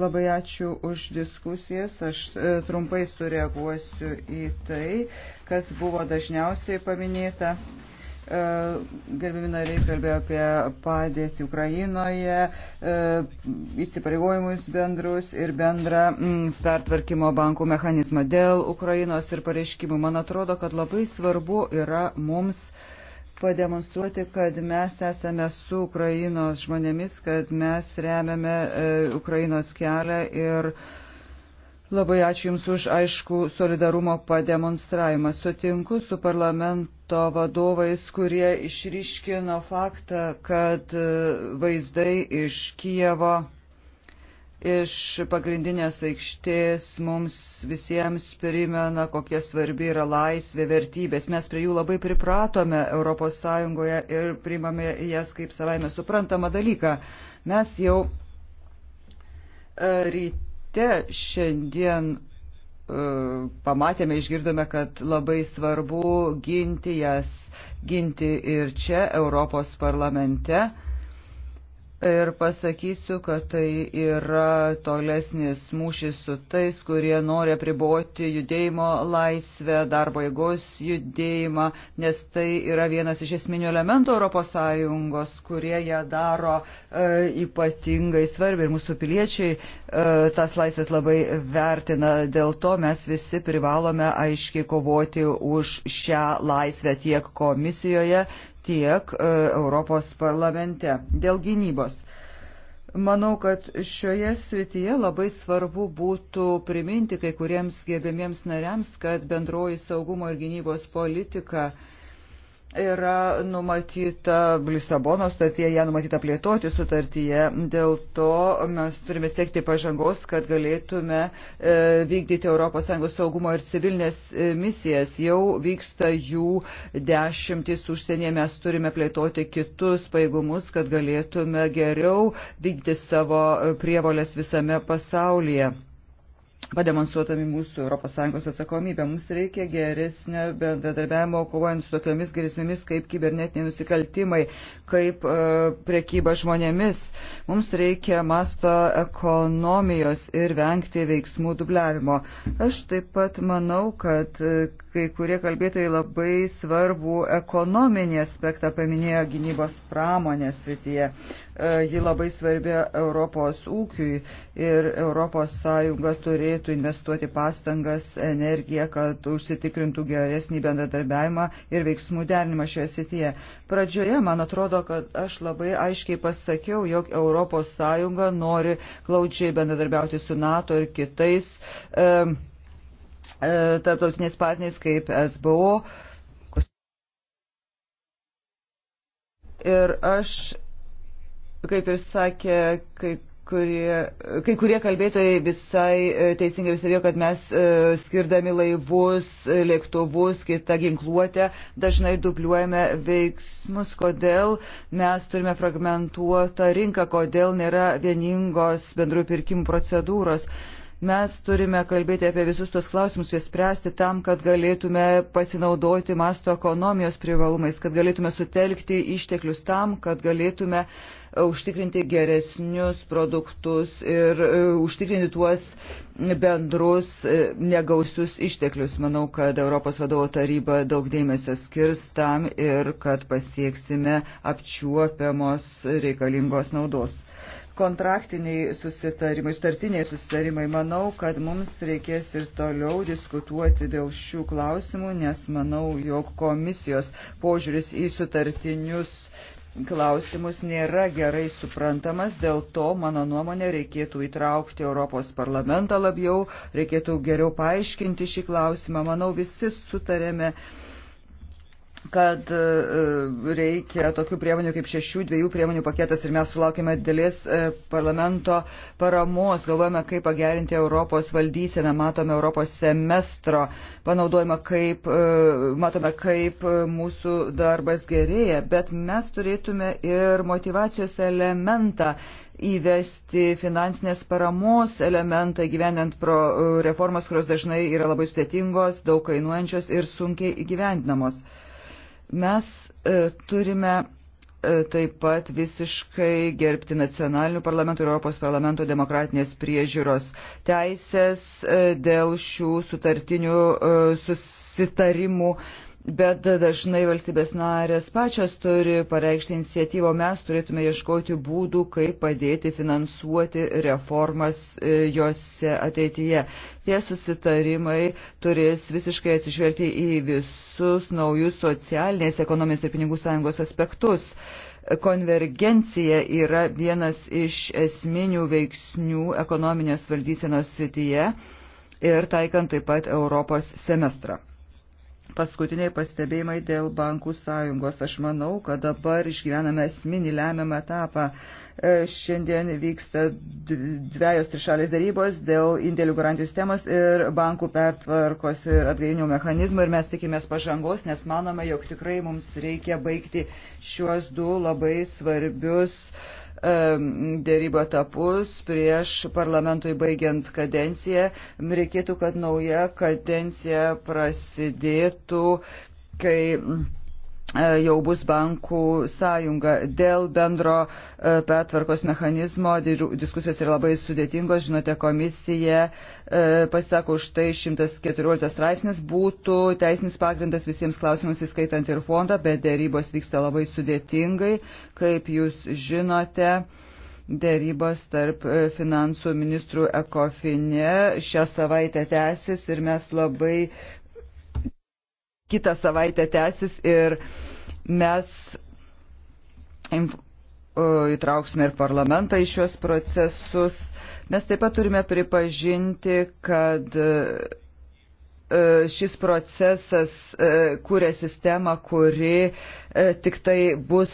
Labai ačiū už diskusijas. Aš e, trumpai sureaguosiu į tai, kas buvo dažniausiai paminėta. E, Gerbimi nariai kalbėjo apie padėtį Ukrainoje, e, įsipareigojimus bendrus ir bendrą mm, pertvarkymo bankų mechanizmą dėl Ukrainos ir pareiškimų. Man atrodo, kad labai svarbu yra mums pademonstruoti, kad mes esame su Ukrainos žmonėmis, kad mes remiame e, Ukrainos kelią ir uh, Labai ačiū Jums už aišku solidarumo pademonstravimą. Sutinku su parlamento vadovais, kurie išryškino faktą, kad e, vaizdai iš Kievo, iš pagrindinės aikštės mums visiems primena, kokia svarbi yra laisvė, vertybės. Mes prie jų labai pripratome ES ir primame jas kaip savaime suprantamą dalyką. Mes jau e, ryte Parlamente šiandien e, pamatėme, išgirdome, kad labai svarbu ginti jas, ginti ir čia Europos parlamente ir pasakysiu, kad tai yra tolesnis mūšis su tais, kurie nori apriboti judėjimo laisvę, darbo jėgos judėjimą, nes tai yra vienas iš esminių elementų ES, kurie ją daro e, ypatingai svarbi ir mūsų piliečiai e, tas laisvės labai vertina. Dėl to mes visi privalome aiškiai kovoti už šią laisvę tiek komisijoje, tiek e, Europos parlamente dėl gynybos. Manau, kad šioje srityje labai svarbu būtų priminti kai kuriems gebėmiems nariams, kad bendroji saugumo ir gynybos politika uh, yra numatyta Lisabono sutartyje, ją numatyta plėtoti sutartyje. Dėl to mes turime siekti pažangos, kad galėtume e, vykdyti ES saugumo ir civilinės e, misijas. Jau vyksta jų dešimtis užsienyje, mes turime plėtoti kitus paėgumus, kad galėtume geriau vykdyti savo e, prievolės visame pasaulyje pademonstruotami mūsų ES atsakomybę. Mums reikia geresnio bendradarbiavimo kovojant su tokiamis grėsmėmis kaip kibernetiniai nusikaltimai, kaip e, prekyba žmonėmis. Mums reikia masto ekonomijos ir vengti veiksmų dubliavimo. Aš taip pat manau, kad kai kurie kalbėtojai labai svarbų ekonominį aspektą paminėjo gynybos pramonės srityje. E, ji labai svarbi Europos ūkiui ir ES turėtų investuoti pastangas, energiją, kad užsitikrintų geresnį bendradarbiavimą ir veiksmų derinimą šioje srityje. Pradžioje, man atrodo, kad aš labai aiškiai pasakiau, jog ES nori glaudžiai bendradarbiauti su NATO ir kitais. Um, E, tarptautiniais partneriais kaip SBO. Ir aš, kaip ir sakė kai kurie, kai kurie kalbėtojai visai e, teisingai visavėjo, kad mes e, skirdami laivus, lėktuvus, kitą ginkluotę dažnai dubliuojame veiksmus, kodėl mes turime fragmentuotą rinką, kodėl nėra vieningos bendrų pirkimų procedūros. Uh, Mes turime kalbėti apie visus tos klausimus, juos spręsti tam, kad galėtume pasinaudoti masto ekonomijos privalumais, kad galėtume sutelkti išteklius tam, kad galėtume e, užtikrinti geresnius produktus ir e, užtikrinti tuos bendrus e, negausius išteklius. Manau, kad Europos vadovo taryba daug dėmesio skirs tam ir kad pasieksime apčiuopiamos reikalingos naudos kontraktiniai susitarimai, startiniai susitarimai. Manau, kad mums reikės ir toliau diskutuoti dėl šių klausimų, nes manau, jog komisijos požiūris į sutartinius klausimus nėra gerai suprantamas, dėl to, mano nuomonė, reikėtų įtraukti Europos parlamentą labiau, reikėtų geriau paaiškinti šį klausimą. Manau, visi sutarėme kad e, reikia tokių priemonių kaip šešių dviejų priemonių paketas ir mes sulaukime dėlės e, parlamento paramos, galvojame, kaip pagerinti Europos valdyseną, matome Europos semestro, panaudojame, kaip, e, matome, kaip mūsų darbas gerėja, bet mes turėtume ir motivacijos elementą įvesti finansinės paramos elementą gyvenant pro reformas, kurios dažnai yra labai sudėtingos, daug kainuojančios ir sunkiai įgyvendinamos. Mes e, turime e, taip pat visiškai gerbti nacionalinių parlamentų ir Europos parlamento demokratinės priežiūros teisės e, dėl šių sutartinių e, susitarimų bet dažnai valstybės narės pačios turi pareikšti iniciatyvą, mes turėtume ieškoti būdų, kaip padėti finansuoti reformas e, jose ateityje. Tie susitarimai turės visiškai atsižvelgti į visus naujus socialinės, ekonominės ir pinigų sąjungos aspektus konvergencija yra vienas iš esminių veiksnių ekonominės valdysenos srityje ir taikant taip pat Europos semestrą. Paskutiniai pastebėjimai dėl bankų sąjungos. Aš manau, kad dabar išgyvename esminį lemiamą etapą. E, šiandien vyksta dviejos trišalės darybos dėl indėlių garantijų sistemos ir bankų pertvarkos ir atgaivinimo mechanizmų ir mes tikimės pažangos, nes manome, jog tikrai mums reikia baigti šiuos du labai svarbius uh, dėrybo etapus prieš parlamentui baigiant kadenciją. Reikėtų, kad nauja kadencija prasidėtų, kai E, jau bus bankų sąjunga. Dėl bendro e, pertvarkos mechanizmo diskusijos yra labai sudėtingos. Žinote, komisija e, pasisako už tai 114 straipsnis būtų teisinis pagrindas visiems klausimams, įskaitant ir fondą, bet dėrybos vyksta labai sudėtingai, kaip jūs žinote dėrybos tarp finansų ministrų ekofine šią savaitę tęsis ir mes labai kitą savaitę tęsis ir mes įtrauksime ir parlamentą į šios procesus. Mes taip pat turime pripažinti, kad E, šis procesas e, kūrė sistemą, kuri e, tik tai bus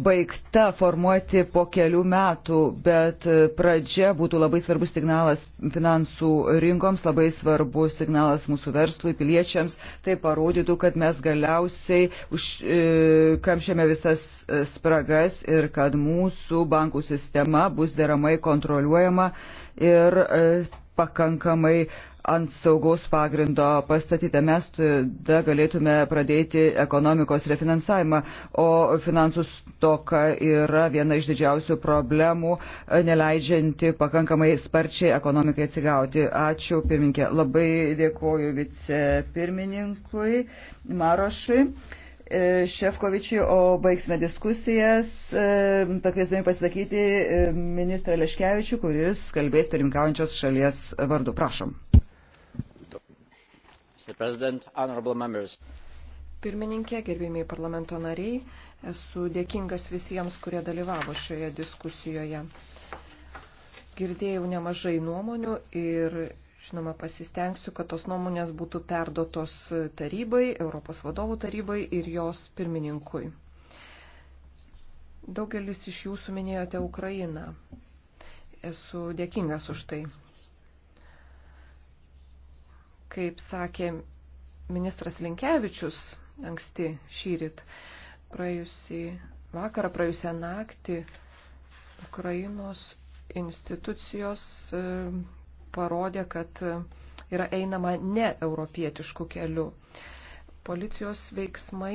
baigta formuoti po kelių metų, bet pradžia būtų labai svarbus signalas finansų rinkoms, labai svarbus signalas mūsų verslui, piliečiams. Tai parodytų, kad mes galiausiai užkamšėme visas spragas ir kad mūsų bankų sistema bus deramai kontroliuojama ir pakankamai ant saugaus pagrindo pastatyta. Mes tada galėtume pradėti ekonomikos refinansavimą, o finansų stoka yra viena iš didžiausių problemų, neleidžianti pakankamai sparčiai ekonomikai atsigauti. Ačiū, pirmininkė. Labai dėkoju vicepirmininkui Marošui. E, Šefkovičiui, o baigsime diskusijas, e, pakviesdami pasisakyti e, ministrą Leškevičių, kuris kalbės pirmkaujančios šalies vardu. Prašom. Pirmininkė, gerbėmiai parlamento nariai, esu dėkingas visiems, kurie dalyvavo šioje diskusijoje. Girdėjau nemažai nuomonių ir Žinoma, pasistengsiu, kad tos nuomonės būtų perdotos tarybai, Europos vadovų tarybai ir jos pirmininkui. Daugelis iš jūsų minėjote Ukrainą. Esu dėkingas už tai. Kaip sakė ministras Linkevičius anksti šyrit, praėjusį vakarą, praėjusią naktį Ukrainos institucijos parodė, kad yra einama ne europietiškų kelių. Policijos veiksmai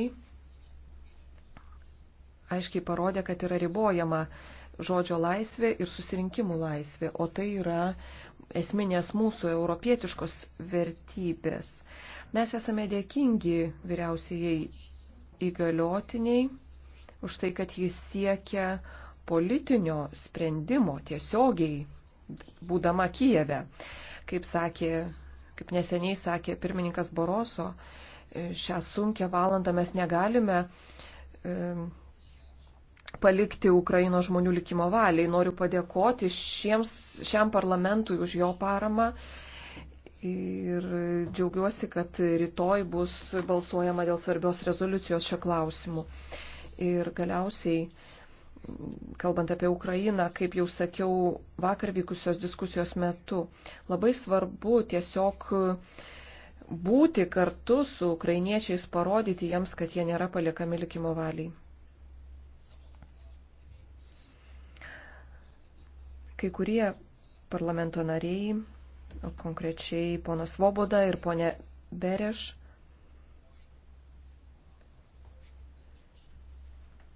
aiškiai parodė, kad yra ribojama žodžio laisvė ir susirinkimų laisvė, o tai yra esminės mūsų europietiškos vertybės. Mes esame dėkingi vyriausiai įgaliotiniai už tai, kad jis siekia politinio sprendimo tiesiogiai būdama Kijeve. Kaip, sakė, kaip neseniai sakė pirmininkas Boroso, e, šią sunkę valandą mes negalime e, palikti Ukraino žmonių likimo valiai. Noriu padėkoti šiems, šiam parlamentui už jo paramą ir džiaugiuosi, kad rytoj bus balsuojama dėl svarbios rezoliucijos šio klausimu. Ir galiausiai kalbant apie Ukrainą, kaip jau sakiau vakar vykusios diskusijos metu, labai svarbu tiesiog būti kartu su ukrainiečiais, parodyti jiems, kad jie nėra paliekami likimo valiai. Kai kurie parlamento nariai, konkrečiai ponas Svoboda ir ponė Bereš,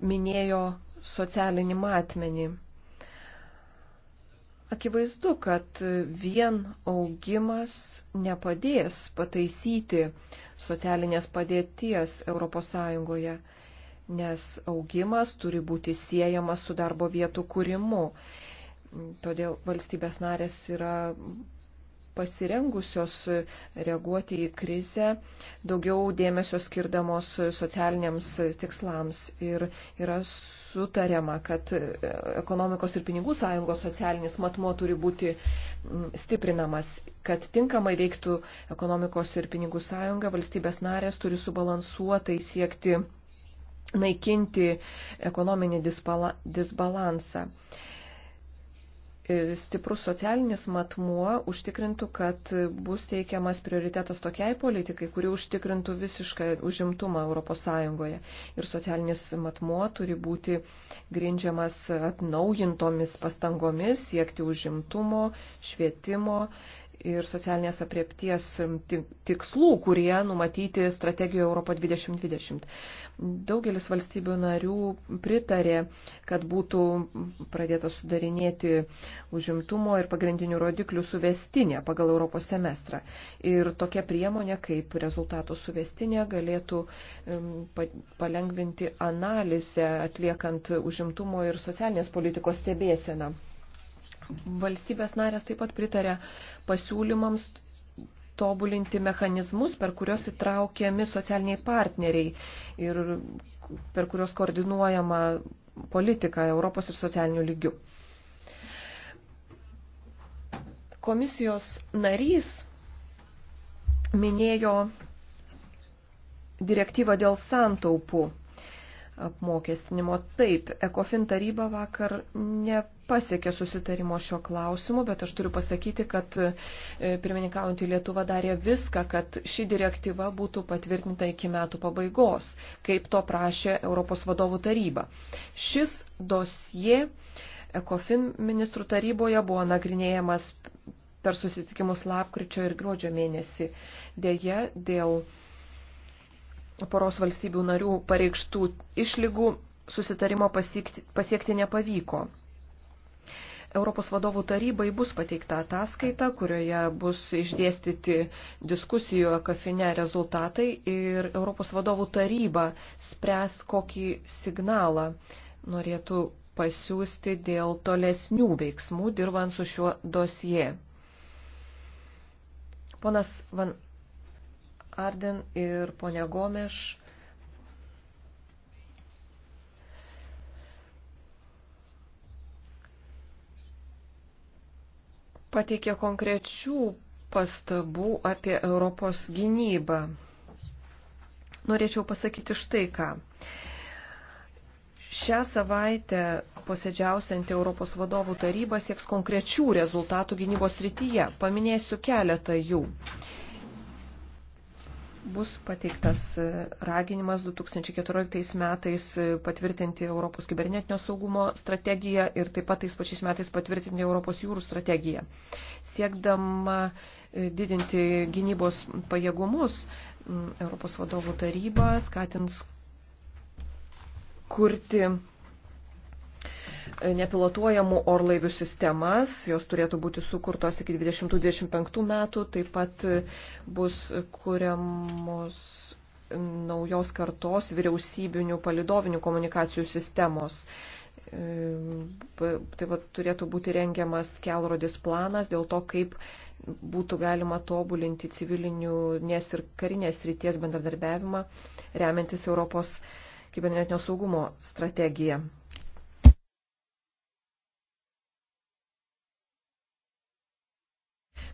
minėjo socialinį matmenį. Akivaizdu, kad vien augimas nepadės pataisyti socialinės padėties ES, nes augimas turi būti siejamas su darbo vietų kūrimu. Todėl valstybės narės yra pasirengusios reaguoti į krizę, daugiau dėmesio skirdamos socialiniams tikslams. Ir yra sutariama, kad ekonomikos ir pinigų sąjungos socialinis matmo turi būti stiprinamas, kad tinkamai veiktų ekonomikos ir pinigų sąjunga, valstybės narės turi subalansuotai siekti naikinti ekonominį disbalansą. E, stiprus socialinis matmuo užtikrintų, kad bus teikiamas prioritetas tokiai politikai, kuri užtikrintų visišką užimtumą ES. Ir socialinis matmuo turi būti grindžiamas atnaujintomis pastangomis siekti užimtumo, švietimo, ir socialinės apriepties tikslų, kurie numatyti strategijoje Europo 2020. Daugelis valstybių narių pritarė, kad būtų pradėta sudarinėti užimtumo ir pagrindinių rodiklių suvestinė pagal Europos semestrą. Ir tokia priemonė, kaip rezultatų suvestinė, galėtų palengvinti analizę atliekant užimtumo ir socialinės politikos stebėseną. Valstybės narės taip pat pritarė pasiūlymams tobulinti mechanizmus, per kurios įtraukiami socialiniai partneriai ir per kurios koordinuojama politika Europos ir socialinių lygių. Komisijos narys minėjo direktyvą dėl santaupų apmokestinimo. Taip, ECOFIN taryba vakar nepasiekė susitarimo šio klausimu, bet aš turiu pasakyti, kad e, pirmininkaujantį Lietuvą darė viską, kad ši direktyva būtų patvirtinta iki metų pabaigos, kaip to prašė Europos vadovų taryba. Šis dosie ECOFIN ministrų taryboje buvo nagrinėjamas per susitikimus lapkričio ir gruodžio mėnesį. Deja, dėl poros valstybių narių pareikštų išlygų susitarimo pasiekti, pasiekti nepavyko. Europos vadovų tarybai bus pateikta ataskaita, kurioje bus išdėstyti diskusijų kafine rezultatai ir Europos vadovų taryba spręs, kokį signalą norėtų pasiūsti dėl tolesnių veiksmų dirbant su šiuo dosie. Ponas Van Arden ir ponia Gomeš. pateikė konkrečių pastabų apie Europos gynybą. Norėčiau pasakyti štai ką. Šią savaitę posėdžiausianti Europos vadovų taryba sieks konkrečių rezultatų gynybos rytyje. Paminėsiu keletą jų bus pateiktas raginimas 2014 metais patvirtinti Europos kibernetinio saugumo strategiją ir taip pat tais pačiais metais patvirtinti Europos jūrų strategiją. Siekdama e, didinti gynybos pajėgumus, Europos vadovų taryba skatins kurti nepilotuojamų orlaivių sistemas, jos turėtų būti sukurtos iki 2025 metų, taip pat bus kuriamos naujos kartos vyriausybinių palidovinių komunikacijų sistemos. E, taip pat turėtų būti rengiamas kelrodis planas dėl to, kaip būtų galima tobulinti civilinių nes ir karinės ryties bendradarbiavimą, remiantis Europos kibernetinio saugumo strategiją.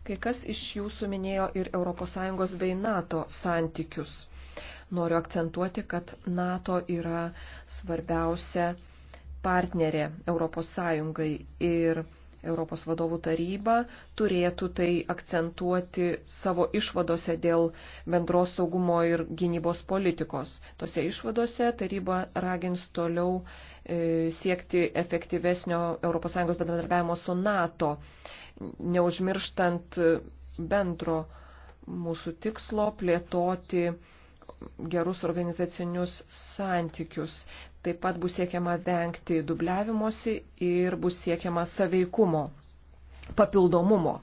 Kai kas iš jūsų minėjo ir ES bei NATO santykius. Noriu akcentuoti, kad NATO yra svarbiausia partnerė ES ir Europos vadovų taryba turėtų tai akcentuoti savo išvadose dėl bendros saugumo ir gynybos politikos. Tose išvadose taryba ragins toliau e, siekti efektyvesnio ES bendradarbiavimo su NATO neužmirštant bendro mūsų tikslo plėtoti gerus organizacinius santykius. Taip pat bus siekiama vengti dubliavimosi ir bus siekiama saveikumo, papildomumo.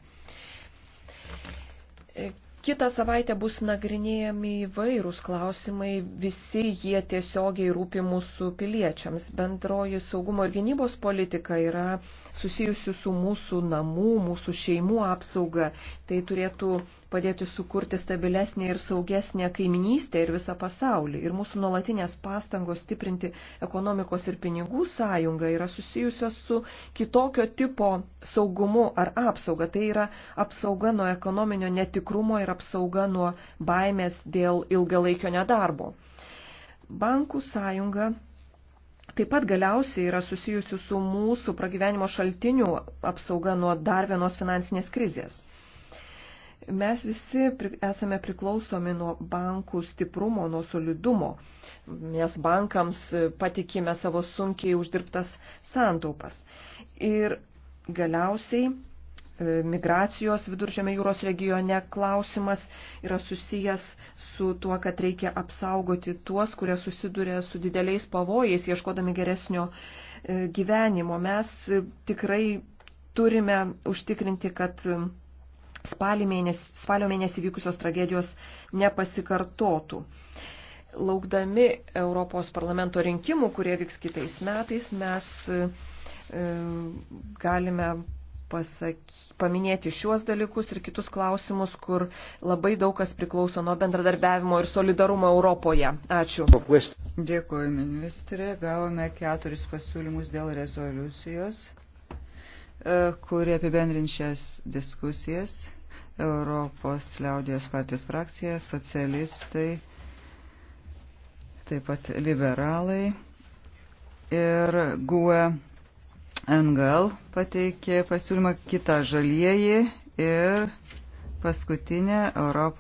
Kita savaitė bus nagrinėjami įvairūs klausimai, visi jie tiesiogiai rūpi mūsų piliečiams. Bendroji saugumo ir gynybos politika yra susijusių su mūsų namų, mūsų šeimų apsauga. Tai turėtų padėti sukurti stabilesnę ir saugesnę kaiminystę ir visą pasaulį. Ir mūsų nuolatinės pastangos stiprinti ekonomikos ir pinigų sąjungą yra susijusios su kitokio tipo saugumu ar apsauga. Tai yra apsauga nuo ekonominio netikrumo ir apsauga nuo baimės dėl ilgalaikio nedarbo. Bankų sąjunga taip pat galiausiai yra susijusių su mūsų pragyvenimo šaltinių apsauga nuo dar vienos finansinės krizės. Mes visi esame priklausomi nuo bankų stiprumo, nuo solidumo, nes bankams patikime savo sunkiai uždirbtas santaupas. Ir galiausiai E, migracijos viduržėme jūros regione klausimas yra susijęs su tuo, kad reikia apsaugoti tuos, kurie susiduria su dideliais pavojais, ieškodami geresnio e, gyvenimo. Mes e, tikrai turime užtikrinti, kad spalio mėnesį, spalio mėnesį vykusios tragedijos nepasikartotų laukdami Europos parlamento rinkimų, kurie vyks kitais metais, mes galime pasak, paminėti šiuos dalykus ir kitus klausimus, kur labai daug kas priklauso nuo bendradarbiavimo ir solidarumo Europoje. Ačiū. Dėkuoju, ministrė. Gavome keturis pasiūlymus dėl rezoliucijos, e, kurie apibendrinčias diskusijas. Europos liaudės partijos frakcija, socialistai, taip pat liberalai ir GUE NGL pateikė pasiūlymą kitą žalieji ir paskutinė Europos.